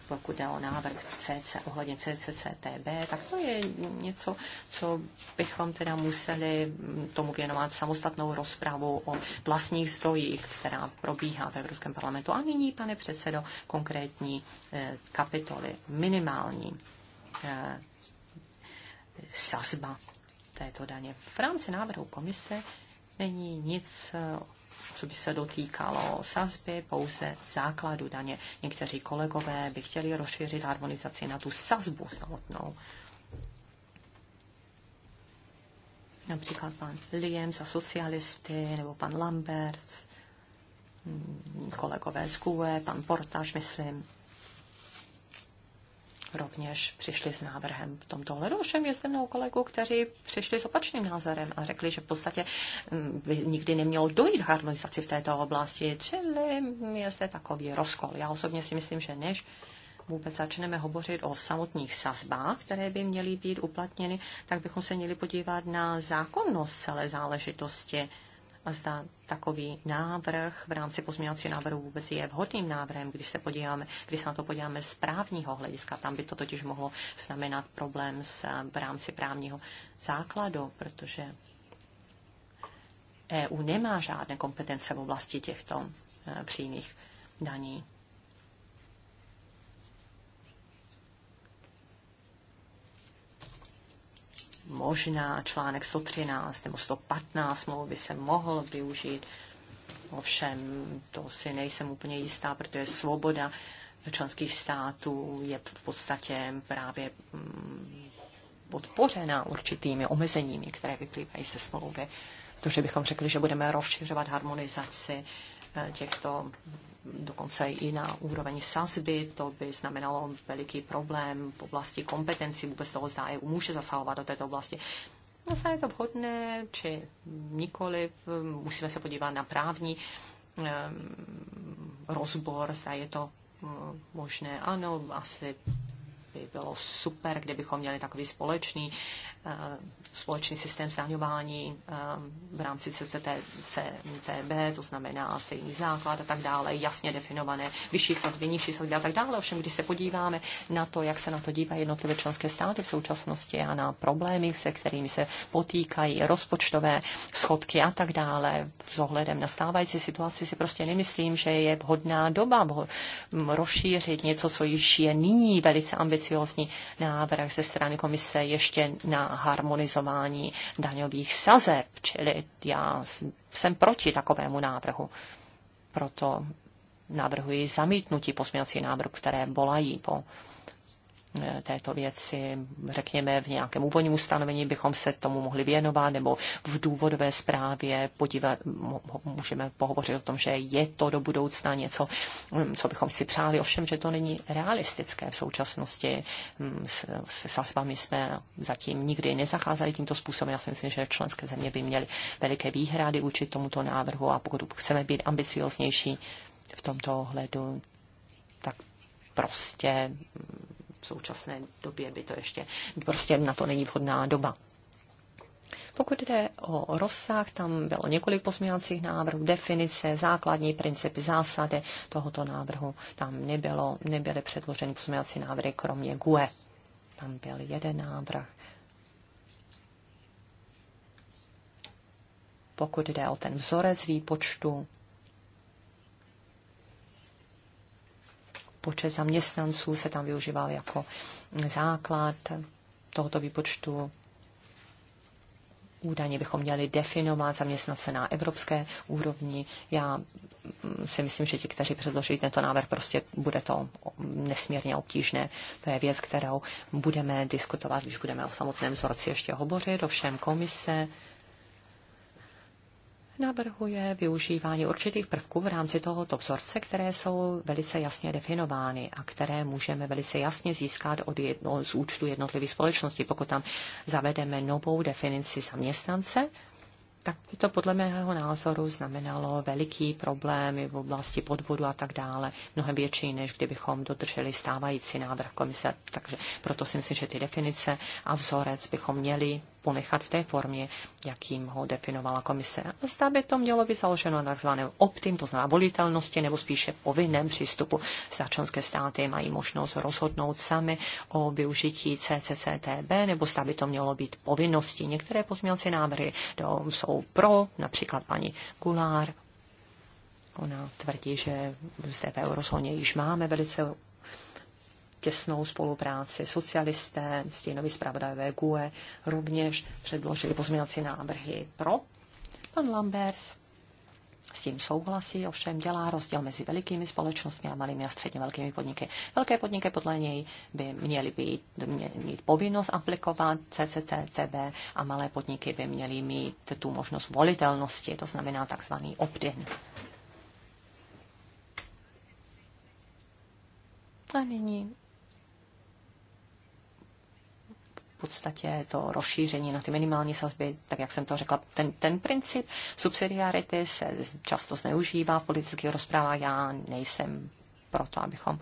pokud jde o návrh CC, ohledně CCCTB, tak to je něco, co bychom teda museli mm, tomu věnovat samostatnou rozpravu o vlastních zdrojích, která probíhá v Evropském parlamentu. A nyní, pane předsedo, konkrétní eh, kapitoly, minimální eh, sazba této daně. V rámci návrhu komise není nic eh, co by se dotýkalo sazby, pouze základu daně. Někteří kolegové by chtěli rozšířit harmonizaci na tu sazbu samotnou. Například pan Liam za socialisty, nebo pan Lambert, mm, kolegové z QE, pan Portaž, myslím, rovněž přišli s návrhem v tomto ohledu. Ovšem je zde mnoho kteří přišli s opačným názorem a řekli, že v podstatě mm, by nikdy nemělo dojít harmonizaci v této oblasti, čili je zde takový rozkol. Já osobně si myslím, že než vůbec začneme hovořit o samotných sazbách, které by měly být uplatněny, tak bychom se měli podívat na zákonnost celé záležitosti a zda takový návrh v rámci pozměňovacího návrhu vůbec je vhodným návrhem, když se podíváme, když se na to podíváme z právního hlediska. Tam by to totiž mohlo znamenat problém s, eh, v rámci právního základu, protože EU nemá žádné kompetence v oblasti těchto eh, přímých daní. možná článek 113 nebo 115 smlouvy se mohl využít. Ovšem, to si nejsem úplně jistá, protože svoboda členských států je v podstatě právě mm, podpořena určitými omezeními, které vyplývají ze smlouvy. To, že bychom řekli, že budeme rozšiřovat harmonizaci eh, těchto dokonce i na úroveň sazby, to by znamenalo veliký problém v oblasti kompetenci vůbec toho zdá, je může zasahovat do této oblasti. No, zda je to vhodné, či nikoli, musíme se podívat na právní ehm, rozbor, zda je to mm, možné. Ano, asi by bylo super, kdybychom měli takový společný společný systém zdaňování v rámci CCTB, to znamená stejný základ a tak dále, jasně definované vyšší sazby, nižší sazby a tak dále. Ovšem, když se podíváme na to, jak se na to dívají jednotlivé členské státy v současnosti a na problémy, se kterými se potýkají rozpočtové schodky a tak dále, s ohledem na stávající situaci si prostě nemyslím, že je vhodná doba rozšířit něco, co již je nyní velice ambiciozní návrh ze strany komise ještě na harmonizování daňových sazeb, čili já jsem proti takovému návrhu. Proto navrhuji zamítnutí pozměňovacích návrhu, které volají po této věci, řekněme, v nějakém úvodním ustanovení bychom se tomu mohli věnovat, nebo v důvodové zprávě podívat, můžeme pohovořit o tom, že je to do budoucna něco, mm, co bychom si přáli, ovšem, že to není realistické v současnosti. Mm, se sazbami jsme zatím nikdy nezacházeli tímto způsobem. Já si myslím, že členské země by měly veliké výhrady uči tomuto návrhu a pokud chceme být ambicioznější v tomto ohledu, tak prostě mm, v současné době by to ještě prostě na to není vhodná doba. Pokud jde o rozsah, tam bylo několik pozměňovacích návrhů, definice, základní principy, zásady tohoto návrhu. Tam nebylo, nebyly předloženy pozměňovací návrhy, kromě GUE. Tam byl jeden návrh. Pokud jde o ten vzorec výpočtu, počet zaměstnanců se tam využíval jako základ tohoto výpočtu. Údajně bychom měli definovat zaměstnance na evropské úrovni. Já mm, si myslím, že ti, kteří předložili tento návrh, prostě bude to nesmírně obtížné. To je věc, kterou budeme diskutovat, když budeme o samotném vzorci ještě hovořit. Ovšem komise navrhuje využívání určitých prvků v rámci tohoto vzorce, které jsou velice jasně definovány a které můžeme velice jasně získat od jedno, z účtu jednotlivých společností. Pokud tam zavedeme novou definici zaměstnance, tak by to podle mého názoru znamenalo veliký problémy v oblasti podvodu a tak dále, mnohem větší, než kdybychom dodrželi stávající návrh komise. Takže proto si myslím, že ty definice a vzorec bychom měli ponechat v té formě, jakým ho definovala komise. zda by to mělo být založeno na tzv. optim, to znamená volitelnosti, nebo spíše povinném přístupu. Zda členské státy mají možnost rozhodnout sami o využití CCCTB, nebo zda by to mělo být povinností. Některé pozměnci návrhy jsou pro, například paní Gulár, Ona tvrdí, že zde v eurozóně již máme velice těsnou spolupráci. Socialisté, stínoví zpravodajové GUE rovněž předložili pozměňovací návrhy pro. Pan Lambers s tím souhlasí, ovšem dělá rozdíl mezi velikými společnostmi a malými a středně velkými podniky. Velké podniky podle něj by měly být, mě, mít povinnost aplikovat CCTB a malé podniky by měly mít tu možnost volitelnosti, to znamená takzvaný opt-in. A nyní podstatě to rozšíření na ty minimální sazby, tak jak jsem to řekla, ten, ten princip subsidiarity se často zneužívá v politických rozprávách. Já nejsem proto, abychom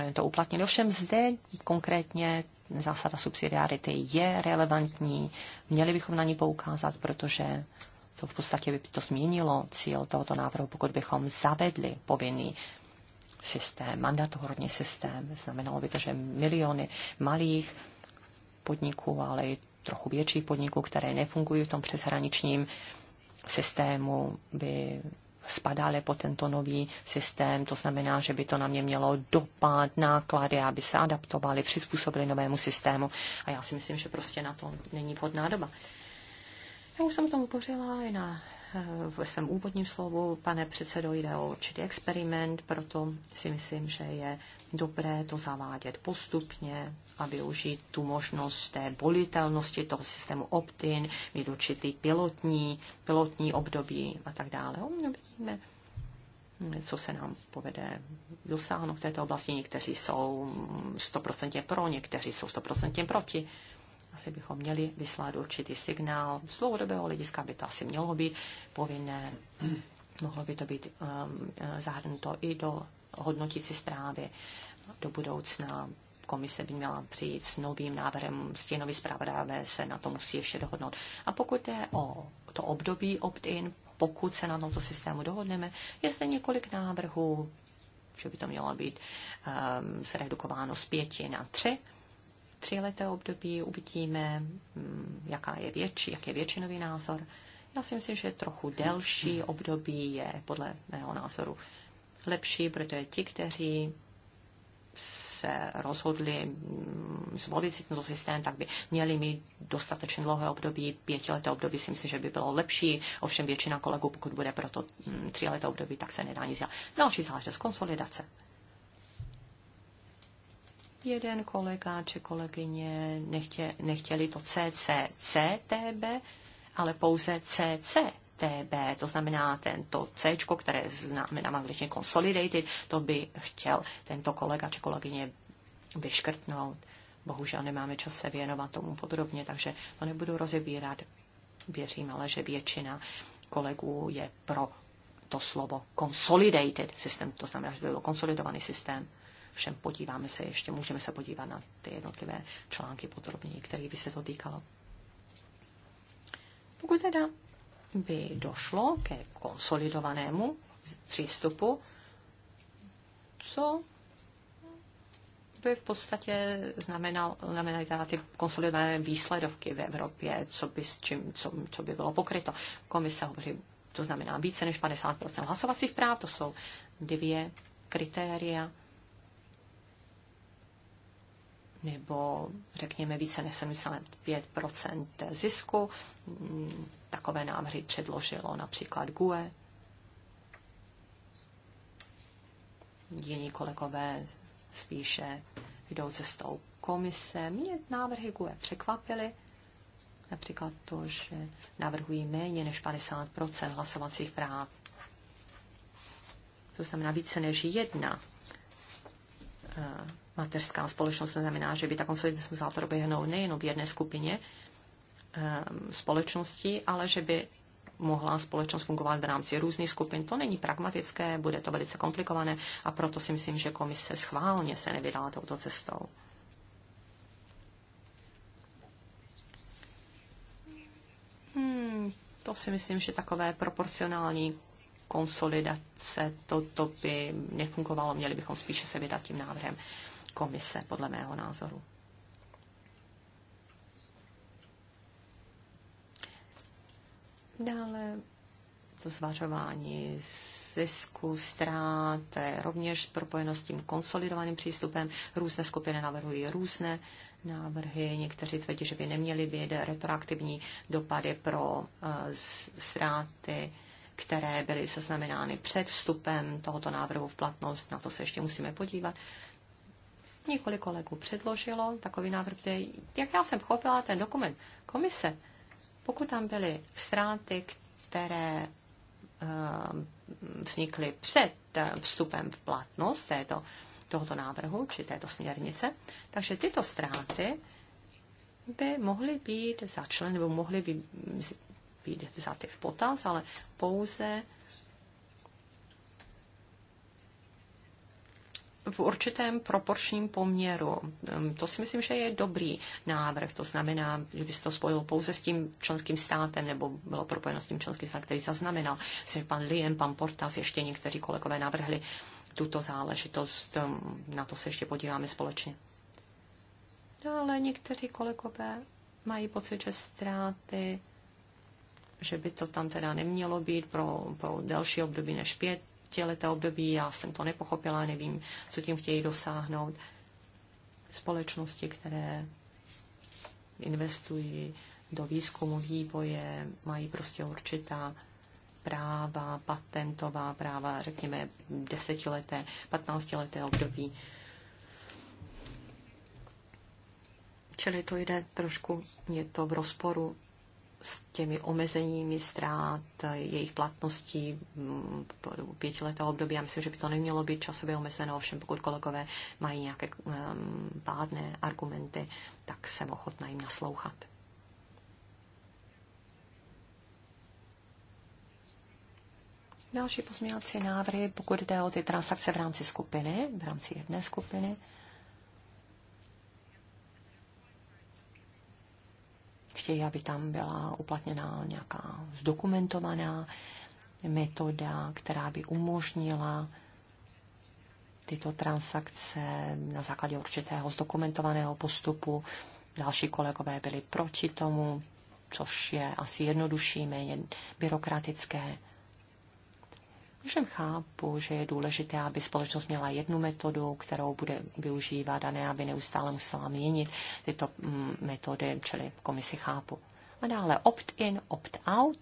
eh, to uplatnili. Ovšem zde konkrétně zásada subsidiarity je relevantní, měli bychom na ní poukázat, protože to v podstatě by to změnilo cíl tohoto návrhu, pokud bychom zavedli povinný systém, mandatorní systém. Znamenalo by to, že miliony malých podniků, ale i trochu větších podniků, které nefungují v tom přeshraničním systému, by spadaly pod tento nový systém. To znamená, že by to na mě mělo dopad, náklady, aby se adaptovali, přizpůsobili novému systému. A já si myslím, že prostě na to není vhodná doba. Já už jsem o tom i na Eh, ve svém úvodním slovu, pane předsedo, jde o určitý experiment, proto si myslím, že je dobré to zavádět postupně a využít tu možnost té volitelnosti toho systému opt-in, mít určitý pilotní, pilotní období a tak dále. Uvidíme, co se nám povede dosáhnout v této oblasti. Někteří jsou 100% pro, někteří jsou 100% proti asi bychom měli vyslat určitý signál. Z dlouhodobého hlediska by to asi mělo být povinné. Mohlo by to být um, zahrnuto i do hodnotící zprávy do budoucna. Komise by měla přijít s novým návrhem, stěnový zpravodajové se na to musí ještě dohodnout. A pokud je o to období opt-in, pokud se na tomto systému dohodneme, je zde několik návrhů, že by to mělo být um, zredukováno z pěti na tři tříleté období uvidíme, mm, jaká je větší, jak je většinový názor. Já si myslím, že trochu delší období je podle mého názoru lepší, protože ti, kteří se rozhodli mm, zvolit si tento systém, tak by měli mít dostatečně dlouhé období. Pětileté období si myslím, že by bylo lepší. Ovšem většina kolegů, pokud bude pro to mm, tříleté období, tak se nedá nic dělat. Další záležitost konsolidace jeden kolega či kolegyně nechtě, nechtěli to CCCTB, ale pouze CCTB, to znamená tento C, které znamená angličtině consolidated, to by chtěl tento kolega či kolegyně vyškrtnout. Bohužel nemáme čas se věnovat tomu podrobně, takže to nebudu rozebírat. Věřím ale, že většina kolegů je pro to slovo consolidated systém, to znamená, že by byl konsolidovaný systém. Všem podíváme se ještě, můžeme se podívat na ty jednotlivé články podrobněji, kterých by se to týkalo. Pokud teda by došlo ke konsolidovanému přístupu, co by v podstatě znamenal, znamenal teda ty konsolidované výsledovky v Evropě, co by, s čím, co, co by bylo pokryto. Komise hovoří, to znamená více než 50 hlasovacích práv, to jsou dvě kritéria, nebo řekněme více než 75 zisku. Takové návrhy předložilo například GUE. Jiní kolegové spíše jdou cestou komise. Mě návrhy GUE překvapily, například to, že navrhují méně než 50 hlasovacích práv. To znamená více než jedna eh, mateřská společnost neznamená, že by ta konsolidace musela proběhnout nejenom v jedné skupině ehm, společnosti, ale že by mohla společnost fungovat v rámci různých skupin. To není pragmatické, bude to velice komplikované a proto si myslím, že komise schválně se nevydala touto cestou. Hmm, to si myslím, že takové proporcionální konsolidace, to, to by nefungovalo, měli bychom spíše se vydat tím návrhem komise, podle mého názoru. Dále to zvařování zisku, ztrát, rovněž propojeno s tím konsolidovaným přístupem. Různé skupiny navrhují různé návrhy. Někteří tvrdí, že by neměly být retroaktivní dopady pro eh, ztráty, které byly zaznamenány před vstupem tohoto návrhu v platnost. Na to se ještě musíme podívat. Několik kolegů předložilo takový návrh, kde, jak já jsem pochopila ten dokument komise, pokud tam byly ztráty, které eh, vznikly před eh, vstupem v platnost této, tohoto návrhu či této směrnice. Takže tyto ztráty by mohly být začleny nebo mohly by být vzaty v potaz, ale pouze v určitém proporčním poměru. Ehm, to si myslím, že je dobrý návrh. To znamená, že by se to spojilo pouze s tím členským státem, nebo bylo propojeno s tím členským státem, který zaznamenal. Myslím, pan Lien, pan Portas, ještě někteří kolegové navrhli tuto záležitost. Ehm, na to se ještě podíváme společně. No, ale někteří kolegové mají pocit, že ztráty že by to tam teda nemělo být pro, pro delší období než pět pětileté období, já jsem to nepochopila, nevím, co tím chtějí dosáhnout. Společnosti, které investují do výzkumu, vývoje, mají prostě určitá práva, patentová práva, řekněme desetileté, patnáctileté období. Čili to jde trošku, je to v rozporu s těmi omezeními ztrát, jejich platností po dobu pětiletého období. Já myslím, že by to nemělo být časově omezeno, ovšem pokud kolegové mají nějaké pádné argumenty, tak jsem ochotná jim naslouchat. Další pozměňovací návrhy, pokud jde o ty transakce v rámci skupiny, v rámci jedné skupiny. Chtějí, aby tam byla uplatněná nějaká zdokumentovaná metoda, která by umožnila tyto transakce na základě určitého zdokumentovaného postupu. Další kolegové byli proti tomu, což je asi jednodušší, méně byrokratické. Všem chápu, že je důležité, aby společnost měla jednu metodu, kterou bude využívat a ne, aby neustále musela měnit tyto mm, metody, čili komisi chápu. A dále opt-in, opt-out,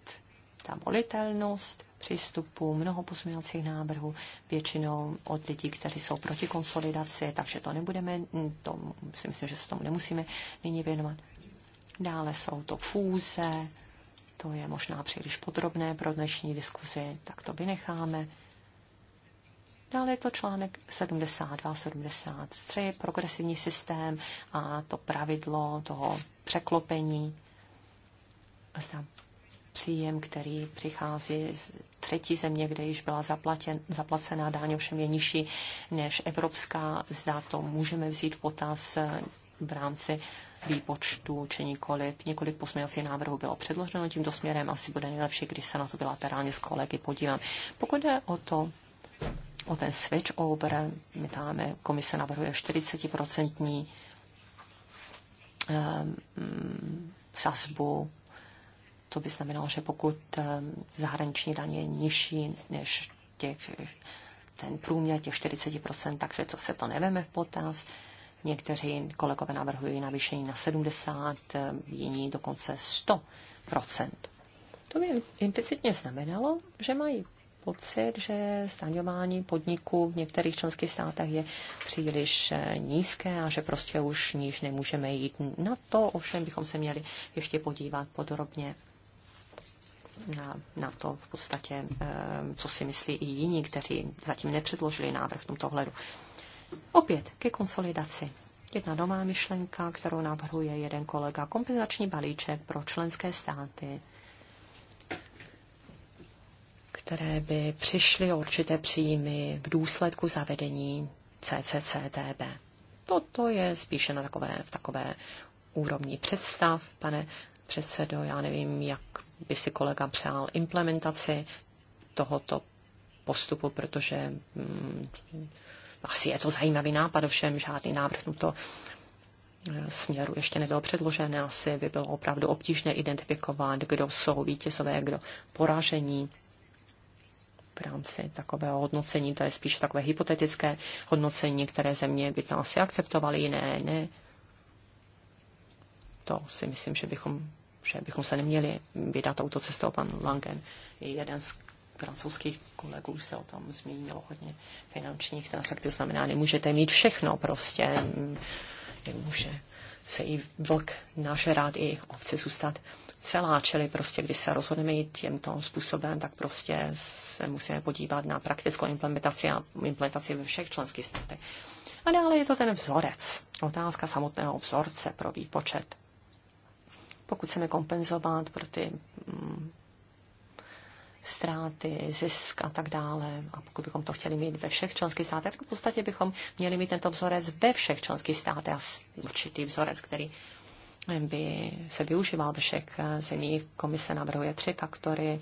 ta volitelnost přístupu, mnoho pozměňovacích návrhů, většinou od lidí, kteří jsou proti konsolidaci, takže to nebudeme, mm, to si myslím, že se tomu nemusíme nyní věnovat. Dále jsou to fůze, to je možná příliš podrobné pro dnešní diskuzi, tak to vynecháme. Dále je to článek 72, 73, progresivní systém a to pravidlo toho překlopení. Zda příjem, který přichází z třetí země, kde již byla zaplatěn, zaplacená daň, ovšem je nižší než evropská, zda to můžeme vzít v potaz v rámci výpočtu či nikoliv. Několik pozměňovacích návrhů bylo předloženo tímto směrem. Asi bude nejlepší, když se na to bilaterálně s kolegy podívám. Pokud jde o to, o ten switch over, my tam komise navrhuje 40% ehm, sazbu to by znamenalo, že pokud ehm, zahraniční daně je nižší než těch, ten průměr těch 40%, takže to se to neveme v potaz. Někteří kolegové navrhují navýšení na 70, jiní dokonce 100 To by implicitně znamenalo, že mají pocit, že zdaňování podniků v některých členských státech je příliš eh, nízké a že prostě už níž nemůžeme jít. Na to ovšem bychom se měli ještě podívat podrobně na, na to v podstatě, eh, co si myslí i jiní, kteří zatím nepředložili návrh v tomto hledu. Opět ke konsolidaci. Jedna nová myšlenka, kterou navrhuje jeden kolega, kompenzační balíček pro členské státy, které by přišly o určité příjmy v důsledku zavedení CCCTB. Toto je spíše na takové, takové úrovni představ, pane předsedo. Já nevím, jak by si kolega přál implementaci tohoto postupu, protože mm, asi je to zajímavý nápad, ovšem žádný návrh to eh, směru ještě nebyl předložen. Asi by bylo opravdu obtížné identifikovat, kdo jsou vítězové, kdo poražení v rámci takového hodnocení. To je spíše takové hypotetické hodnocení. Některé země by to asi akceptovaly, jiné ne. To si myslím, že bychom, že bychom se neměli vydat touto cestou. Pan Langen je jeden z francouzských kolegů se o tom zmínilo hodně finančních transakcí. To znamená, nemůžete mít všechno prostě. Mm, nemůže se i vlk nažerat, i ovce zůstat celá, čili prostě, když se rozhodneme jít tímto způsobem, tak prostě se musíme podívat na praktickou implementaci a implementaci ve všech členských státech. A dále je to ten vzorec, otázka samotného vzorce pro výpočet. Pokud chceme kompenzovat pro ty mm, ztráty, zisk a tak dále. A pokud bychom to chtěli mít ve všech členských státech, tak v podstatě bychom měli mít tento vzorec ve všech členských státech a určitý vzorec, který by se využíval ve všech eh, zemích. Komise navrhuje tři faktory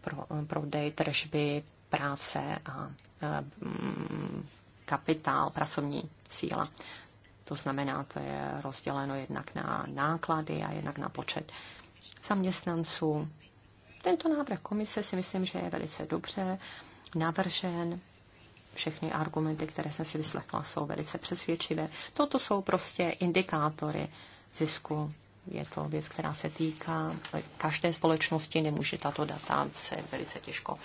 pro, eh, prodej, tržby, práce a eh, mm, kapitál, pracovní síla. To znamená, to je rozděleno jednak na náklady a jednak na počet zaměstnanců. Tento návrh komise si myslím, že je velice dobře navržen. Všechny argumenty, které jsem si vyslechla, jsou velice přesvědčivé. Toto jsou prostě indikátory zisku. Je to věc, která se týká každé společnosti, nemůže tato data se velice těžko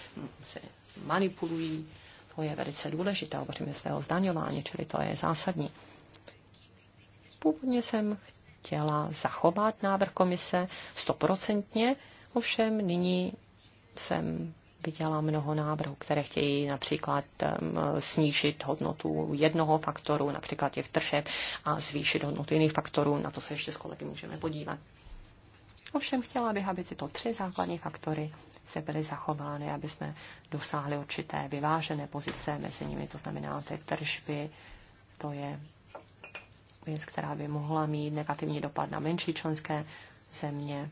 se manipulují. To je velice důležité, hovoříme se o zdaňování, čili to je zásadní. Původně jsem chtěla zachovat návrh komise stoprocentně, Ovšem nyní jsem viděla mnoho návrhů, které chtějí například um, snížit hodnotu jednoho faktoru, například těch tržeb, a zvýšit hodnotu jiných faktorů. Na to se ještě s kolegy můžeme podívat. Ovšem chtěla bych, aby tyto tři základní faktory se byly zachovány, aby jsme dosáhli určité vyvážené pozice mezi nimi, to znamená ty tržby, to je věc, která by mohla mít negativní dopad na menší členské země,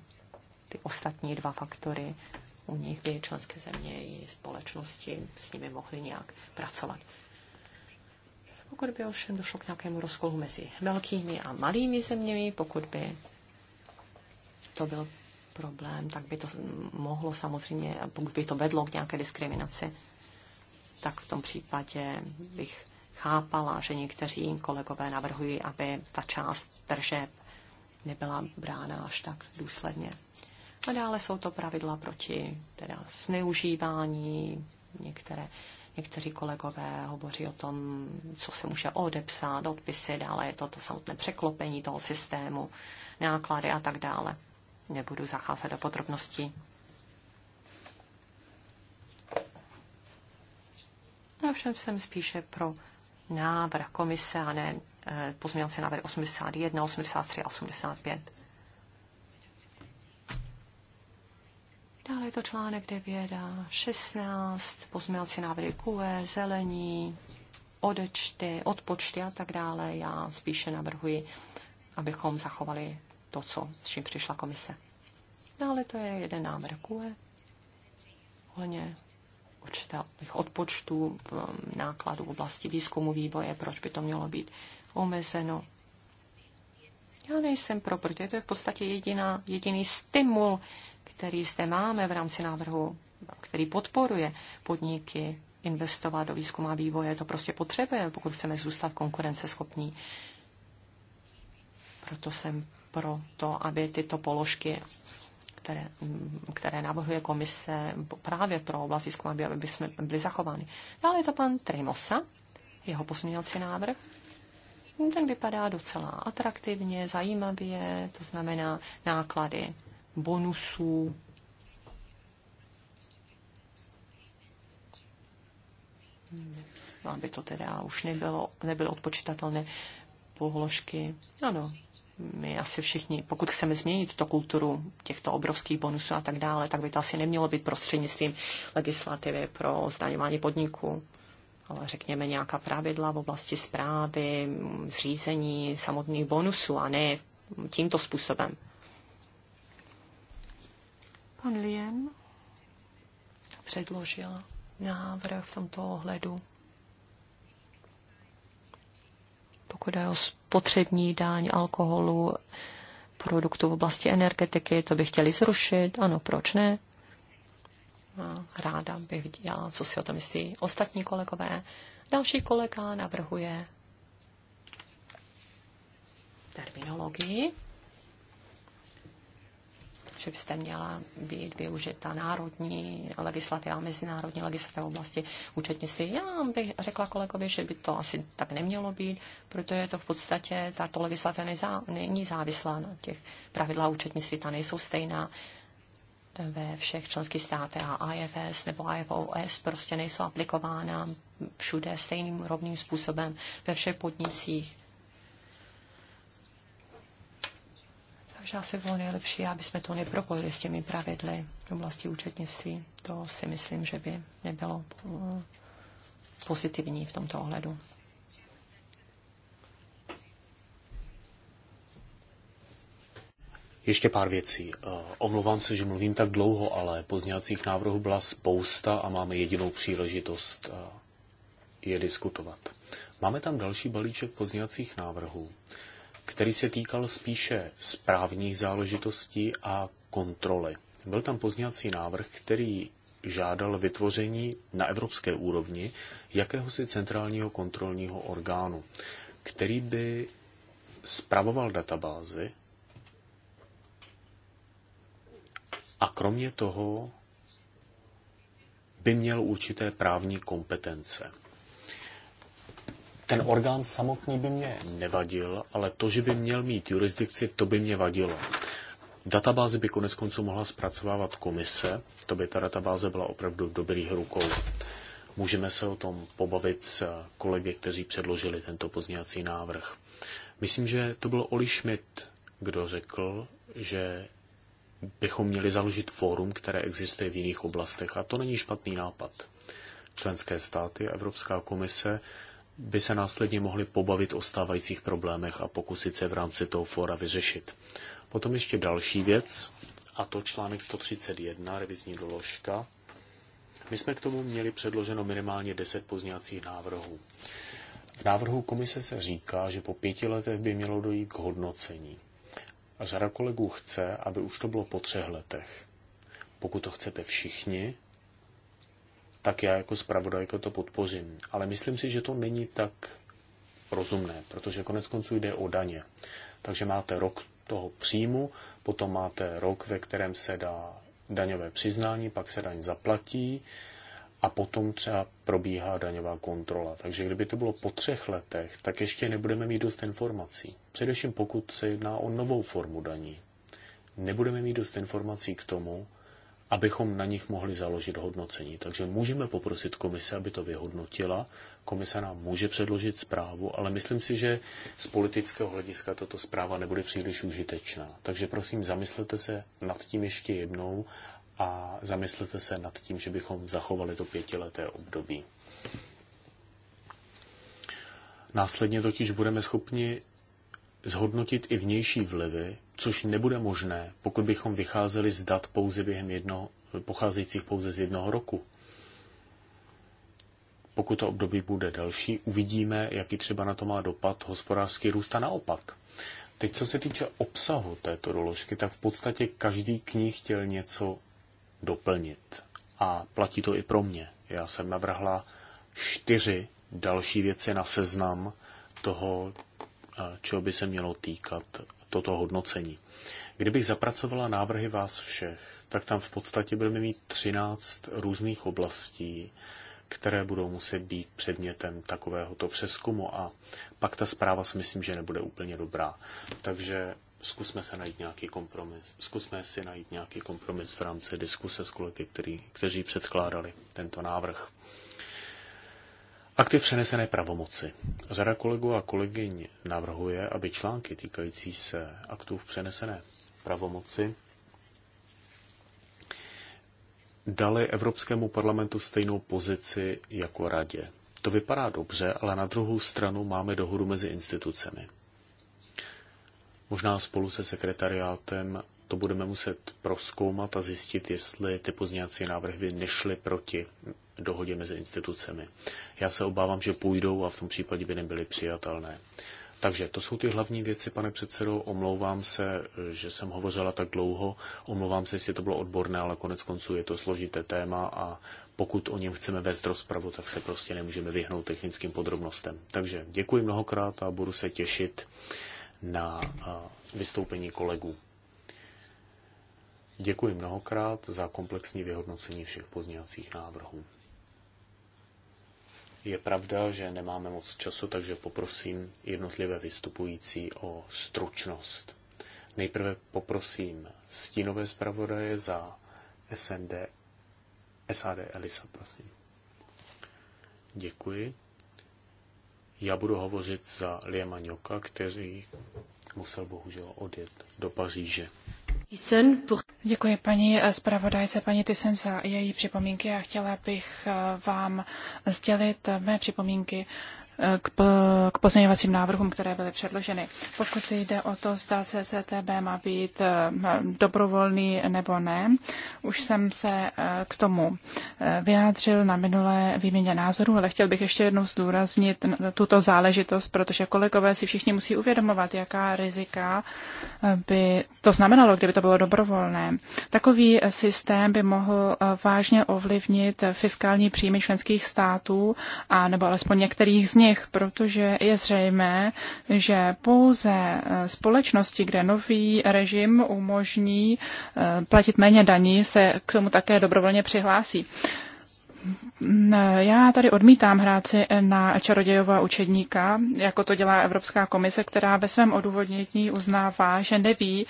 ty ostatní dva faktory, u nich by členské země i společnosti s nimi mohly nějak pracovat. Pokud by ovšem došlo k nějakému rozkolu mezi velkými a malými zeměmi, pokud by to byl problém, tak by to mohlo samozřejmě, pokud by to vedlo k nějaké diskriminaci, tak v tom případě bych chápala, že někteří kolegové navrhují, aby ta část tržeb nebyla brána až tak důsledně. A dále jsou to pravidla proti teda zneužívání. Některé, někteří kolegové hovoří o tom, co se může odepsat, odpisy, dále je to to samotné překlopení toho systému, náklady a tak dále. Nebudu zacházet do podrobností. Ovšem no jsem spíše pro návrh komise a ne eh, pozměňovací návrh 81, 83 a 85. Dále je to článek 9 a 16, pozměňovací návrhy QE, zelení, odečty, odpočty a tak dále. Já spíše navrhuji, abychom zachovali to, co, s čím přišla komise. Dále to je jeden návrh QE, ohledně určitých odpočtů um, nákladů v oblasti výzkumu vývoje, proč by to mělo být omezeno. Já nejsem pro, protože to je v podstatě jediná, jediný stimul, který zde máme v rámci návrhu, který podporuje podniky investovat do výzkumu a vývoje. To prostě potřebuje. pokud chceme zůstat konkurenceschopní. Proto jsem pro to, aby tyto položky, které, které navrhuje komise právě pro oblast výzkumu, aby, aby jsme byly zachovány. Dále je to pan Trimosa, jeho posměňovací návrh. Ten vypadá docela atraktivně, zajímavě, to znamená náklady bonusů. Aby to teda už nebylo, nebylo odpočítatelné položky. Ano, my asi všichni, pokud chceme změnit tuto kulturu těchto obrovských bonusů a tak dále, tak by to asi nemělo být prostřednictvím legislativy pro zdaňování podniků ale řekněme nějaká pravidla v oblasti zprávy, řízení samotných bonusů a ne tímto způsobem. Pan Lien předložil návrh v tomto ohledu. Pokud je o spotřební dáň alkoholu, produktů v oblasti energetiky, to by chtěli zrušit, ano, proč ne? Ráda bych viděla, co si o tom myslí ostatní kolegové. Další kolega navrhuje terminologii že byste měla být využita národní legislativa, mezinárodní legislativa v oblasti účetnictví. Já bych řekla kolegovi, že by to asi tak nemělo být, protože je to v podstatě tato legislativa nezá, není závislá na těch pravidla účetnictví, ta nejsou stejná ve všech členských státech a IFS nebo IFOS prostě nejsou aplikována všude stejným rovným způsobem ve všech podnicích že asi bylo nejlepší, aby jsme to nepropojili s těmi pravidly v oblasti účetnictví. To si myslím, že by nebylo mm, pozitivní v tomto ohledu. Ještě pár věcí. Eh, omlouvám se, že mluvím tak dlouho, ale pozněcích návrhů byla spousta a máme jedinou příležitost eh, je diskutovat. Máme tam další balíček pozněcích návrhů který se týkal spíše správních záležitostí a kontroly. Byl tam pozněvací návrh, který žádal vytvoření na evropské úrovni jakéhosi centrálního kontrolního orgánu, který by spravoval databázy a kromě toho by měl určité právní kompetence ten orgán samotný by mě nevadil, ale to, že by měl mít jurisdikci, to by mě vadilo. Databázi by konec konců mohla zpracovávat komise, to by ta databáze byla opravdu v dobrých rukou. Můžeme se o tom pobavit s kolegy, kteří předložili tento pozněvací návrh. Myslím, že to byl Oli Schmidt, kdo řekl, že bychom měli založit fórum, které existuje v jiných oblastech. A to není špatný nápad. Členské státy a Evropská komise by se následně mohli pobavit o stávajících problémech a pokusit se v rámci toho fóra vyřešit. Potom ještě další věc, a to článek 131, revizní doložka. My jsme k tomu měli předloženo minimálně 10 pozněcích návrhů. V návrhu komise se říká, že po pěti letech by mělo dojít k hodnocení. A řada kolegů chce, aby už to bylo po třech letech. Pokud to chcete všichni, tak já jako zpravodajka to podpořím. Ale myslím si, že to není tak rozumné, protože konec konců jde o daně. Takže máte rok toho příjmu, potom máte rok, ve kterém se dá daňové přiznání, pak se daň zaplatí a potom třeba probíhá daňová kontrola. Takže kdyby to bylo po třech letech, tak ještě nebudeme mít dost informací. Především pokud se jedná o novou formu daní. Nebudeme mít dost informací k tomu, abychom na nich mohli založit hodnocení. Takže můžeme poprosit komise, aby to vyhodnotila. Komise nám může předložit zprávu, ale myslím si, že z politického hlediska tato zpráva nebude příliš užitečná. Takže prosím, zamyslete se nad tím ještě jednou a zamyslete se nad tím, že bychom zachovali to pětileté období. Následně totiž budeme schopni zhodnotit i vnější vlivy což nebude možné, pokud bychom vycházeli z dat pouze během jedno pocházejících pouze z jednoho roku. Pokud to období bude delší, uvidíme, jaký třeba na to má dopad hospodářský růst a naopak. Teď, co se týče obsahu této doložky, tak v podstatě každý k ní chtěl něco doplnit. A platí to i pro mě. Já jsem navrhla čtyři další věci na seznam toho, eh, čeho by se mělo týkat toto hodnocení. Kdybych zapracovala návrhy vás všech, tak tam v podstatě budeme mít 13 různých oblastí, které budou muset být předmětem takovéhoto přeskumu a pak ta zpráva si myslím, že nebude úplně dobrá. Takže zkusme se najít nějaký kompromis. Zkusme si najít nějaký kompromis v rámci diskuse s kolegy, který, kteří předkládali tento návrh. Aktiv přenesené pravomoci. Řada kolegů a kolegyň navrhuje, aby články týkající se aktů v přenesené pravomoci dali Evropskému parlamentu stejnou pozici jako radě. To vypadá dobře, ale na druhou stranu máme dohodu mezi institucemi. Možná spolu se sekretariátem to budeme muset proskoumat a zjistit, jestli ty pozněcí návrhy nešly proti dohodě mezi institucemi. Já se obávám, že půjdou a v tom případě by nebyly přijatelné. Takže to jsou ty hlavní věci, pane předsedo. Omlouvám se, že jsem hovořila tak dlouho. Omlouvám se, jestli to bylo odborné, ale konec konců je to složité téma a pokud o něm chceme vést rozpravu, tak se prostě nemůžeme vyhnout technickým podrobnostem. Takže děkuji mnohokrát a budu se těšit na vystoupení kolegů. Děkuji mnohokrát za komplexní vyhodnocení všech pozněvacích návrhů. Je pravda, že nemáme moc času, takže poprosím jednotlivé vystupující o stručnost. Nejprve poprosím stínové zpravodaje za SND, SAD Elisa, prosím. Děkuji. Já budu hovořit za Liema Njoka, který musel bohužel odjet do Paříže. Děkuji paní zpravodajce, paní Tysen za její připomínky a chtěla bych eh, vám sdělit eh, mé připomínky k, k pozměňovacím návrhům, které byly předloženy. Pokud jde o to, zda CCTB má být eh, dobrovolný nebo ne, už jsem se eh, k tomu eh, vyjádřil na minulé výměně názorů, ale chtěl bych ještě jednou zdůraznit tuto záležitost, protože kolegové si všichni musí uvědomovat, jaká rizika by to znamenalo, kdyby to bylo dobrovolné. Takový systém by mohl vážně ovlivnit fiskální příjmy členských států, a nebo alespoň některých z nich nich, protože je zřejmé, že pouze eh, společnosti, kde nový režim umožní eh, platit méně daní, se k tomu také dobrovolně přihlásí. Já tady odmítám hrát si na čarodějová učedníka, jako to dělá Evropská komise, která ve svém odůvodnění uznává, že neví,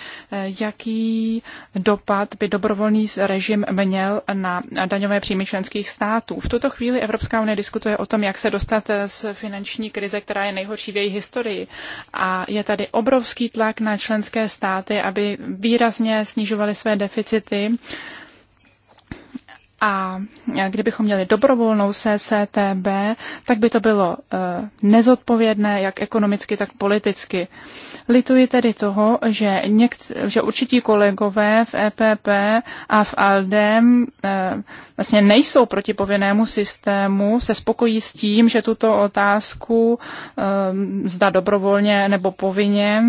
jaký dopad by dobrovolný režim měl na daňové příjmy členských států. V tuto chvíli Evropská unie diskutuje o tom, jak se dostat z finanční krize, která je nejhorší v její historii. A je tady obrovský tlak na členské státy, aby výrazně snižovaly své deficity a kdybychom měli dobrovolnou CCTB, tak by to bylo eh, nezodpovědné jak ekonomicky, tak politicky. Lituji tedy toho, že, někt, že určití kolegové v EPP a v ALDEM eh, vlastně nejsou proti povinnému systému, se spokojí s tím, že tuto otázku eh, zda dobrovolně nebo povinně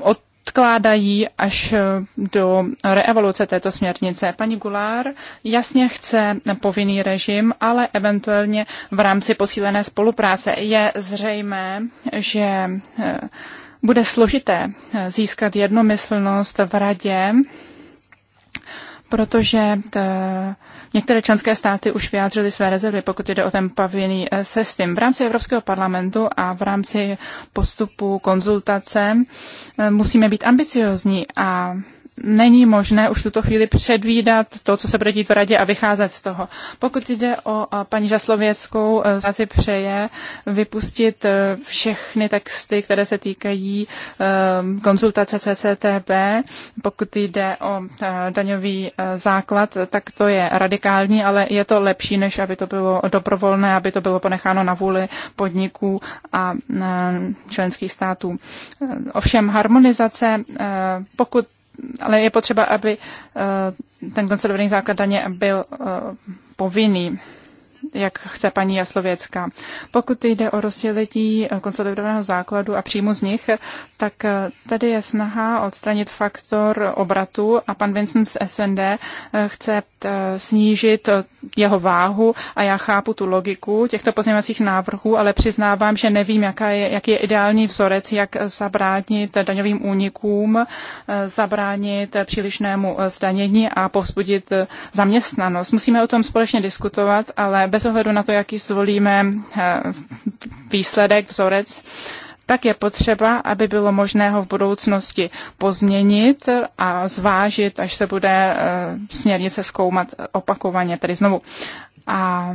od odkládají až eh, do reevoluce této směrnice. Paní Gulár jasně chce povinný režim, ale eventuálně v rámci posílené spolupráce. Je zřejmé, že eh, bude složité eh, získat jednomyslnost v radě protože t, eh, některé členské státy už vyjádřily své rezervy, pokud jde o ten pavilný eh, sestým V rámci Evropského parlamentu a v rámci postupu konzultace eh, musíme být ambiciozní a není možné už tuto chvíli předvídat to, co se bude dít v radě a vycházet z toho. Pokud jde o paní Žaslověckou, zase přeje vypustit e, všechny texty, které se týkají e, konzultace CCTB. Pokud jde o e, daňový základ, tak to je radikální, ale je to lepší, než aby to bylo dobrovolné, aby to bylo ponecháno na vůli podniků a členských států. Ovšem harmonizace, pokud ale je potřeba, aby eh, ten konsolidovaný základ daně byl eh, povinný jak chce paní Jaslověcka. Pokud jde o rozdělení eh, konsolidovaného základu a příjmu z nich, tak eh, tady je snaha odstranit faktor obratu a pan Vincent z SND eh, chce snížit jeho váhu a já chápu tu logiku těchto pozměňovacích návrhů, ale přiznávám, že nevím, jaká je, jaký je ideální vzorec, jak zabránit daňovým únikům, zabránit přílišnému zdanění a povzbudit zaměstnanost. Musíme o tom společně diskutovat, ale bez ohledu na to, jaký zvolíme eh, výsledek, vzorec, tak je potřeba, aby bylo možné ho v budoucnosti pozměnit a zvážit, až se bude eh, směrnice zkoumat opakovaně, tedy znovu. A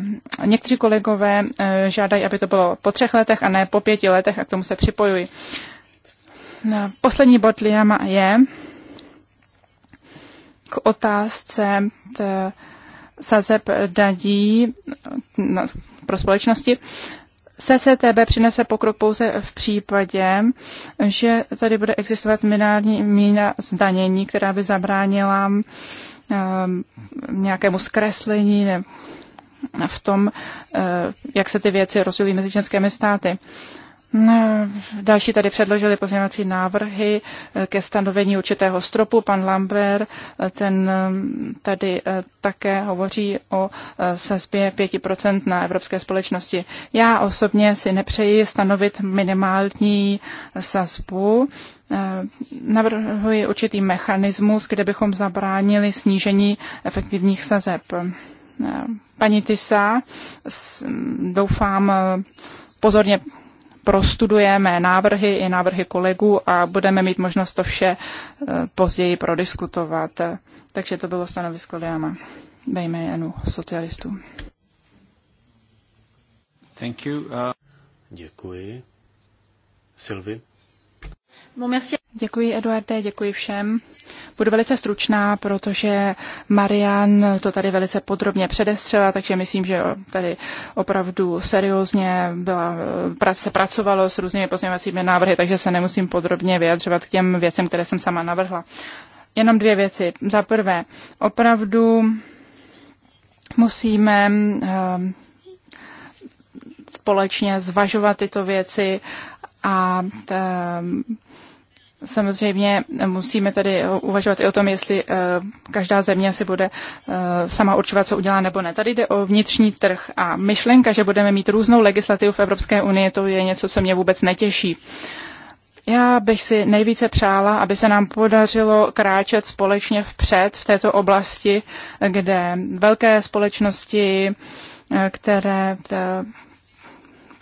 někteří kolegové eh, žádají, aby to bylo po třech letech a ne po pěti letech a k tomu se připojuji. Poslední bod Liam je k otázce t- sazeb dadí no, pro společnosti, CCTB přinese pokrok pouze v případě, že tady bude existovat minární mína zdanění, která by zabránila um, nějakému zkreslení ne, v tom, uh, jak se ty věci rozdělují mezi členskými státy. No, další tady předložili pozměňovací návrhy eh, ke stanovení určitého stropu. Pan Lambert, eh, ten mm, tady eh, také hovoří o sazbě 5% na evropské společnosti. Já osobně si nepřeji stanovit minimální sazbu. Navrhuji určitý mechanismus, kde bychom zabránili snížení efektivních sazeb. Paní Tisa, mm, doufám, pozorně prostudujeme návrhy i návrhy kolegů a budeme mít možnost to vše e, později prodiskutovat. Takže to bylo stanovisko Liama ve jménu socialistů. Thank you. Uh... Děkuji. Silvi? Děkuji, Eduarde, děkuji všem. Budu velice stručná, protože Marian to tady velice podrobně předestřela, takže myslím, že tady opravdu seriózně byla, se pracovalo s různými pozměňovacími návrhy, takže se nemusím podrobně vyjadřovat k těm věcem, které jsem sama navrhla. Jenom dvě věci. Za prvé, opravdu musíme ehm, společně zvažovat tyto věci a ehm, Samozřejmě musíme tady uvažovat i o tom, jestli eh, každá země si bude eh, sama určovat, co udělá nebo ne. Tady jde o vnitřní trh a myšlenka, že budeme mít různou legislativu v Evropské unii, to je něco, co mě vůbec netěší. Já bych si nejvíce přála, aby se nám podařilo kráčet společně vpřed v této oblasti, kde velké společnosti, eh, které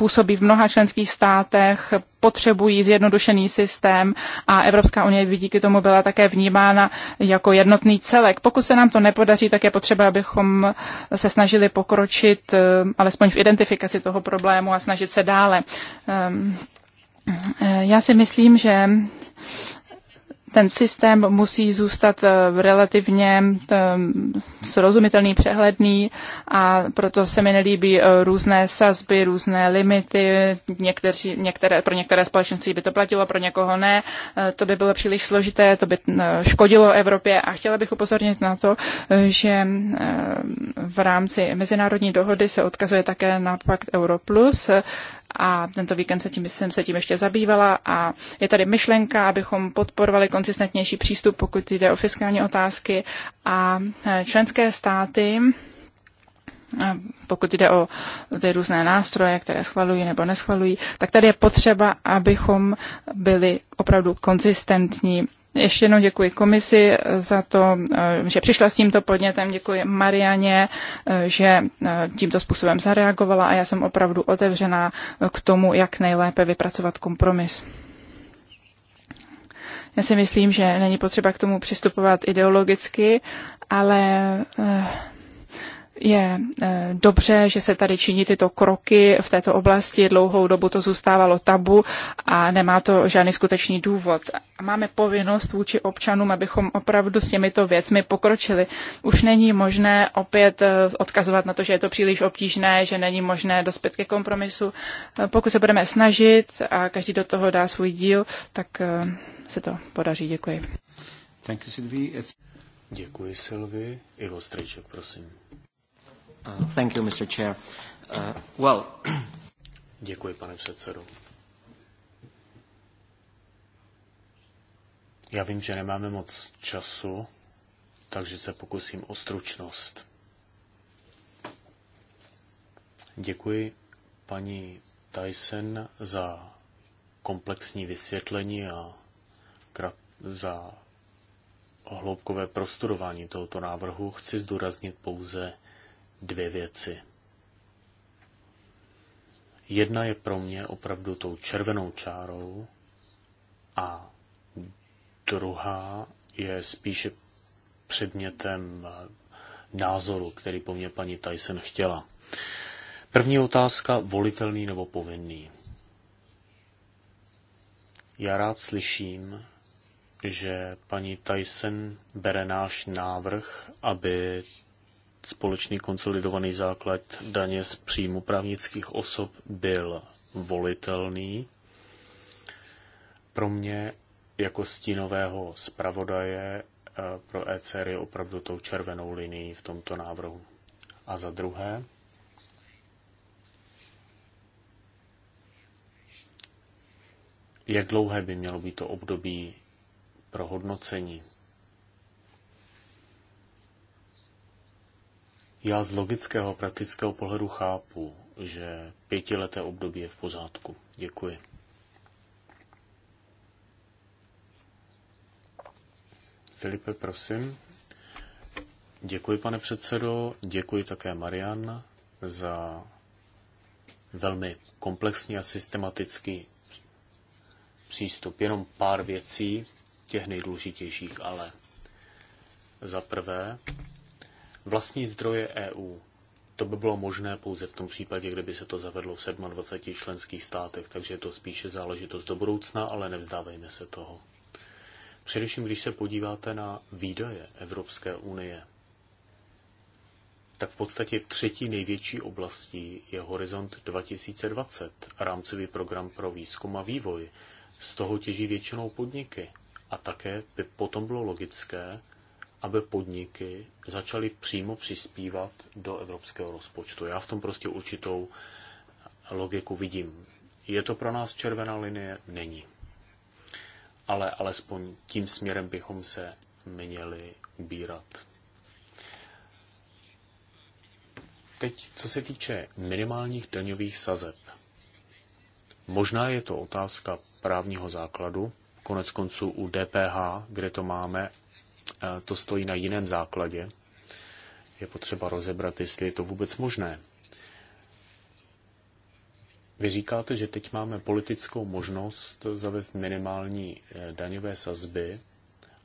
působí v mnoha členských státech, potřebují zjednodušený systém a Evropská unie by díky tomu byla také vnímána jako jednotný celek. Pokud se nám to nepodaří, tak je potřeba, abychom se snažili pokročit eh, alespoň v identifikaci toho problému a snažit se dále. Ehm, eh, já si myslím, že ten systém musí zůstat eh, relativně eh, srozumitelný, přehledný a proto se mi nelíbí eh, různé sazby, různé limity. Někteří, některé, pro některé společnosti by to platilo, pro někoho ne. To by bylo příliš složité, to by škodilo Evropě a chtěla bych upozornit na to, že v rámci mezinárodní dohody se odkazuje také na pakt Europlus, a tento víkend se tím, jsem se tím ještě zabývala a je tady myšlenka, abychom podporovali konsistentnější přístup, pokud jde o fiskální otázky a e, členské státy pokud jde o ty různé nástroje, které schvalují nebo neschvalují, tak tady je potřeba, abychom byli opravdu konzistentní ještě jednou děkuji komisi za to, eh, že přišla s tímto podnětem, děkuji Marianě, eh, že eh, tímto způsobem zareagovala a já jsem opravdu otevřená k tomu, jak nejlépe vypracovat kompromis. Já si myslím, že není potřeba k tomu přistupovat ideologicky, ale je eh, dobře, že se tady činí tyto kroky v této oblasti. Dlouhou dobu to zůstávalo tabu a nemá to žádný skutečný důvod. Máme povinnost vůči občanům, abychom opravdu s těmito věcmi pokročili. Už není možné opět eh, odkazovat na to, že je to příliš obtížné, že není možné dospět ke kompromisu. Eh, pokud se budeme snažit a každý do toho dá svůj díl, tak se to podaří. Děkuji. Thank you, Sylvie. Děkuji, Sylvie. Ivo Strejček, prosím. Uh, thank you, Mr. Chair. Uh, well... [CLEARS THROAT] Děkuji, pane předsedo. Já vím, že nemáme moc času, takže se pokusím o stručnost. Děkuji paní Tyson za komplexní vysvětlení a za hloubkové prostudování tohoto návrhu. Chci zdůraznit pouze dvě věci. Jedna je pro mě opravdu tou červenou čárou a druhá je spíše předmětem eh, názoru, který po mně paní Tyson chtěla. První otázka, volitelný nebo povinný. Já rád slyším, že paní Tyson bere náš návrh, aby společný konsolidovaný základ daně z příjmu právnických osob byl volitelný. Pro mě jako stínového zpravodaje eh, pro ECR je opravdu tou červenou linií v tomto návrhu. A za druhé, jak dlouhé by mělo být to období pro hodnocení Já z logického a praktického pohledu chápu, že pětileté období je v pořádku. Děkuji. Filipe, prosím. Děkuji, pane předsedo. Děkuji také Marian za velmi komplexní a systematický přístup. Jenom pár věcí, těch nejdůležitějších, ale za prvé, vlastní zdroje EU. To by bylo možné pouze v tom případě, kdyby se to zavedlo v 27 členských státech, takže je to spíše záležitost do budoucna, ale nevzdávejme se toho. Především, když se podíváte na výdaje Evropské unie, tak v podstatě třetí největší oblastí je Horizont 2020, rámcový program pro výzkum a vývoj. Z toho těží většinou podniky. A také by potom bylo logické, aby podniky začaly přímo přispívat do evropského rozpočtu. Já v tom prostě určitou logiku vidím. Je to pro nás červená linie? Není. Ale alespoň tím směrem bychom se měli ubírat. Teď, co se týče minimálních daňových sazeb. Možná je to otázka právního základu, konec konců u DPH, kde to máme to stojí na jiném základě. Je potřeba rozebrat, jestli je to vůbec možné. Vy říkáte, že teď máme politickou možnost zavést minimální eh, daňové sazby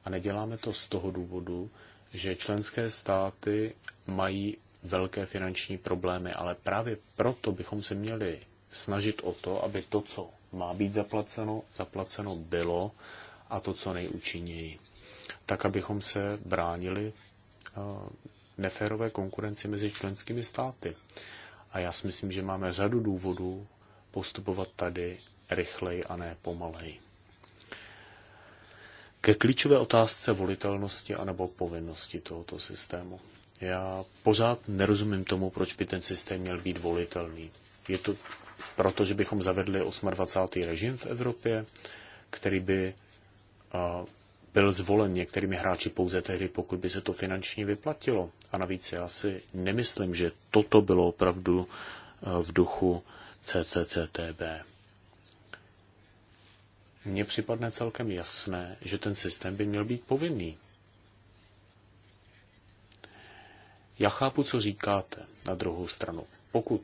a neděláme to z toho důvodu, že členské státy mají velké finanční problémy, ale právě proto bychom se měli snažit o to, aby to, co má být zaplaceno, zaplaceno bylo a to, co nejúčinněji tak abychom se bránili eh, neférové konkurenci mezi členskými státy. A já si myslím, že máme řadu důvodů postupovat tady rychleji a ne pomaleji. Ke klíčové otázce volitelnosti anebo povinnosti tohoto systému. Já pořád nerozumím tomu, proč by ten systém měl být volitelný. Je to proto, že bychom zavedli 28. režim v Evropě, který by eh, byl zvolen některými hráči pouze tehdy, pokud by se to finančně vyplatilo. A navíc já si nemyslím, že toto bylo opravdu eh, v duchu CCCTB. Mně připadne celkem jasné, že ten systém by měl být povinný. Já chápu, co říkáte na druhou stranu. Pokud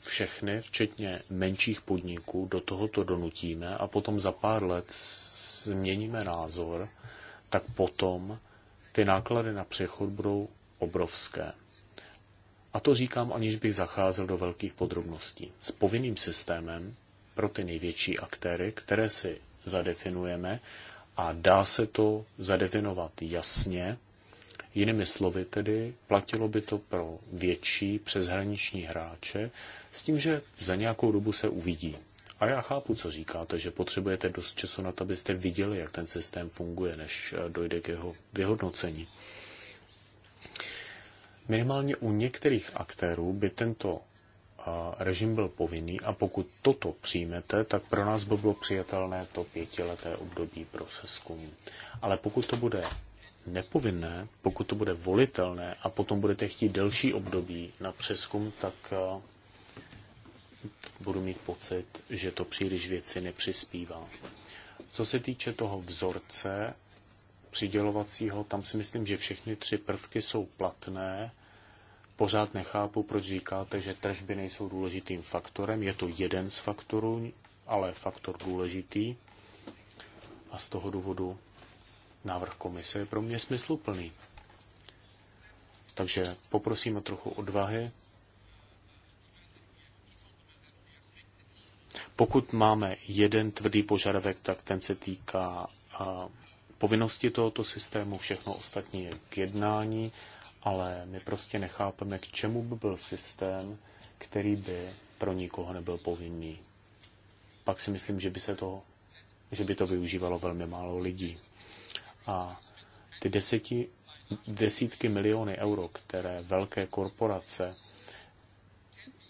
všechny, včetně menších podniků, do tohoto donutíme a potom za pár let změníme názor, tak potom ty náklady na přechod budou obrovské. A to říkám, aniž bych zacházel do velkých podrobností. S povinným systémem pro ty největší aktéry, které si zadefinujeme, a dá se to zadefinovat jasně, Jinými slovy tedy, platilo by to pro větší přeshraniční hráče s tím, že za nějakou dobu se uvidí, a já chápu, co říkáte, že potřebujete dost času na to, abyste viděli, jak ten systém funguje, než eh, dojde k jeho vyhodnocení. Minimálně u některých aktérů by tento eh, režim byl povinný a pokud toto přijmete, tak pro nás by bylo přijatelné to pětileté období pro seskum. Ale pokud to bude nepovinné, pokud to bude volitelné a potom budete chtít delší období na přeskum, tak eh, budu mít pocit, že to příliš věci nepřispívá. Co se týče toho vzorce přidělovacího, tam si myslím, že všechny tři prvky jsou platné. Pořád nechápu, proč říkáte, že tržby nejsou důležitým faktorem. Je to jeden z faktorů, ale faktor důležitý. A z toho důvodu návrh komise je pro mě smysluplný. Takže poprosím o trochu odvahy, Pokud máme jeden tvrdý požadavek, tak ten se týká povinnosti tohoto systému, všechno ostatní je k jednání, ale my prostě nechápeme, k čemu by byl systém, který by pro nikoho nebyl povinný. Pak si myslím, že by, se to, že by to využívalo velmi málo lidí. A ty deseti, desítky miliony euro, které velké korporace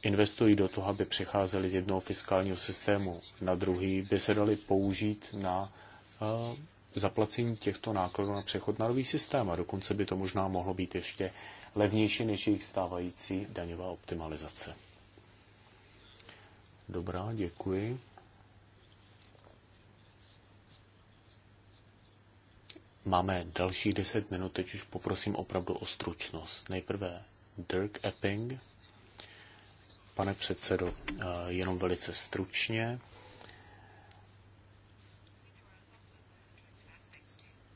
investují do toho, aby přecházeli z jednoho fiskálního systému na druhý, by se dali použít na eh, zaplacení těchto nákladů na přechod na nový systém a dokonce by to možná mohlo být ještě levnější než jejich stávající daňová optimalizace. Dobrá, děkuji. Máme dalších 10 minut, teď už poprosím opravdu o stručnost. Nejprve Dirk Epping pane předsedo. Eh, jenom velice stručně.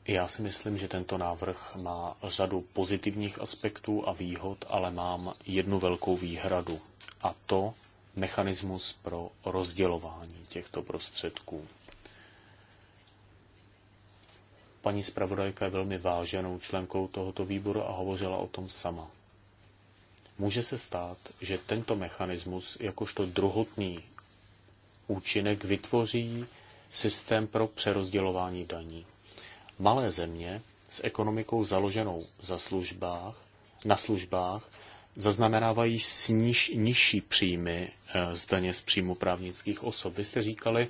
Já si myslím, že tento návrh má řadu pozitivních aspektů a výhod, ale mám jednu velkou výhradu, a to mechanismus pro rozdělování těchto prostředků. Paní zpravodajka je velmi váženou členkou tohoto výboru a hovořila o tom sama. Může se stát, že tento mechanismus jakožto druhotný účinek vytvoří systém pro přerozdělování daní. Malé země s ekonomikou založenou za službách, na službách zaznamenávají sniž, nižší příjmy eh, z daně z příjmu právnických osob. Vy jste říkali,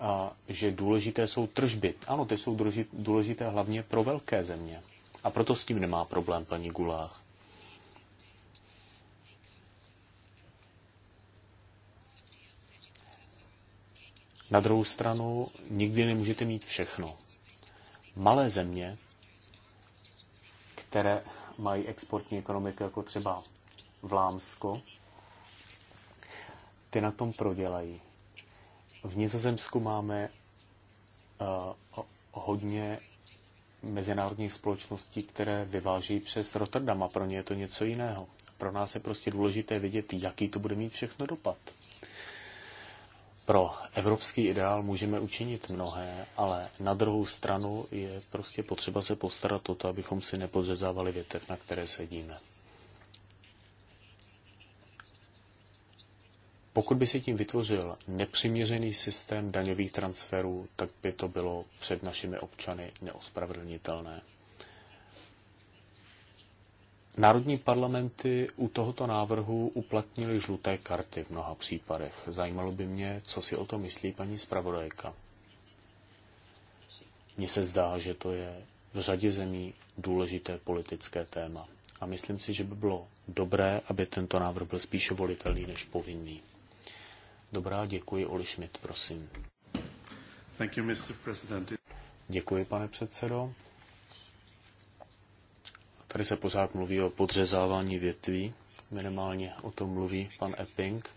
eh, že důležité jsou tržby. Ano, ty jsou důležité hlavně pro velké země. A proto s tím nemá problém paní Gulách. Na druhou stranu nikdy nemůžete mít všechno. Malé země, které mají exportní ekonomiku, jako třeba Vlámsko, ty na tom prodělají. V Nizozemsku máme uh, hodně mezinárodních společností, které vyváží přes Rotterdam a pro ně je to něco jiného. Pro nás je prostě důležité vidět, jaký to bude mít všechno dopad pro evropský ideál můžeme učinit mnohé, ale na druhou stranu je prostě potřeba se postarat o to, abychom si nepodřezávali větev, na které sedíme. Pokud by se tím vytvořil nepřiměřený systém daňových transferů, tak by to bylo před našimi občany neospravedlnitelné. Národní parlamenty u tohoto návrhu uplatnili žluté karty v mnoha případech. Zajímalo by mě, co si o to myslí paní zpravodajka. Mně se zdá, že to je v řadě zemí důležité politické téma. A myslím si, že by bylo dobré, aby tento návrh byl spíše volitelný než povinný. Dobrá, děkuji. Oli Schmidt, prosím. Thank you, Mr. Děkuji, pane předsedo. Tady se pořád mluví o podřezávání větví, minimálně o tom mluví pan Epping.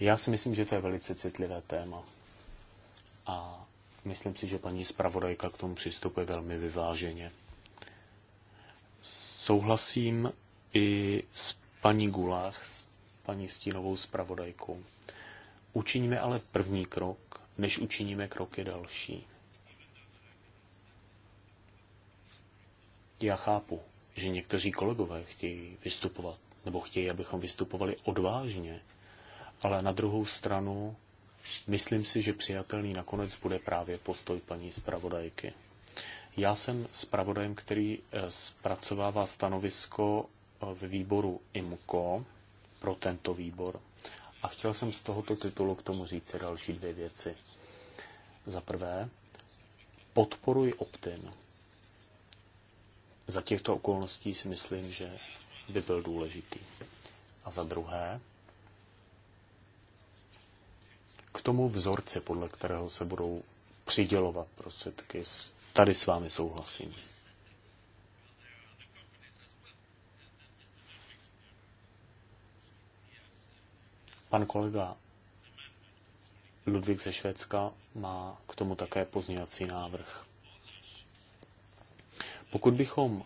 Já si myslím, že to je velice citlivé téma. A myslím si, že paní zpravodajka k tomu přistupuje velmi vyváženě. Souhlasím i s paní Gulách, s paní Stínovou zpravodajkou. Učiníme ale první krok, než učiníme kroky další. Já chápu, že někteří kolegové chtějí vystupovat, nebo chtějí, abychom vystupovali odvážně, ale na druhou stranu myslím si, že přijatelný nakonec bude právě postoj paní zpravodajky. Já jsem zpravodajem, který eh, zpracovává stanovisko eh, ve výboru IMCO pro tento výbor. A chtěl jsem z tohoto titulu k tomu říct další dvě věci. Za prvé, podporuji optin za těchto okolností si myslím, že by byl důležitý. A za druhé, k tomu vzorce podle kterého se budou přidělovat prostředky, tady s vámi souhlasím. Pan kolega Ludvík ze Švédska má k tomu také pozněvací návrh. Pokud bychom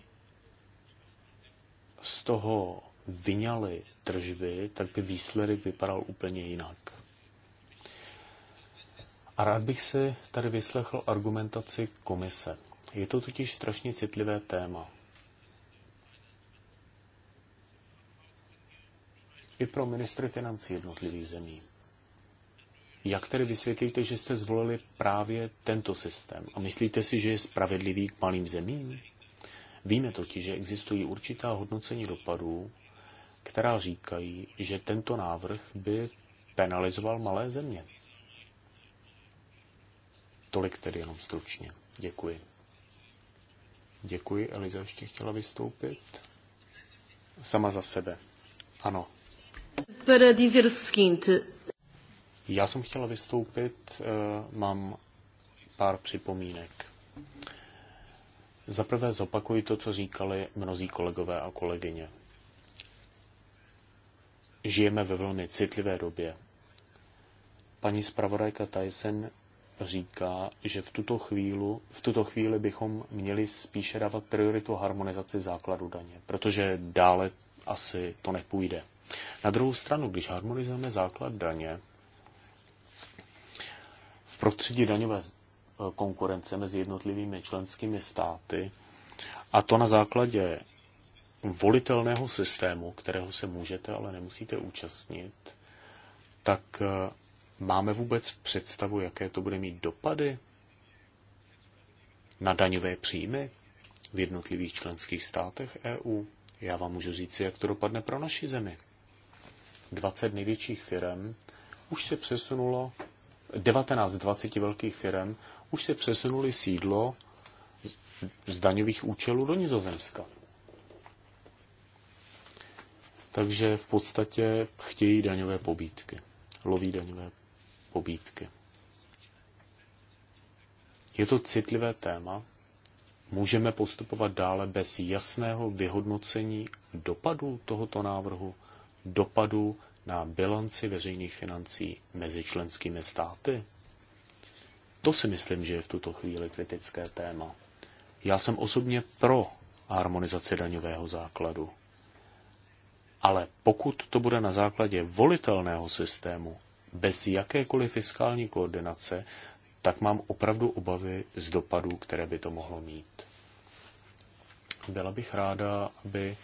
z toho vyňali tržby, tak by výsledek vypadal úplně jinak. A rád bych si tady vyslechl argumentaci komise. Je to totiž strašně citlivé téma. I pro ministry financí jednotlivých zemí. Jak tedy vysvětlíte, že jste zvolili právě tento systém? A myslíte si, že je spravedlivý k malým zemím? Víme totiž, že existují určitá hodnocení dopadů, která říkají, že tento návrh by penalizoval malé země. Tolik tedy jenom stručně. Děkuji. Děkuji. Eliza ještě chtěla vystoupit. Sama za sebe. Ano. Para dizer o seguinte. Já jsem chtěla vystoupit, eh, mám pár připomínek. Zaprvé zopakuji to, co říkali mnozí kolegové a kolegyně. Žijeme ve velmi citlivé době. Paní zpravodajka Tyson říká, že v tuto, chvíli, v tuto chvíli bychom měli spíše dávat prioritu harmonizaci základu daně, protože dále asi to nepůjde. Na druhou stranu, když harmonizujeme základ daně, v prostředí daňové konkurence mezi jednotlivými členskými státy, a to na základě volitelného systému, kterého se můžete, ale nemusíte účastnit, tak eh, máme vůbec představu, jaké to bude mít dopady na daňové příjmy v jednotlivých členských státech EU? Já vám můžu říct, jak to dopadne pro naši zemi. 20 největších firm už se přesunulo, 19 20 velkých firm už se přesunuli sídlo z daňových účelů do Nizozemska. Takže v podstatě chtějí daňové pobídky. Loví daňové pobídky. Je to citlivé téma. Můžeme postupovat dále bez jasného vyhodnocení dopadů tohoto návrhu, dopadů na bilanci veřejných financí mezi členskými státy? To si myslím, že je v tuto chvíli kritické téma. Já jsem osobně pro harmonizaci daňového základu. Ale pokud to bude na základě volitelného systému, bez jakékoliv fiskální koordinace, tak mám opravdu obavy z dopadů, které by to mohlo mít. Byla bych ráda, aby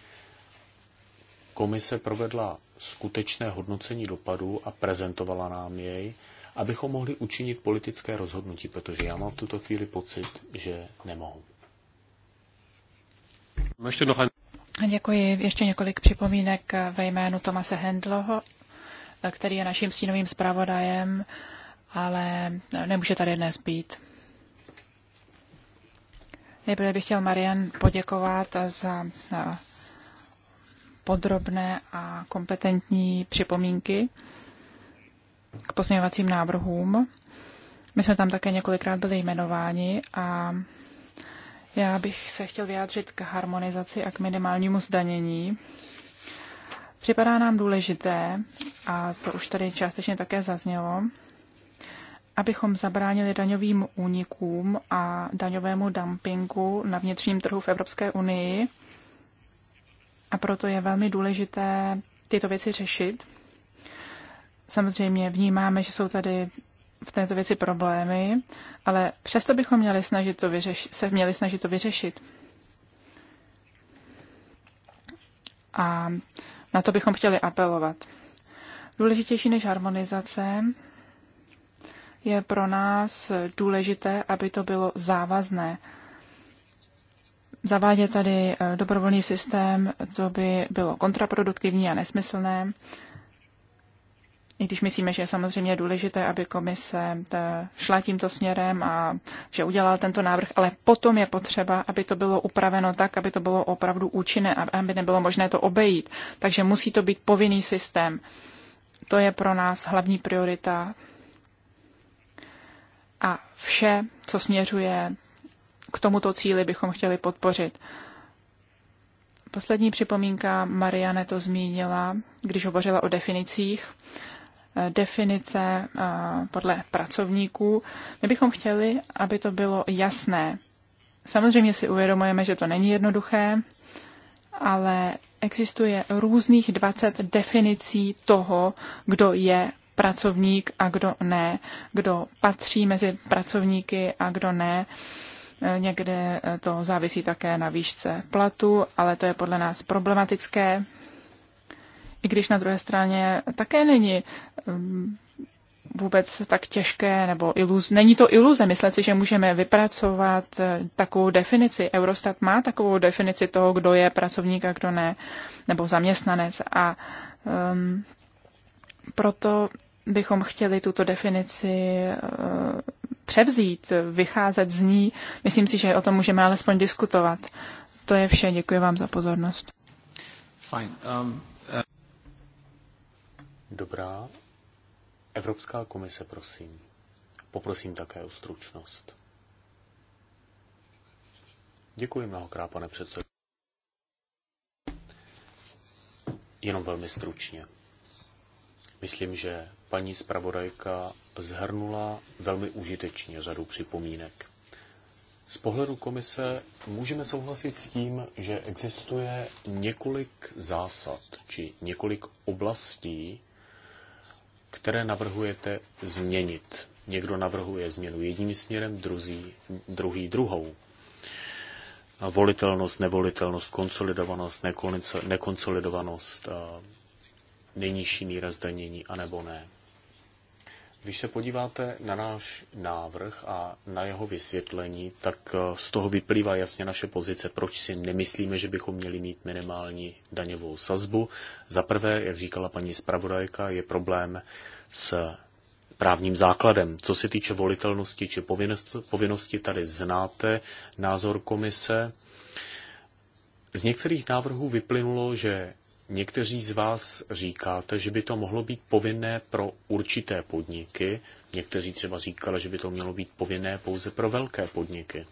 komise provedla skutečné hodnocení dopadů a prezentovala nám jej, abychom mohli učinit politické rozhodnutí, protože já mám v tuto chvíli pocit, že nemohu. Děkuji. Ještě několik připomínek ve jménu Tomase Hendloho, který je naším stínovým zpravodajem, ale nemůže tady dnes být. Nejprve bych chtěl Marian poděkovat za podrobné a kompetentní připomínky k pozměňovacím návrhům. My jsme tam také několikrát byli jmenováni a já bych se chtěl vyjádřit k harmonizaci a k minimálnímu zdanění. Připadá nám důležité, a to už tady částečně také zaznělo, abychom zabránili daňovým únikům a daňovému dumpingu na vnitřním trhu v Evropské unii. A proto je velmi důležité tyto věci řešit Samozřejmě vnímáme, že jsou tady v této věci problémy, ale přesto bychom měli snažit to vyřešit, se měli snažit to vyřešit. A na to bychom chtěli apelovat. Důležitější než harmonizace je pro nás důležité, aby to bylo závazné. Zavádět tady eh, dobrovolný systém, co by bylo kontraproduktivní a nesmyslné i když myslíme, že je samozřejmě důležité, aby komise šla tímto směrem a že udělala tento návrh, ale potom je potřeba, aby to bylo upraveno tak, aby to bylo opravdu účinné, aby nebylo možné to obejít. Takže musí to být povinný systém. To je pro nás hlavní priorita. A vše, co směřuje k tomuto cíli, bychom chtěli podpořit. Poslední připomínka, Mariane to zmínila, když hovořila o definicích definice podle pracovníků. My bychom chtěli, aby to bylo jasné. Samozřejmě si uvědomujeme, že to není jednoduché, ale existuje různých 20 definicí toho, kdo je pracovník a kdo ne, kdo patří mezi pracovníky a kdo ne. E, někde e, to závisí také na výšce platu, ale to je podle nás problematické, i když na druhé straně také není ehm, vůbec tak těžké, nebo iluz, není to iluze myslet si, že můžeme vypracovat eh, takovou definici. Eurostat má takovou definici toho, kdo je pracovník a kdo ne, nebo zaměstnanec. A um, proto bychom chtěli tuto definici uh, převzít, vycházet z ní. Myslím si, že o tom můžeme alespoň diskutovat. To je vše. Děkuji vám za pozornost. Fine. Um... Dobrá. Evropská komise, prosím. Poprosím také o stručnost. Děkuji mnohokrát, pane předsedo. Jenom velmi stručně. Myslím, že paní zpravodajka zhrnula velmi užitečně řadu připomínek. Z pohledu komise můžeme souhlasit s tím, že existuje několik zásad či několik oblastí, které navrhujete změnit. Někdo navrhuje změnu jedním směrem, druzí, druhý druhou. Volitelnost, nevolitelnost, konsolidovanost, nekonsolidovanost, nejnižší míra zdanění, anebo ne. Když se podíváte na náš návrh a na jeho vysvětlení, tak eh, z toho vyplývá jasně naše pozice, proč si nemyslíme, že bychom měli mít minimální daňovou sazbu. Za prvé, jak říkala paní zpravodajka, je problém s právním základem. Co se týče volitelnosti či povinnosti, tady znáte názor komise. Z některých návrhů vyplynulo, že Někteří z vás říkáte, že by to mohlo být povinné pro určité podniky, někteří třeba říkali, že by to mělo být povinné pouze pro velké podniky.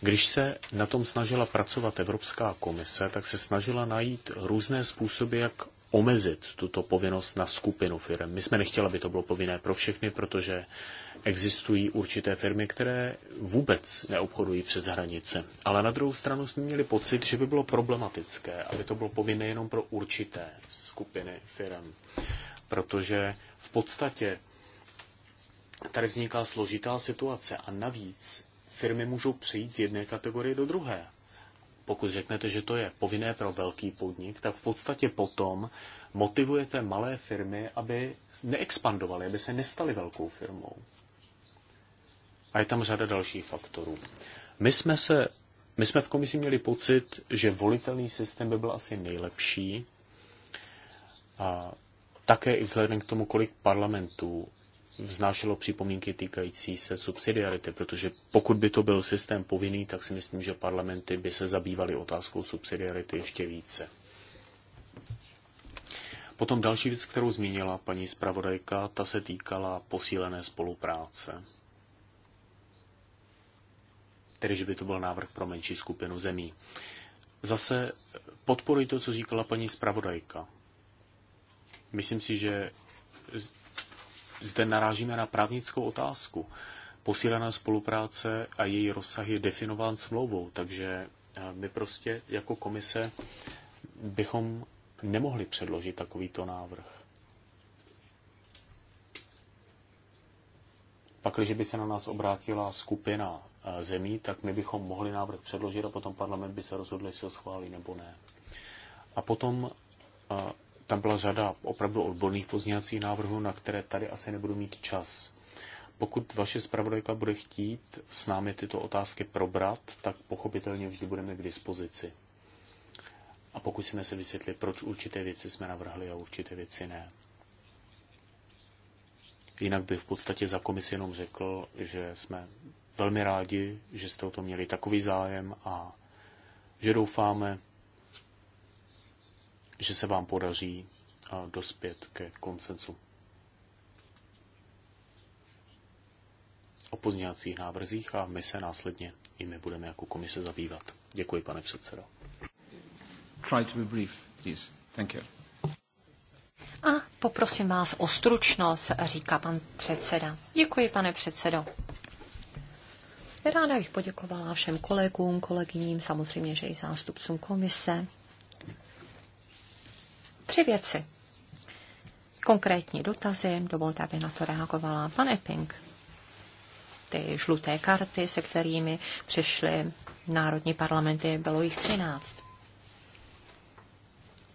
Když se na tom snažila pracovat Evropská komise, tak se snažila najít různé způsoby, jak omezit tuto povinnost na skupinu firm. My jsme nechtěli, aby to bylo povinné pro všechny, protože existují určité firmy, které vůbec neobchodují přes hranice. Ale na druhou stranu jsme měli pocit, že by bylo problematické, aby to bylo povinné jenom pro určité skupiny firm. Protože v podstatě tady vzniká složitá situace a navíc firmy můžou přejít z jedné kategorie do druhé pokud řeknete, že to je povinné pro velký podnik, tak v podstatě potom motivujete malé firmy, aby neexpandovaly, aby se nestaly velkou firmou. A je tam řada dalších faktorů. My jsme, se, my jsme v komisi měli pocit, že volitelný systém by byl asi nejlepší, a také i vzhledem k tomu, kolik parlamentů vznášelo připomínky týkající se subsidiarity, protože pokud by to byl systém povinný, tak si myslím, že parlamenty by se zabývaly otázkou subsidiarity ještě více. Potom další věc, kterou zmínila paní zpravodajka, ta se týkala posílené spolupráce. Tedy, že by to byl návrh pro menší skupinu zemí. Zase podporuji to, co říkala paní zpravodajka. Myslím si, že zde narážíme na právnickou otázku. Posílená spolupráce a její rozsah je definován smlouvou, takže eh, my prostě jako komise bychom nemohli předložit takovýto návrh. Pakliže by se na nás obrátila skupina eh, zemí, tak my bychom mohli návrh předložit a potom parlament by se rozhodl, jestli ho schválí nebo ne. A potom eh, tam byla řada opravdu odborných pozměňovacích návrhů, na které tady asi nebudu mít čas. Pokud vaše zpravodajka bude chtít s námi tyto otázky probrat, tak pochopitelně vždy budeme k dispozici. A pokusíme se vysvětlit, proč určité věci jsme navrhli a určité věci ne. Jinak bych v podstatě za komisi jenom řekl, že jsme velmi rádi, že jste o to měli takový zájem a že doufáme, že se vám podaří dospět ke koncenzu. o pozněvacích návrzích a my se následně i my budeme jako komise zabývat. Děkuji, pane předsedo. Try to be brief, please. Thank you. A poprosím vás o stručnost, říká pan předseda. Děkuji, pane předsedo. Ráda bych poděkovala všem kolegům, kolegyním, samozřejmě, že i zástupcům komise Tři věci. Konkrétní dotazy, dovolte, aby na to reagovala pan Epping. Ty žluté karty, se kterými přišly národní parlamenty, bylo jich 13.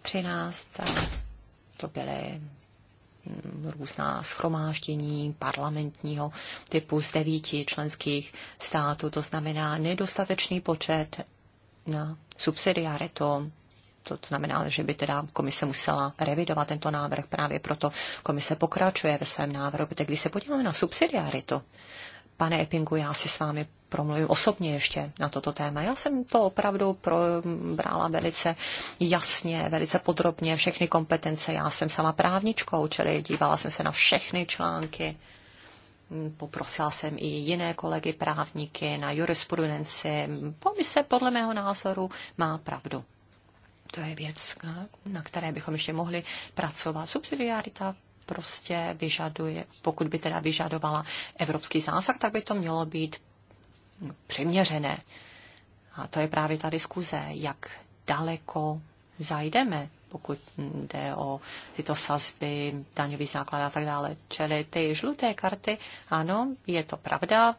13 to byly mm, různá schromáždění parlamentního typu z devíti členských států, to znamená nedostatečný počet na subsidiaritu, to, znamená, že by teda komise musela revidovat tento návrh. Právě proto komise pokračuje ve svém návrhu. Tak když se podíváme na subsidiaritu, pane Epingu, já si s vámi promluvím osobně ještě na toto téma. Já jsem to opravdu probrala velice jasně, velice podrobně, všechny kompetence. Já jsem sama právničkou, čili dívala jsem se na všechny články. Poprosila jsem i jiné kolegy právníky na jurisprudenci. Komise podle mého názoru má pravdu to je věc, na které bychom ještě mohli pracovat. Subsidiarita prostě vyžaduje, pokud by teda vyžadovala evropský zásah, tak by to mělo být přiměřené. A to je právě ta diskuze, jak daleko zajdeme, pokud jde o tyto sazby, daňový základ a tak dále. Čili ty žluté karty, ano, je to pravda,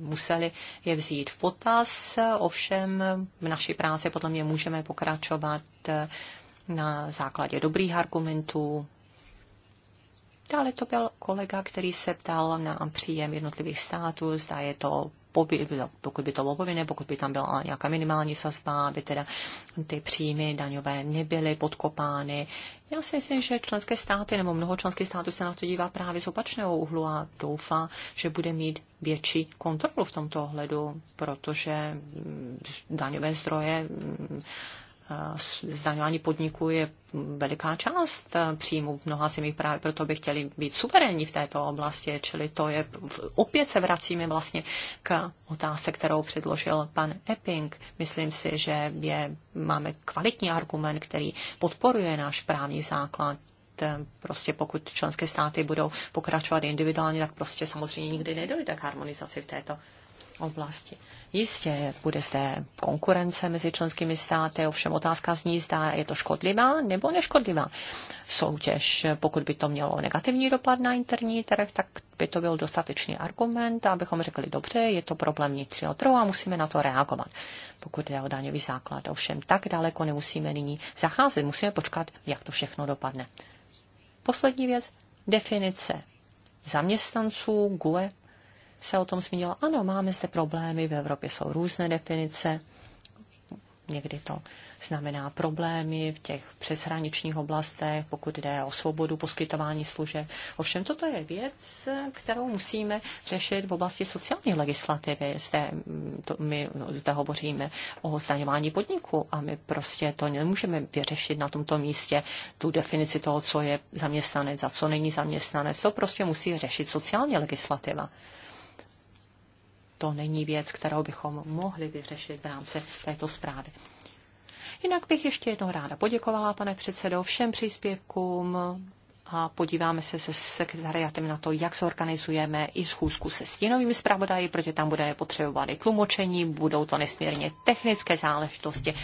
museli je vzít v potaz. Ovšem v naší práci podle mě můžeme pokračovat eh, na základě dobrých argumentů. Dále to byl kolega, který se ptal na příjem jednotlivých států, zda je to pokud by to bylo povinné, pokud by tam byla nějaká minimální sazba, aby teda ty příjmy daňové nebyly podkopány. Já si myslím, že členské státy nebo mnoho členských států se na to dívá právě z opačného úhlu a doufá, že bude mít větší kontrolu v tomto ohledu, protože daňové zdroje Eh, zdaňování podniků je veliká část eh, příjmu v mnoha zemích, právě proto by chtěli být suverénní v této oblasti, čili to je, opět se vracíme vlastně k otázce, kterou předložil pan Epping. Myslím si, že je, máme kvalitní argument, který podporuje náš právní základ eh, prostě pokud členské státy budou pokračovat individuálně, tak prostě samozřejmě nikdy nedojde k harmonizaci v této oblasti. Jistě bude zde konkurence mezi členskými státy, ovšem otázka zní, zda je to škodlivá nebo neškodlivá soutěž. Pokud by to mělo negativní dopad na interní trh, tak by to byl dostatečný argument, abychom řekli, dobře, je to problém vnitřního trhu a musíme na to reagovat, pokud je o daňový základ. Ovšem tak daleko nemusíme nyní zacházet, musíme počkat, jak to všechno dopadne. Poslední věc, definice zaměstnanců GUE se o tom zmínila. Ano, máme zde problémy, v Evropě jsou různé definice, někdy to znamená problémy v těch přeshraničních oblastech, pokud jde o svobodu poskytování služeb. Ovšem toto je věc, kterou musíme řešit v oblasti sociální legislativy. Zde, mm, to, my zde hovoříme o zdaňování podniku a my prostě to nemůžeme vyřešit na tomto místě, tu definici toho, co je zaměstnanec a co není zaměstnanec. To prostě musí řešit sociální legislativa to není věc, kterou bychom mohli vyřešit v rámci této zprávy. Jinak bych ještě jednou ráda poděkovala, pane předsedo, všem příspěvkům a podíváme se se sekretariatem na to, jak zorganizujeme i schůzku se stínovými zpravodaji, protože tam budeme potřebovat i tlumočení, budou to nesmírně technické záležitosti.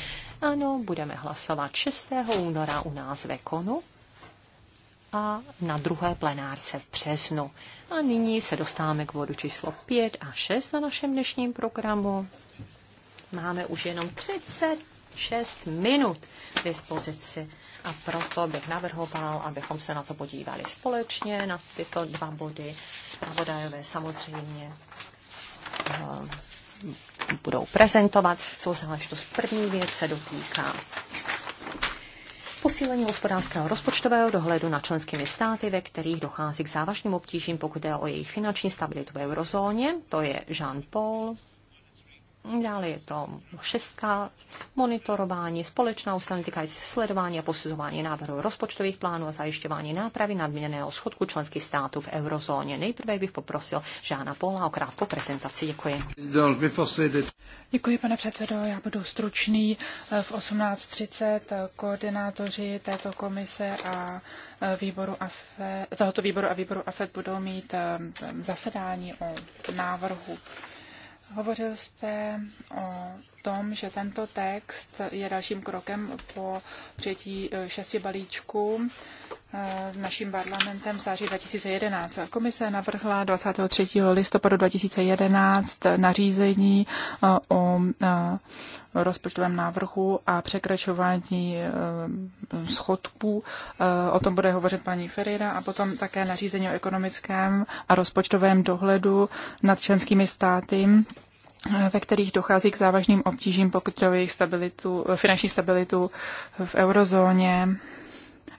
Ano, budeme hlasovat 6. února u nás ve Konu a na druhé plenárce v březnu. A nyní se dostáváme k bodu číslo 5 a 6 na našem dnešním programu. Máme už jenom 36 minut k dispozici a proto bych navrhoval, abychom se na to podívali společně, na tyto dva body. Spravodajové samozřejmě eh, budou prezentovat. Jsou záležitost první věc se dotýká Posílení hospodářského rozpočtového dohledu na členskými státy, ve kterých dochází k závažným obtížím, pokud jde o jejich finanční stabilitu v eurozóně, to je Jean-Paul Dále je to šestka, monitorování, společná ústavní týkající sledování a posuzování návrhu rozpočtových plánů a zajišťování nápravy nadměrného schodku členských států v eurozóně. Nejprve bych poprosil Žána Pola o krátkou prezentaci. Děkuji. Děkuji, pane předsedo. Já budu stručný. V 18.30 koordinátoři této komise a e, výboru AFE, tohoto výboru a výboru AFED budou mít e, zasedání o návrhu Hovořil jste o tom, že tento text je dalším krokem po přijetí eh, šesti balíčků s eh, naším parlamentem v září 2011. Komise navrhla 23. listopadu 2011 nařízení eh, o eh, rozpočtovém návrhu a překračování schodků. O tom bude hovořit paní Ferreira a potom také nařízení o ekonomickém a rozpočtovém dohledu nad členskými státy ve kterých dochází k závažným obtížím, pokud jde o jejich stabilitu, finanční stabilitu v eurozóně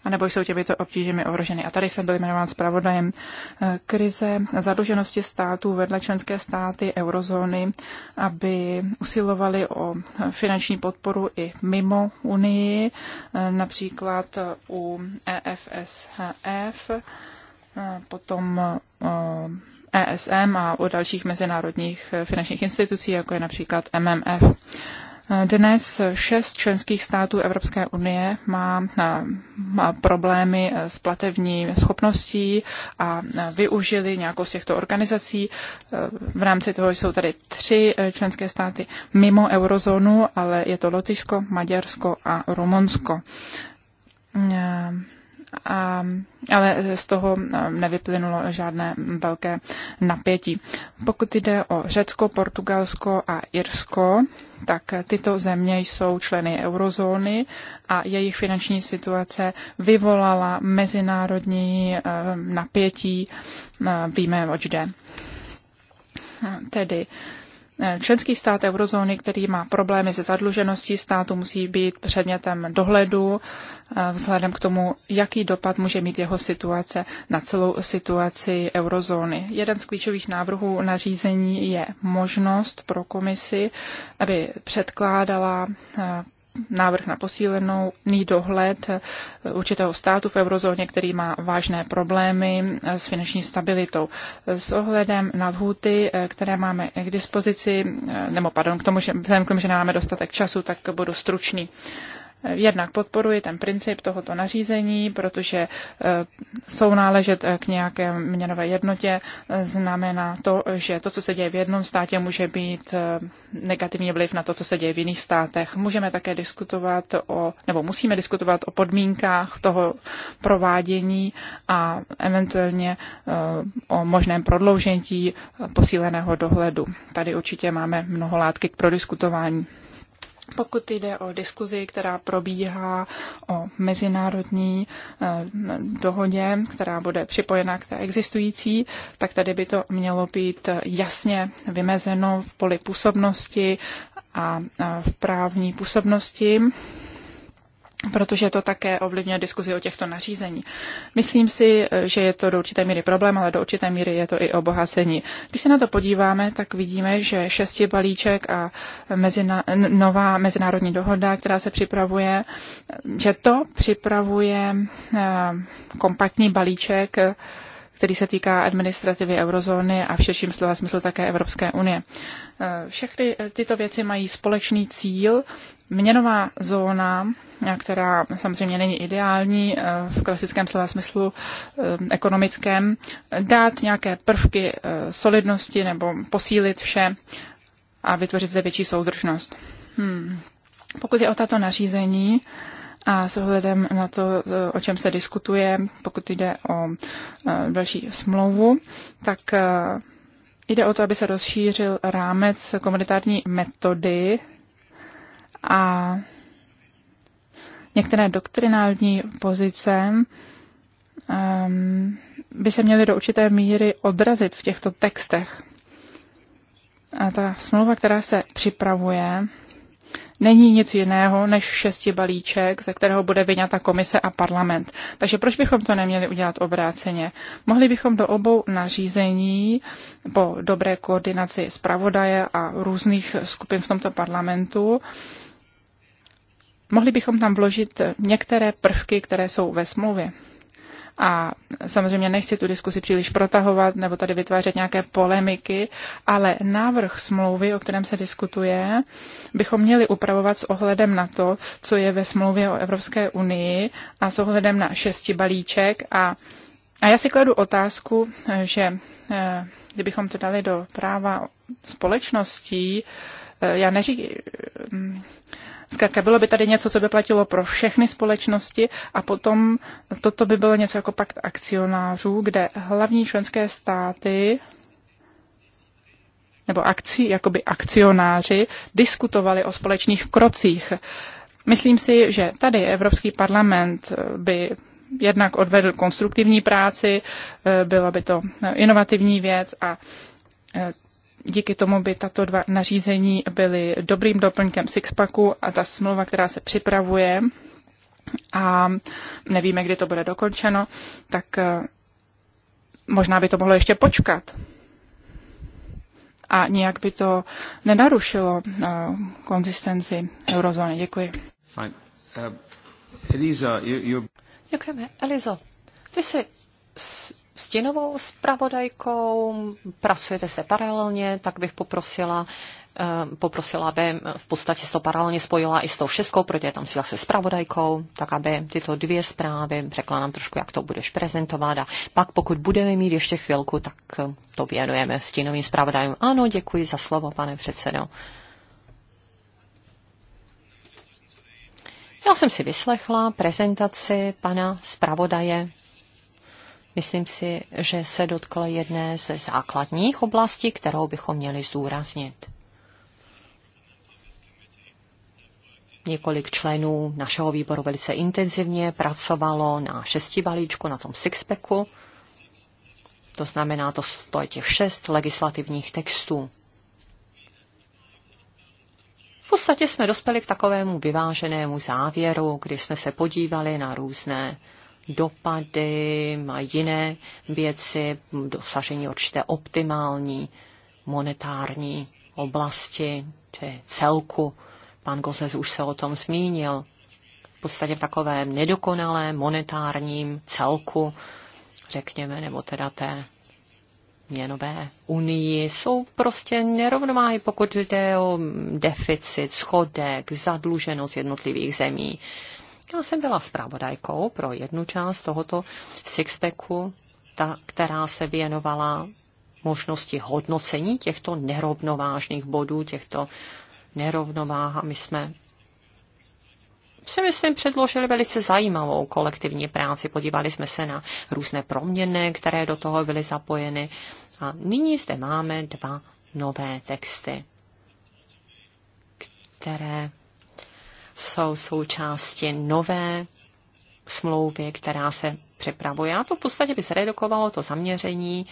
anebo jsou těmito obtížemi ohroženy. A tady jsem byl jmenován zpravodajem. Eh, krize zadluženosti států vedle členské státy eurozóny, aby usilovali o finanční podporu i mimo Unii, eh, například u EFSF, eh, potom ESM e a u dalších mezinárodních finančních institucí, jako je například MMF. Dnes šest členských států Evropské unie má, eh, má problémy eh, s platební schopností a eh, využili nějakou z těchto organizací. V rámci toho jsou tady tři členské státy mimo eurozónu, ale je to Lotyšsko, Maďarsko a Rumunsko a, ale z toho nevyplynulo žádné velké napětí. Pokud jde o Řecko, Portugalsko a Irsko, tak tyto země jsou členy eurozóny a jejich finanční situace vyvolala mezinárodní napětí. Víme, oč jde. Tedy Členský stát eurozóny, který má problémy se zadlužeností státu, musí být předmětem dohledu eh, vzhledem k tomu, jaký dopad může mít jeho situace na celou situaci eurozóny. Jeden z klíčových návrhů nařízení je možnost pro komisi, aby předkládala eh, návrh na posílený dohled eh, určitého státu v eurozóně, který má vážné problémy eh, s finanční stabilitou. Eh, s ohledem na lhůty, které máme k dispozici, nebo pardon, k tomu, že, k tomu, že nemáme dostatek času, tak budu stručný. Eh, jednak podporuji ten princip tohoto nařízení, protože eh, jsou náležet eh, k nějaké měnové jednotě, znamená to, že to, co se děje v jednom státě, může být negativní vliv na to, co se děje v jiných státech. Můžeme také diskutovat o, nebo musíme diskutovat o podmínkách toho provádění a eventuálně o možném prodloužení posíleného dohledu. Tady určitě máme mnoho látky k prodiskutování. Pokud jde o diskuzi, která probíhá o mezinárodní eh, dohodě, která bude připojena k té existující, tak tady by to mělo být jasně vymezeno v poli působnosti a v právní působnosti protože to také ovlivňuje diskuzi o těchto nařízení. Myslím si, že je to do určité míry problém, ale do určité míry je to i obohacení. Když se na to podíváme, tak vidíme, že šesti balíček a mezina, nová mezinárodní dohoda, která se připravuje, že to připravuje eh, kompaktní balíček, který se týká administrativy eurozóny a v širším slova smyslu také Evropské unie. Eh, všechny eh, tyto věci mají společný cíl Měnová zóna, která samozřejmě není ideální eh, v klasickém slova smyslu eh, ekonomickém, dát nějaké prvky eh, solidnosti nebo posílit vše a vytvořit zde větší soudržnost. Hmm. Pokud je o tato nařízení, a s ohledem na to, o čem se diskutuje, pokud jde o další smlouvu, tak jde o to, aby se rozšířil rámec komunitární metody a některé doktrinální pozice um, by se měly do určité míry odrazit v těchto textech. A ta smlouva, která se připravuje, není nic jiného než šesti balíček, ze kterého bude vyňata komise a parlament. Takže proč bychom to neměli udělat obráceně? Mohli bychom do obou nařízení po dobré koordinaci zpravodaje a různých skupin v tomto parlamentu mohli bychom tam vložit některé prvky, které jsou ve smlouvě. A samozřejmě nechci tu diskusi příliš protahovat nebo tady vytvářet nějaké polemiky, ale návrh smlouvy, o kterém se diskutuje, bychom měli upravovat s ohledem na to, co je ve smlouvě o Evropské unii a s ohledem na šesti balíček a a já si kladu otázku, že eh, kdybychom to dali do práva společností, eh, já neříkám, Zkrátka bylo by tady něco, co by platilo pro všechny společnosti a potom toto by bylo něco jako pakt akcionářů, kde hlavní členské státy nebo akci, jakoby akcionáři diskutovali o společných krocích. Myslím si, že tady Evropský parlament by jednak odvedl konstruktivní práci, byla by to inovativní věc a díky tomu by tato dva nařízení byly dobrým doplňkem Sixpacku a ta smlouva, která se připravuje a nevíme, kdy to bude dokončeno, tak eh, možná by to mohlo ještě počkat. A nijak by to nenarušilo eh, konzistenci eurozóny. Děkuji. Eh, Děkujeme. Elizo, ty jsi stěnovou zpravodajkou, pracujete se paralelně, tak bych poprosila, eh, poprosila, aby v podstatě to paralelně spojila i s tou šestkou, protože tam si zase pravodajkou, tak aby tyto dvě zprávy řekla nám trošku, jak to budeš prezentovat a pak pokud budeme mít ještě chvilku, tak eh, to věnujeme stínovým zpravodajům. Ano, děkuji za slovo, pane předsedo. Já jsem si vyslechla prezentaci pana zpravodaje Myslím si, že se dotkla jedné ze základních oblastí, kterou bychom měli zdůraznit. Několik členů našeho výboru velice intenzivně pracovalo na šesti balíčku, na tom sixpacku. To znamená, to je těch šest legislativních textů. V podstatě jsme dospěli k takovému vyváženému závěru, kdy jsme se podívali na různé dopady má jiné věci, dosažení určité optimální monetární oblasti, či celku. Pan Gozes už se o tom zmínil. V podstatě v takovém nedokonalém monetárním celku, řekněme, nebo teda té měnové unii, jsou prostě nerovnováhy, pokud jde o deficit, schodek, zadluženost jednotlivých zemí. Já jsem byla zpravodajkou pro jednu část tohoto sixpacku, ta, která se věnovala možnosti hodnocení těchto nerovnovážných bodů, těchto nerovnováh a my jsme si myslím, předložili velice zajímavou kolektivní práci. Podívali jsme se na různé proměny, které do toho byly zapojeny. A nyní zde máme dva nové texty, které jsou součástí nové smlouvy, která se připravuje. A to v podstatě by zredukovalo to zaměření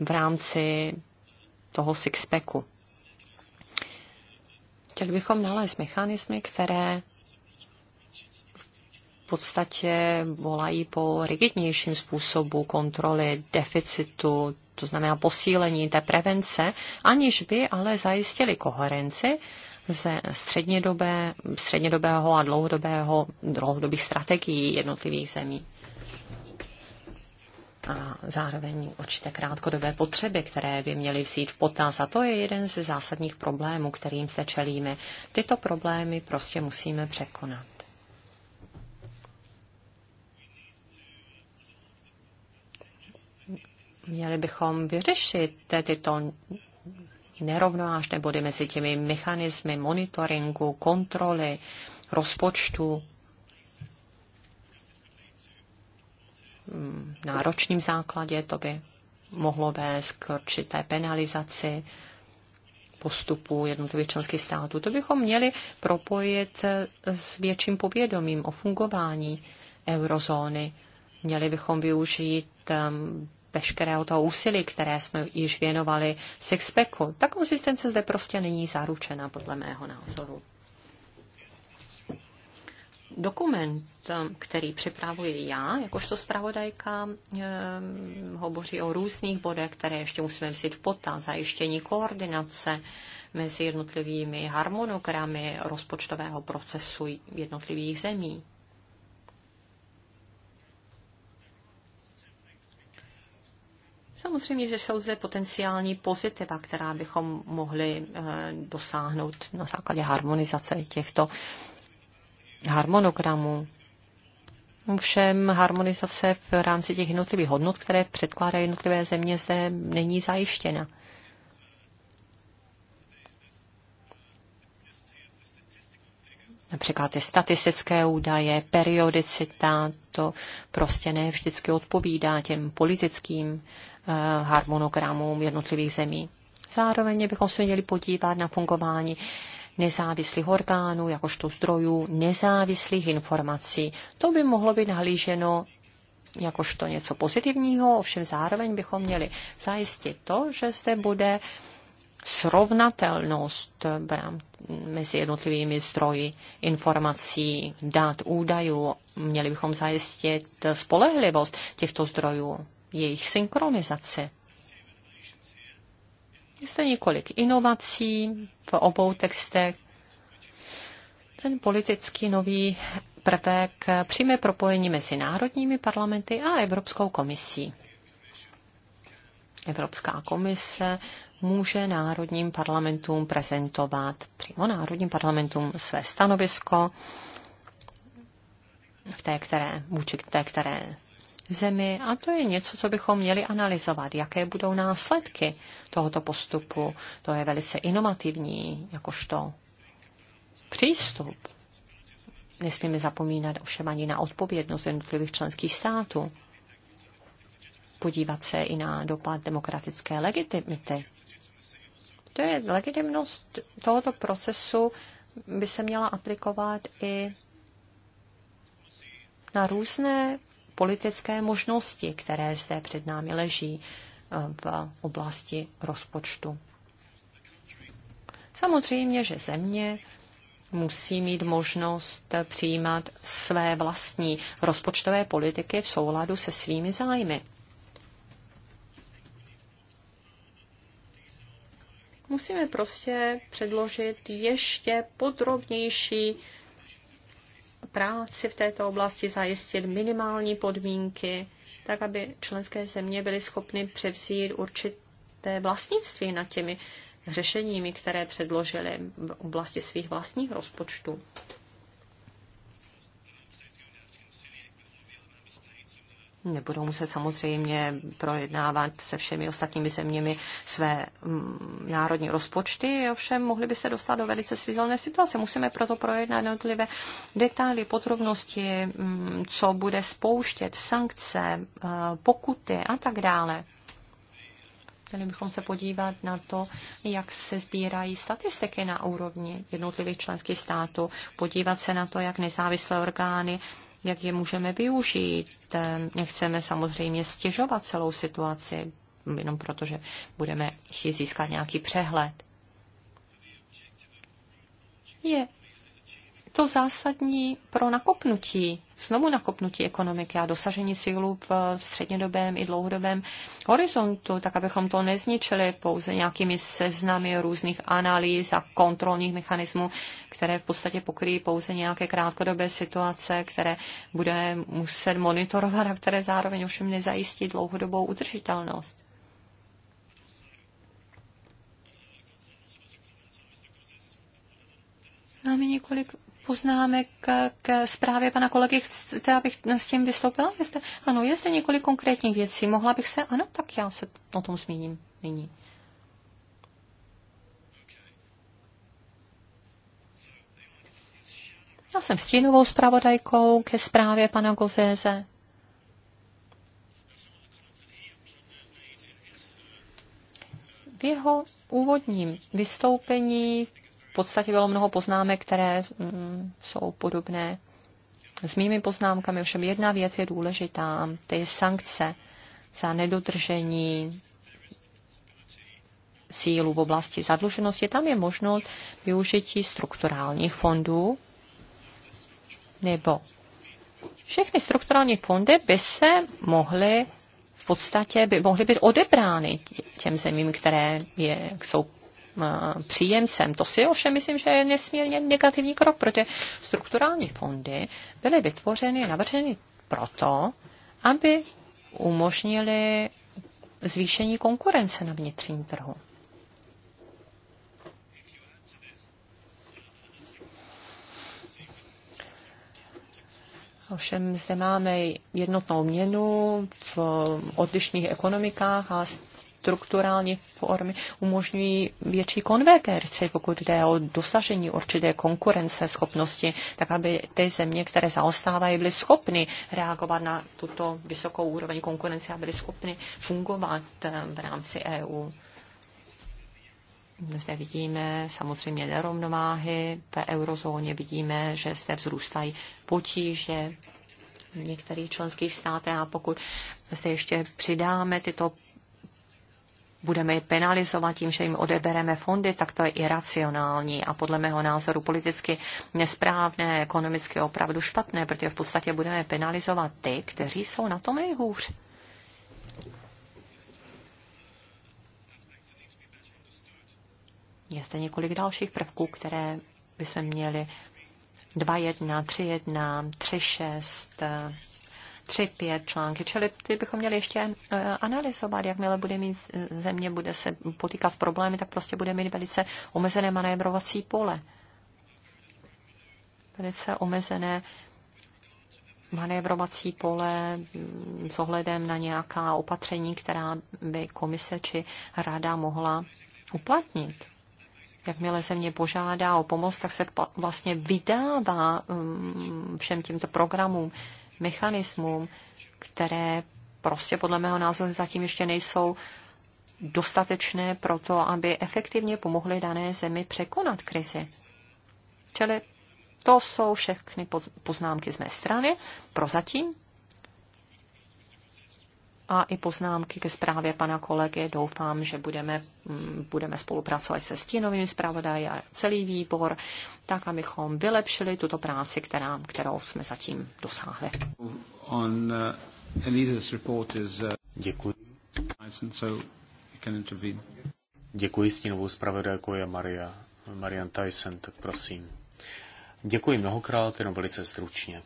v rámci toho sixpacku. Chtěli bychom nalézt mechanismy, které v podstatě volají po rigidnějším způsobu kontroly deficitu, to znamená posílení té prevence, aniž by ale zajistili koherenci ze střednědobé, střednědobého a dlouhodobého, dlouhodobých strategií jednotlivých zemí. A zároveň určité krátkodobé potřeby, které by měly vzít v potaz. A to je jeden ze zásadních problémů, kterým se čelíme. Tyto problémy prostě musíme překonat. Měli bychom vyřešit tyto nerovnováž body mezi těmi mechanismy monitoringu, kontroly, rozpočtu, mm, náročným základě, to by mohlo vést k určité penalizaci postupů jednotlivých členských států. To bychom měli propojit s větším povědomím o fungování eurozóny. Měli bychom využít mm, veškerého toho úsilí, které jsme již věnovali sixpacku, ta konzistence zde prostě není zaručena, podle mého názoru. Dokument, který připravuji já, jakožto zpravodajka, eh, hovoří o různých bodech, které ještě musíme vzít v potaz, zajištění koordinace mezi jednotlivými harmonogramy rozpočtového procesu jednotlivých zemí. Samozřejmě, že jsou zde potenciální pozitiva, která bychom mohli eh, dosáhnout na základě harmonizace těchto harmonogramů. Všem harmonizace v rámci těch jednotlivých hodnot, které předkládají jednotlivé země, zde není zajištěna. například ty statistické údaje, periodicita, to prostě ne vždycky odpovídá těm politickým eh, harmonogramům jednotlivých zemí. Zároveň bychom se měli podívat na fungování nezávislých orgánů, jakožto zdrojů nezávislých informací. To by mohlo být nahlíženo jakožto něco pozitivního, ovšem zároveň bychom měli zajistit to, že zde bude uh, srovnatelnost mezi jednotlivými zdroji informací, dát údajů. Měli bychom zajistit spolehlivost těchto zdrojů, jejich synchronizaci. Jste několik inovací v obou textech. Ten politický nový prvek přímé propojení mezi národními parlamenty a Evropskou komisí. Evropská komise může národním parlamentům prezentovat přímo národním parlamentům své stanovisko v té, které, vůči té, které zemi. A to je něco, co bychom měli analyzovat, jaké budou následky tohoto postupu. To je velice inovativní, jakožto přístup. Nesmíme zapomínat ovšem ani na odpovědnost jednotlivých členských států. Podívat se i na dopad demokratické legitimity to je legitimnost tohoto procesu by se měla aplikovat i na různé politické možnosti, které zde před námi leží eh, v oblasti rozpočtu. Samozřejmě, že země musí mít možnost přijímat své vlastní rozpočtové politiky v souladu se svými zájmy. Musíme prostě předložit ještě podrobnější práci v této oblasti, zajistit minimální podmínky, tak aby členské země byly schopny převzít určité vlastnictví nad těmi řešeními, které předložily v oblasti svých vlastních rozpočtů. nebudou muset samozřejmě projednávat se všemi ostatními zeměmi své mm, národní rozpočty, ovšem mohli by se dostat do velice svizelné situace. Musíme proto projednat jednotlivé detaily, podrobnosti, mm, co bude spouštět, sankce, eh, pokuty a tak dále. Měli bychom se podívat na to, jak se sbírají statistiky na úrovni jednotlivých členských států, podívat se na to, jak nezávislé orgány jak je můžeme využít. Nechceme eh, samozřejmě stěžovat celou situaci, jenom protože budeme chtít získat nějaký přehled. Je to zásadní pro nakopnutí, znovu nakopnutí ekonomiky a dosažení cílů v střednědobém i dlouhodobém horizontu, tak abychom to nezničili pouze nějakými seznamy různých analýz a kontrolních mechanismů, které v podstatě pokryjí pouze nějaké krátkodobé situace, které bude muset monitorovat a které zároveň ovšem nezajistí dlouhodobou udržitelnost. No Máme několik poznámek k zprávě pana kolegy, chcete, abych s tím vystoupila. Je zde, ano, je zde několik konkrétních věcí. Mohla bych se, ano, tak já se o tom zmíním nyní. Já jsem stínovou zpravodajkou ke zprávě pana Gozéze. V jeho úvodním vystoupení v podstatě bylo mnoho poznámek, které mm, jsou podobné s mými poznámkami. Ovšem jedna věc je důležitá, to je sankce za nedodržení sílu v oblasti zadluženosti. Tam je možnost využití strukturálních fondů nebo všechny strukturální fondy by se mohly v podstatě by mohly být odebrány těm zemím, které je, jsou Eh, příjemcem. To si ovšem myslím, že je nesmírně negativní krok, protože strukturální fondy byly vytvořeny, navrženy proto, aby umožnili zvýšení konkurence na vnitřním trhu. Ovšem zde máme jednotnou měnu v odlišných ekonomikách a strukturální formy umožňují větší konvergenci, pokud jde o dosažení určité konkurence schopnosti, tak aby ty země, které zaostávají, byly schopny reagovat na tuto vysokou úroveň konkurence a byly schopny fungovat eh, v rámci EU. Zde vidíme samozřejmě nerovnováhy v eurozóně, vidíme, že zde vzrůstají potíže v některých členských státech a pokud zde ještě přidáme tyto budeme je penalizovat tím, že jim odebereme fondy, tak to je iracionální a podle mého názoru politicky nesprávné, ekonomicky opravdu špatné, protože v podstatě budeme penalizovat ty, kteří jsou na tom nejhůř. Je zde několik dalších prvků, které bychom měli 2.1, 3.1, 3.6, Tři pět články, čili ty bychom měli ještě eh, analyzovat. Jakmile bude mít země, bude se potýkat s problémy, tak prostě bude mít velice omezené manévrovací pole. Velice omezené manévrovací pole mm, s ohledem na nějaká opatření, která by komise či rada mohla uplatnit. Jakmile země požádá o pomoc, tak se vlastně vydává mm, všem těmto programům mechanismům, které prostě podle mého názoru zatím ještě nejsou dostatečné pro to, aby efektivně pomohly dané zemi překonat krizi. Čili to jsou všechny poznámky z mé strany. Prozatím a i poznámky ke zprávě pana kolegy. Doufám, že budeme, mm, budeme spolupracovat se stínovými zpravodaji a celý výbor, tak abychom vylepšili tuto práci, která, kterou jsme zatím dosáhli. On, uh, uh Děkuji. Děkuji stínovou zpravodajku je Maria, Marian Tyson, tak prosím. Děkuji mnohokrát, jenom velice stručně.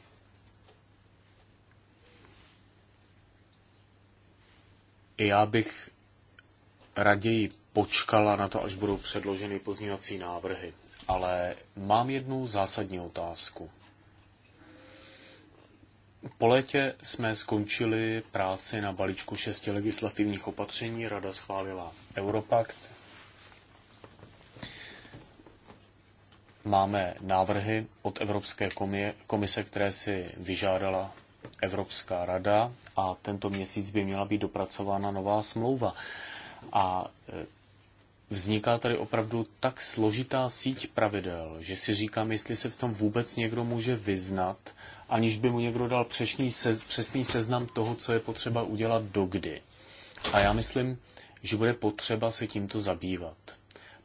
Já bych raději počkala na to, až budou předloženy pozměňovací návrhy. Ale mám jednu zásadní otázku. Po létě jsme skončili práci na balíčku šesti legislativních opatření. Rada schválila Europakt. Máme návrhy od Evropské komise, které si vyžádala Evropská rada a tento měsíc by měla být dopracována nová smlouva. A e, vzniká tady opravdu tak složitá síť pravidel, že si říkám, jestli se v tom vůbec někdo může vyznat, aniž by mu někdo dal přesný, sez, přesný seznam toho, co je potřeba udělat dokdy. A já myslím, že bude potřeba se tímto zabývat.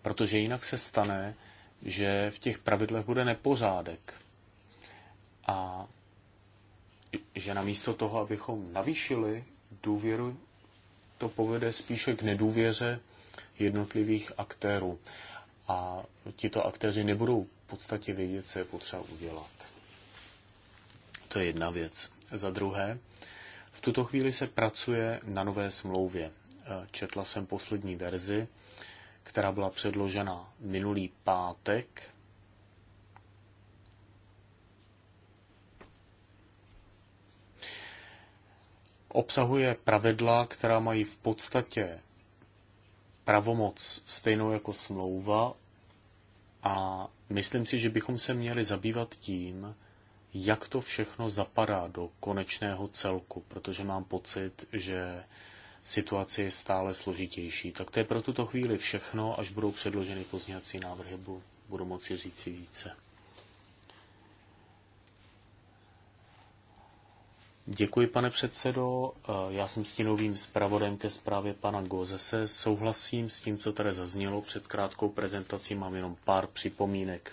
Protože jinak se stane, že v těch pravidlech bude nepořádek. A že namísto toho, abychom navýšili důvěru, to povede spíše k nedůvěře jednotlivých aktérů. A tito aktéři nebudou v podstatě vědět, co je potřeba udělat. To je jedna věc. Za druhé, v tuto chvíli se pracuje na nové smlouvě. Četla jsem poslední verzi, která byla předložena minulý pátek obsahuje pravidla, která mají v podstatě pravomoc stejnou jako smlouva a myslím si, že bychom se měli zabývat tím, jak to všechno zapadá do konečného celku, protože mám pocit, že situace je stále složitější. Tak to je pro tuto chvíli všechno, až budou předloženy pozněcí návrhy, budu moci říci více. Děkuji, pane předsedo. Eh, já jsem stínovým zpravodem ke zprávě pana Gozese. Souhlasím s tím, co tady zaznělo před krátkou prezentací. Mám jenom pár připomínek.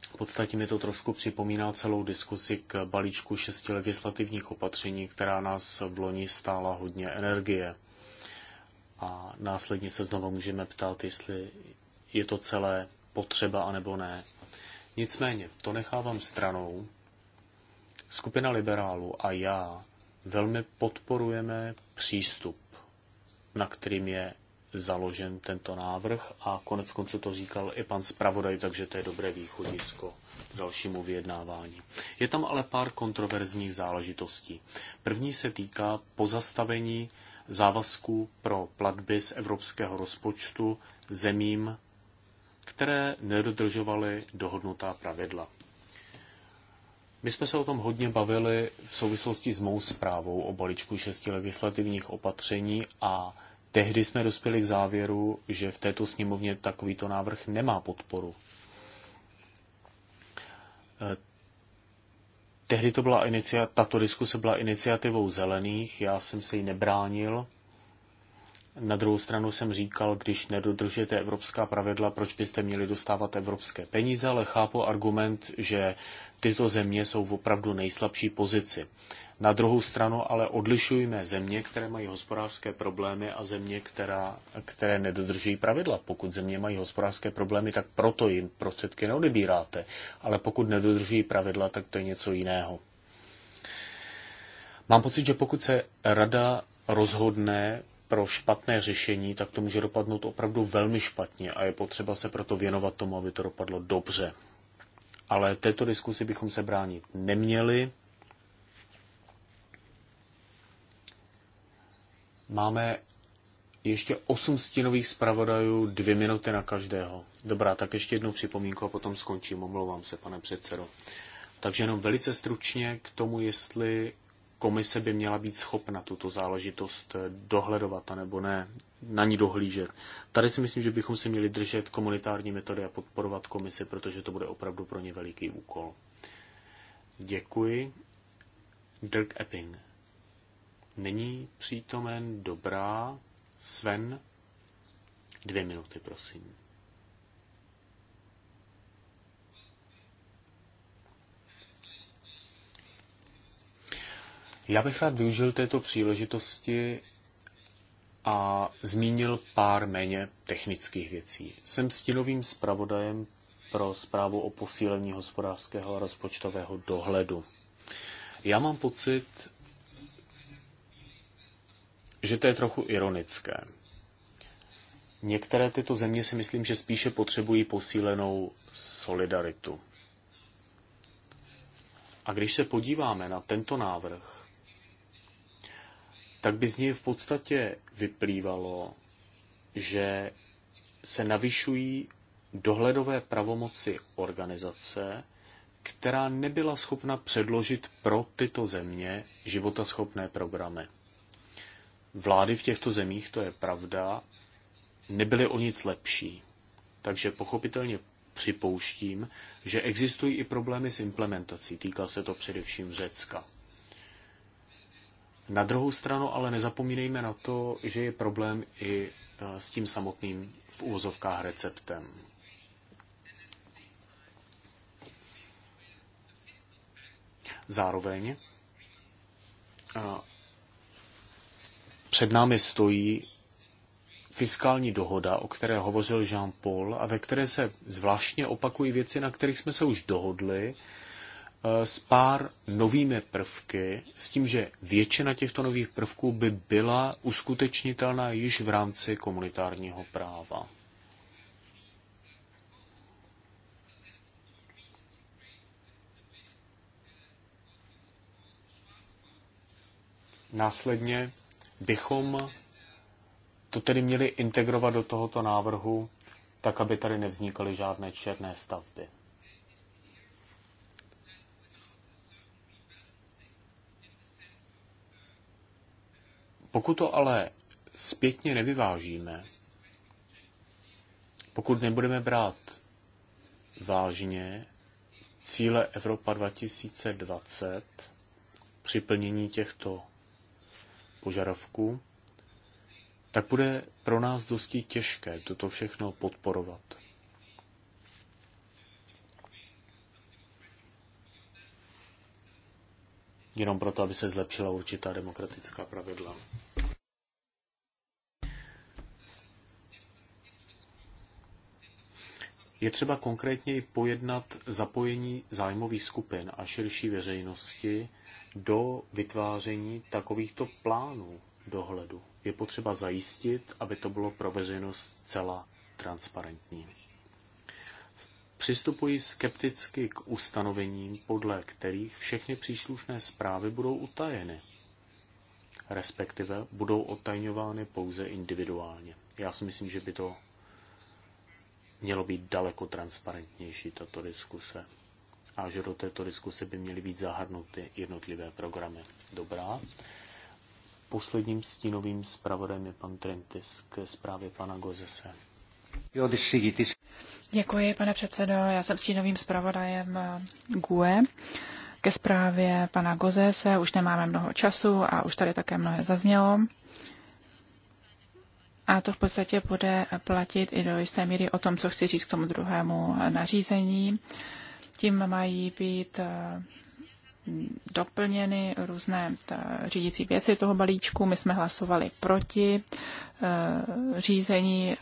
V podstatě mi to trošku připomíná celou diskusi k balíčku šesti legislativních opatření, která nás v loni stála hodně energie. A následně se znovu můžeme ptát, jestli je to celé potřeba anebo ne. Nicméně, to nechávám stranou Skupina liberálů a já velmi podporujeme přístup, na kterým je založen tento návrh a konec konců to říkal i pan zpravodaj, takže to je dobré východisko k dalšímu vyjednávání. Je tam ale pár kontroverzních záležitostí. První se týká pozastavení závazků pro platby z evropského rozpočtu zemím, které nedodržovaly dohodnutá pravidla. My jsme se o tom hodně bavili v souvislosti s mou zprávou o balíčku šesti legislativních opatření a tehdy jsme dospěli k závěru, že v této sněmovně takovýto návrh nemá podporu. Eh, tehdy to byla inicia, tato diskuse byla iniciativou zelených, já jsem se jí nebránil, na druhou stranu jsem říkal, když nedodržujete evropská pravidla, proč byste měli dostávat evropské peníze, ale chápu argument, že tyto země jsou v opravdu nejslabší pozici. Na druhou stranu ale odlišujme země, které mají hospodářské problémy a země, která, které nedodržují pravidla. Pokud země mají hospodářské problémy, tak proto jim prostředky neodebíráte. Ale pokud nedodržují pravidla, tak to je něco jiného. Mám pocit, že pokud se rada rozhodne pro špatné řešení, tak to může dopadnout opravdu velmi špatně a je potřeba se proto věnovat tomu, aby to dopadlo dobře. Ale této diskusi bychom se bránit neměli. Máme ještě osm stínových zpravodajů, dvě minuty na každého. Dobrá, tak ještě jednu připomínku a potom skončím. Omlouvám se, pane předsedo. Takže jenom velice stručně k tomu, jestli komise by měla být schopna tuto záležitost dohledovat, anebo ne, na ní dohlížet. Tady si myslím, že bychom si měli držet komunitární metody a podporovat komisi, protože to bude opravdu pro ně veliký úkol. Děkuji. Dirk Epping. Není přítomen dobrá. Sven. Dvě minuty, prosím. Já bych rád využil této příležitosti a zmínil pár méně technických věcí. Jsem stínovým zpravodajem pro zprávu o posílení hospodářského a rozpočtového dohledu. Já mám pocit, že to je trochu ironické. Některé tyto země si myslím, že spíše potřebují posílenou solidaritu. A když se podíváme na tento návrh, tak by z něj v podstatě vyplývalo, že se navyšují dohledové pravomoci organizace, která nebyla schopna předložit pro tyto země životaschopné programy. Vlády v těchto zemích, to je pravda, nebyly o nic lepší. Takže pochopitelně připouštím, že existují i problémy s implementací. Týká se to především Řecka. Na druhou stranu ale nezapomínejme na to, že je problém i e, s tím samotným v úvozovkách receptem. Zároveň e, před námi stojí fiskální dohoda, o které hovořil Jean-Paul a ve které se zvláštně opakují věci, na kterých jsme se už dohodli, Eh, s pár novými prvky, s tím, že většina těchto nových prvků by byla uskutečnitelná již v rámci komunitárního práva. Následně bychom to tedy měli integrovat do tohoto návrhu, tak aby tady nevznikaly žádné černé stavby. Pokud to ale zpětně nevyvážíme, pokud nebudeme brát vážně cíle Evropa 2020 při plnění těchto požadavků, tak bude pro nás dosti těžké toto všechno podporovat. Jenom proto, aby se zlepšila určitá demokratická pravidla. Je třeba konkrétněji pojednat zapojení zájmových skupin a širší veřejnosti do vytváření takovýchto plánů dohledu. Je potřeba zajistit, aby to bylo pro veřejnost zcela transparentní. Přistupuji skepticky k ustanovením, podle kterých všechny příslušné zprávy budou utajeny, respektive budou otajňovány pouze individuálně. Já si myslím, že by to mělo být daleko transparentnější tato diskuse a že do této diskuse by měly být zahrnuty jednotlivé programy. Dobrá. Posledním stínovým zpravodem je pan Trentis ke zprávě pana Gozese. Děkuji, pane předsedo. Já jsem stínovým zpravodajem GUE. Ke zprávě pana Gozese už nemáme mnoho času a už tady také mnohé zaznělo. A to v podstatě bude platit i do jisté míry o tom, co chci říct k tomu druhému nařízení. Tím mají být eh, doplněny různé eh, řídící věci toho balíčku. My jsme hlasovali proti eh, řízení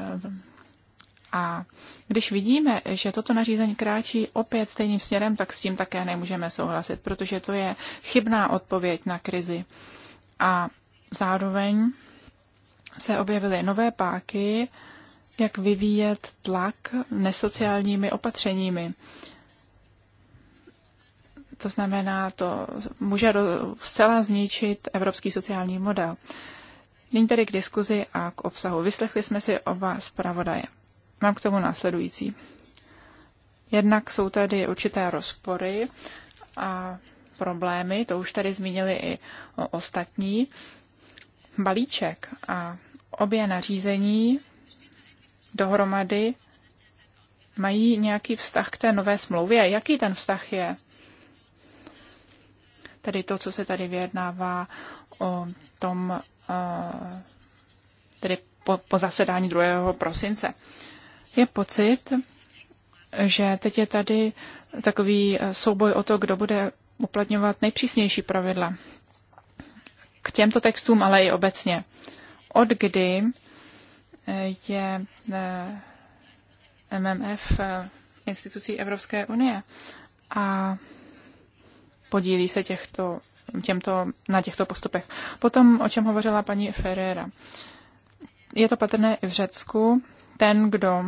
a když vidíme, že toto nařízení kráčí opět stejným směrem, tak s tím také nemůžeme souhlasit, protože to je chybná odpověď na krizi. A zároveň se objevily nové páky, jak vyvíjet tlak nesociálními opatřeními. To znamená, to může zcela zničit evropský sociální model. Nyní tedy k diskuzi a k obsahu. Vyslechli jsme si oba zpravodaje. Mám k tomu následující. Jednak jsou tady určité rozpory a problémy, to už tady zmínili i ostatní balíček a obě nařízení dohromady mají nějaký vztah k té nové smlouvě. Jaký ten vztah je? Tedy to, co se tady vyjednává o tom, eh, tedy po, po zasedání 2. prosince. Je pocit, že teď je tady takový eh, souboj o to, kdo bude uplatňovat nejpřísnější pravidla těmto textům, ale i obecně. Od kdy eh, je eh, MMF eh, institucí Evropské unie a podílí se těchto, těmto, na těchto postupech. Potom, o čem hovořila paní Ferreira. Je to patrné i v Řecku. Ten, kdo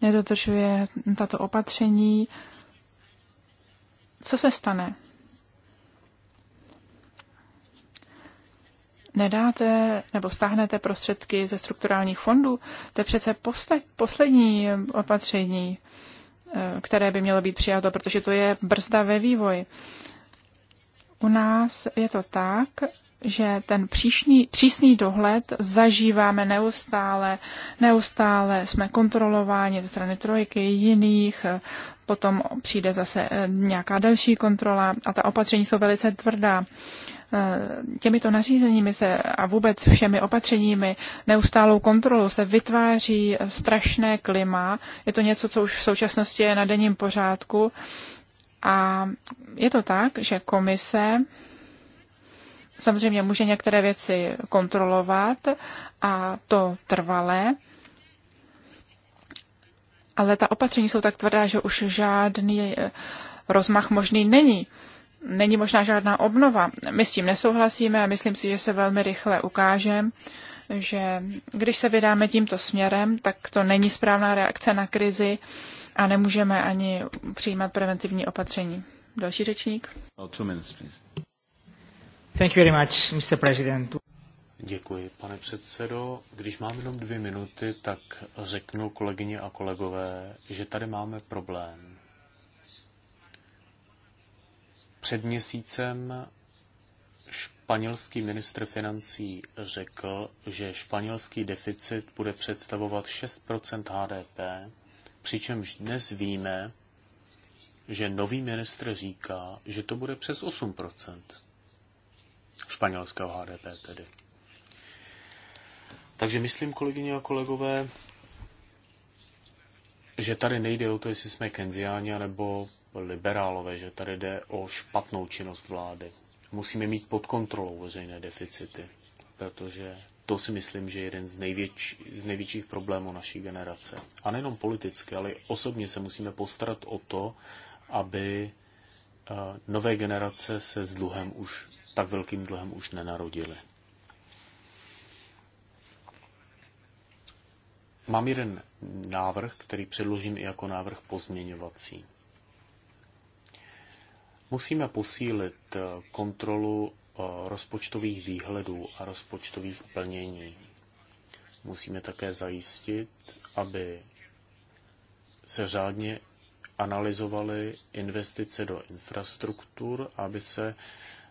nedodržuje tato opatření, co se stane? nedáte nebo stáhnete prostředky ze strukturálních fondů, to je přece poslední opatření, eh, které by mělo být přijato, protože to je brzda ve vývoji. U nás je to tak, že ten příšní, přísný dohled zažíváme neustále, neustále jsme kontrolováni ze strany trojky jiných, potom přijde zase eh, nějaká další kontrola a ta opatření jsou velice tvrdá. Eh, těmito nařízeními se a vůbec všemi opatřeními, neustálou kontrolou se vytváří strašné klima. Je to něco, co už v současnosti je na denním pořádku. A je to tak, že komise samozřejmě může některé věci kontrolovat a to trvalé, ale ta opatření jsou tak tvrdá, že už žádný eh, rozmach možný není není možná žádná obnova. My s tím nesouhlasíme a myslím si, že se velmi rychle ukáže, že když se vydáme tímto směrem, tak to není správná reakce na krizi a nemůžeme ani přijímat preventivní opatření. Další řečník. No, Thank you very much, Mr. President. Děkuji, pane předsedo. Když mám jenom dvě minuty, tak řeknu kolegyně a kolegové, že tady máme problém. Před měsícem španělský ministr financí řekl, že španělský deficit bude představovat 6 HDP, přičemž dnes víme, že nový ministr říká, že to bude přes 8 španělského HDP tedy. Takže myslím, kolegyně a kolegové, že tady nejde o to, jestli jsme kenziáni nebo liberálové, že tady jde o špatnou činnost vlády. Musíme mít pod kontrolou veřejné deficity, protože to si myslím, že je jeden z, největš, z největších problémů naší generace. A nejenom politicky, ale osobně se musíme postarat o to, aby eh, nové generace se s dluhem už, tak velkým dluhem už nenarodily. Mám jeden návrh, který předložím i jako návrh pozměňovací. Musíme posílit eh, kontrolu eh, rozpočtových výhledů a rozpočtových plnění. Musíme také zajistit, aby se řádně analyzovaly investice do infrastruktur, aby se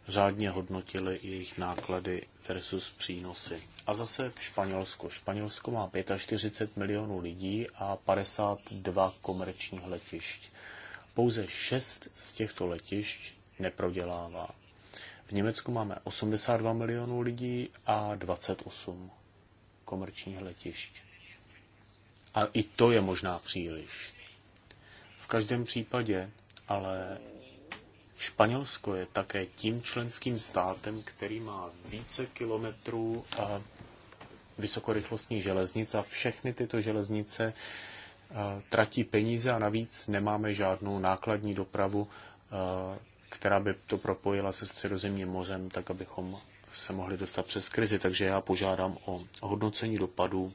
řádně hodnotili jejich náklady versus přínosy. A zase Španělsko. Španělsko má 45 milionů lidí a 52 komerčních letišť. Pouze 6 z těchto letišť neprodělává. V Německu máme 82 milionů lidí a 28 komerčních letišť. A i to je možná příliš. V každém případě ale Španělsko je také tím členským státem, který má více kilometrů a vysokorychlostní železnic a všechny tyto železnice tratí peníze a navíc nemáme žádnou nákladní dopravu, která by to propojila se středozemním mořem, tak abychom se mohli dostat přes krizi. Takže já požádám o hodnocení dopadů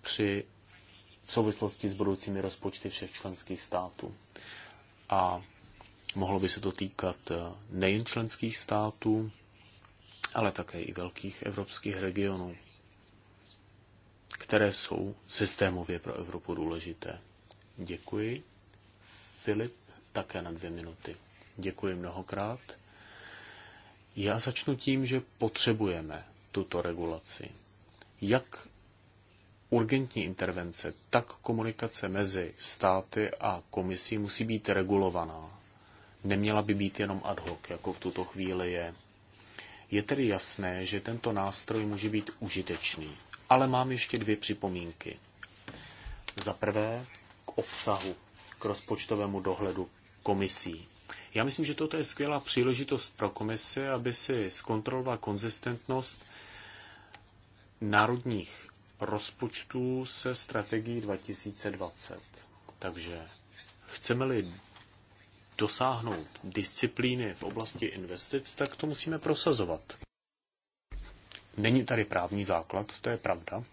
při v souvislosti s budoucími rozpočty všech členských států. A Mohlo by se to týkat eh, nejen členských států, ale také i velkých evropských regionů, které jsou systémově pro Evropu důležité. Děkuji. Filip také na dvě minuty. Děkuji mnohokrát. Já začnu tím, že potřebujeme tuto regulaci. Jak urgentní intervence, tak komunikace mezi státy a komisí musí být regulovaná neměla by být jenom ad hoc, jako v tuto chvíli je. Je tedy jasné, že tento nástroj může být užitečný, ale mám ještě dvě připomínky. Za prvé k obsahu, k rozpočtovému dohledu komisí. Já myslím, že toto je skvělá příležitost pro komisi, aby si zkontrolovala konzistentnost národních rozpočtů se strategií 2020. Takže chceme-li dosáhnout disciplíny v oblasti investic, tak to musíme prosazovat. Není tady právní základ, to je pravda.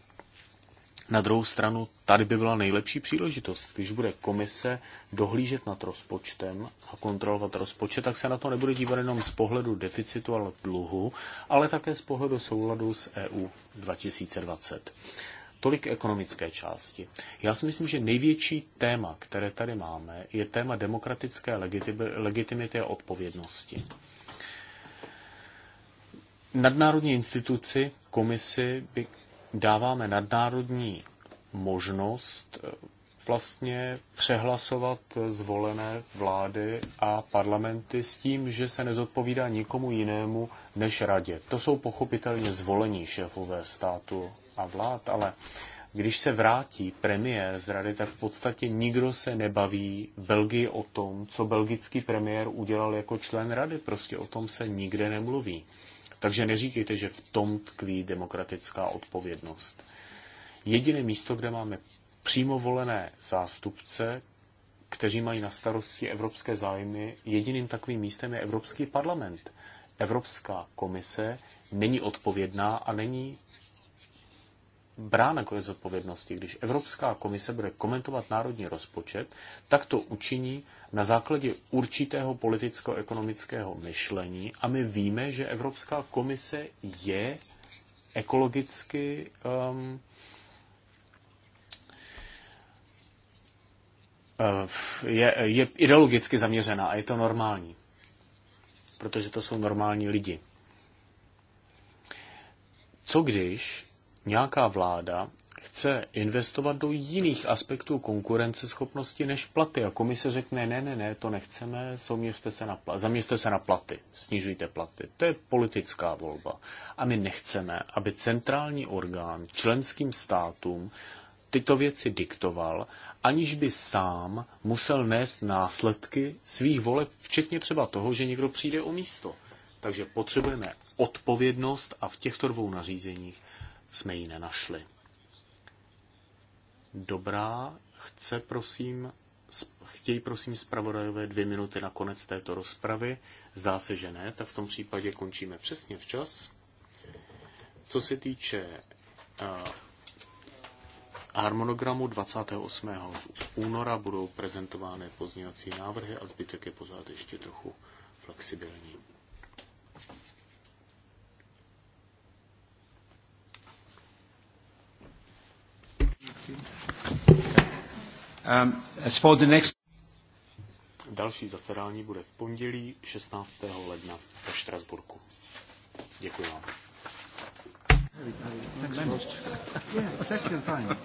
Na druhou stranu, tady by byla nejlepší příležitost. Když bude komise dohlížet nad rozpočtem a kontrolovat rozpočet, tak se na to nebude dívat jenom z pohledu deficitu a dluhu, ale také z pohledu souladu s EU 2020. Tolik ekonomické části. Já si myslím, že největší téma, které tady máme, je téma demokratické legitimity a odpovědnosti. Nadnárodní instituci, komisi, by dáváme nadnárodní možnost eh, vlastně přehlasovat zvolené vlády a parlamenty s tím, že se nezodpovídá nikomu jinému než radě. To jsou pochopitelně zvolení šéfové státu a vlád, ale když se vrátí premiér z rady, tak v podstatě nikdo se nebaví Belgii o tom, co belgický premiér udělal jako člen rady. Prostě o tom se nikde nemluví. Takže neříkejte, že v tom tkví demokratická odpovědnost. Jediné místo, kde máme přímo volené zástupce, kteří mají na starosti evropské zájmy, jediným takovým místem je Evropský parlament. Evropská komise není odpovědná a není brána k zodpovědnosti. Když Evropská komise bude komentovat národní rozpočet, tak to učiní na základě určitého politicko-ekonomického myšlení a my víme, že Evropská komise je ekologicky um, eh, je, je ideologicky zaměřená a je to normální, protože to jsou normální lidi. Co když nějaká vláda chce investovat do jiných aspektů konkurenceschopnosti než platy a komise řekne, ne, ne, ne, to nechceme, se na platy, zaměřte se na platy, snižujte platy. To je politická volba. A my nechceme, aby centrální orgán členským státům tyto věci diktoval, aniž by sám musel nést následky svých voleb, včetně třeba toho, že někdo přijde o místo. Takže potřebujeme odpovědnost a v těchto dvou nařízeních jsme ji nenašli. Dobrá, chce prosím, chtějí prosím zpravodajové dvě minuty na konec této rozpravy. Zdá se, že ne, tak v tom případě končíme přesně včas. Co se týče uh, harmonogramu 28. února budou prezentovány pozměňovací návrhy a zbytek je pořád ještě trochu flexibilní. Um, Další zasedání bude v pondělí 16. ledna ve Štrasburku. Děkuji vám. Yeah, time.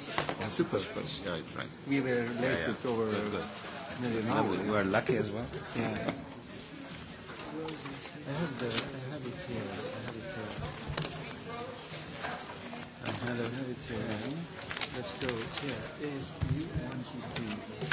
We were lucky as well. [LAUGHS] I have it here. I have it here let's go. Here is UNGP.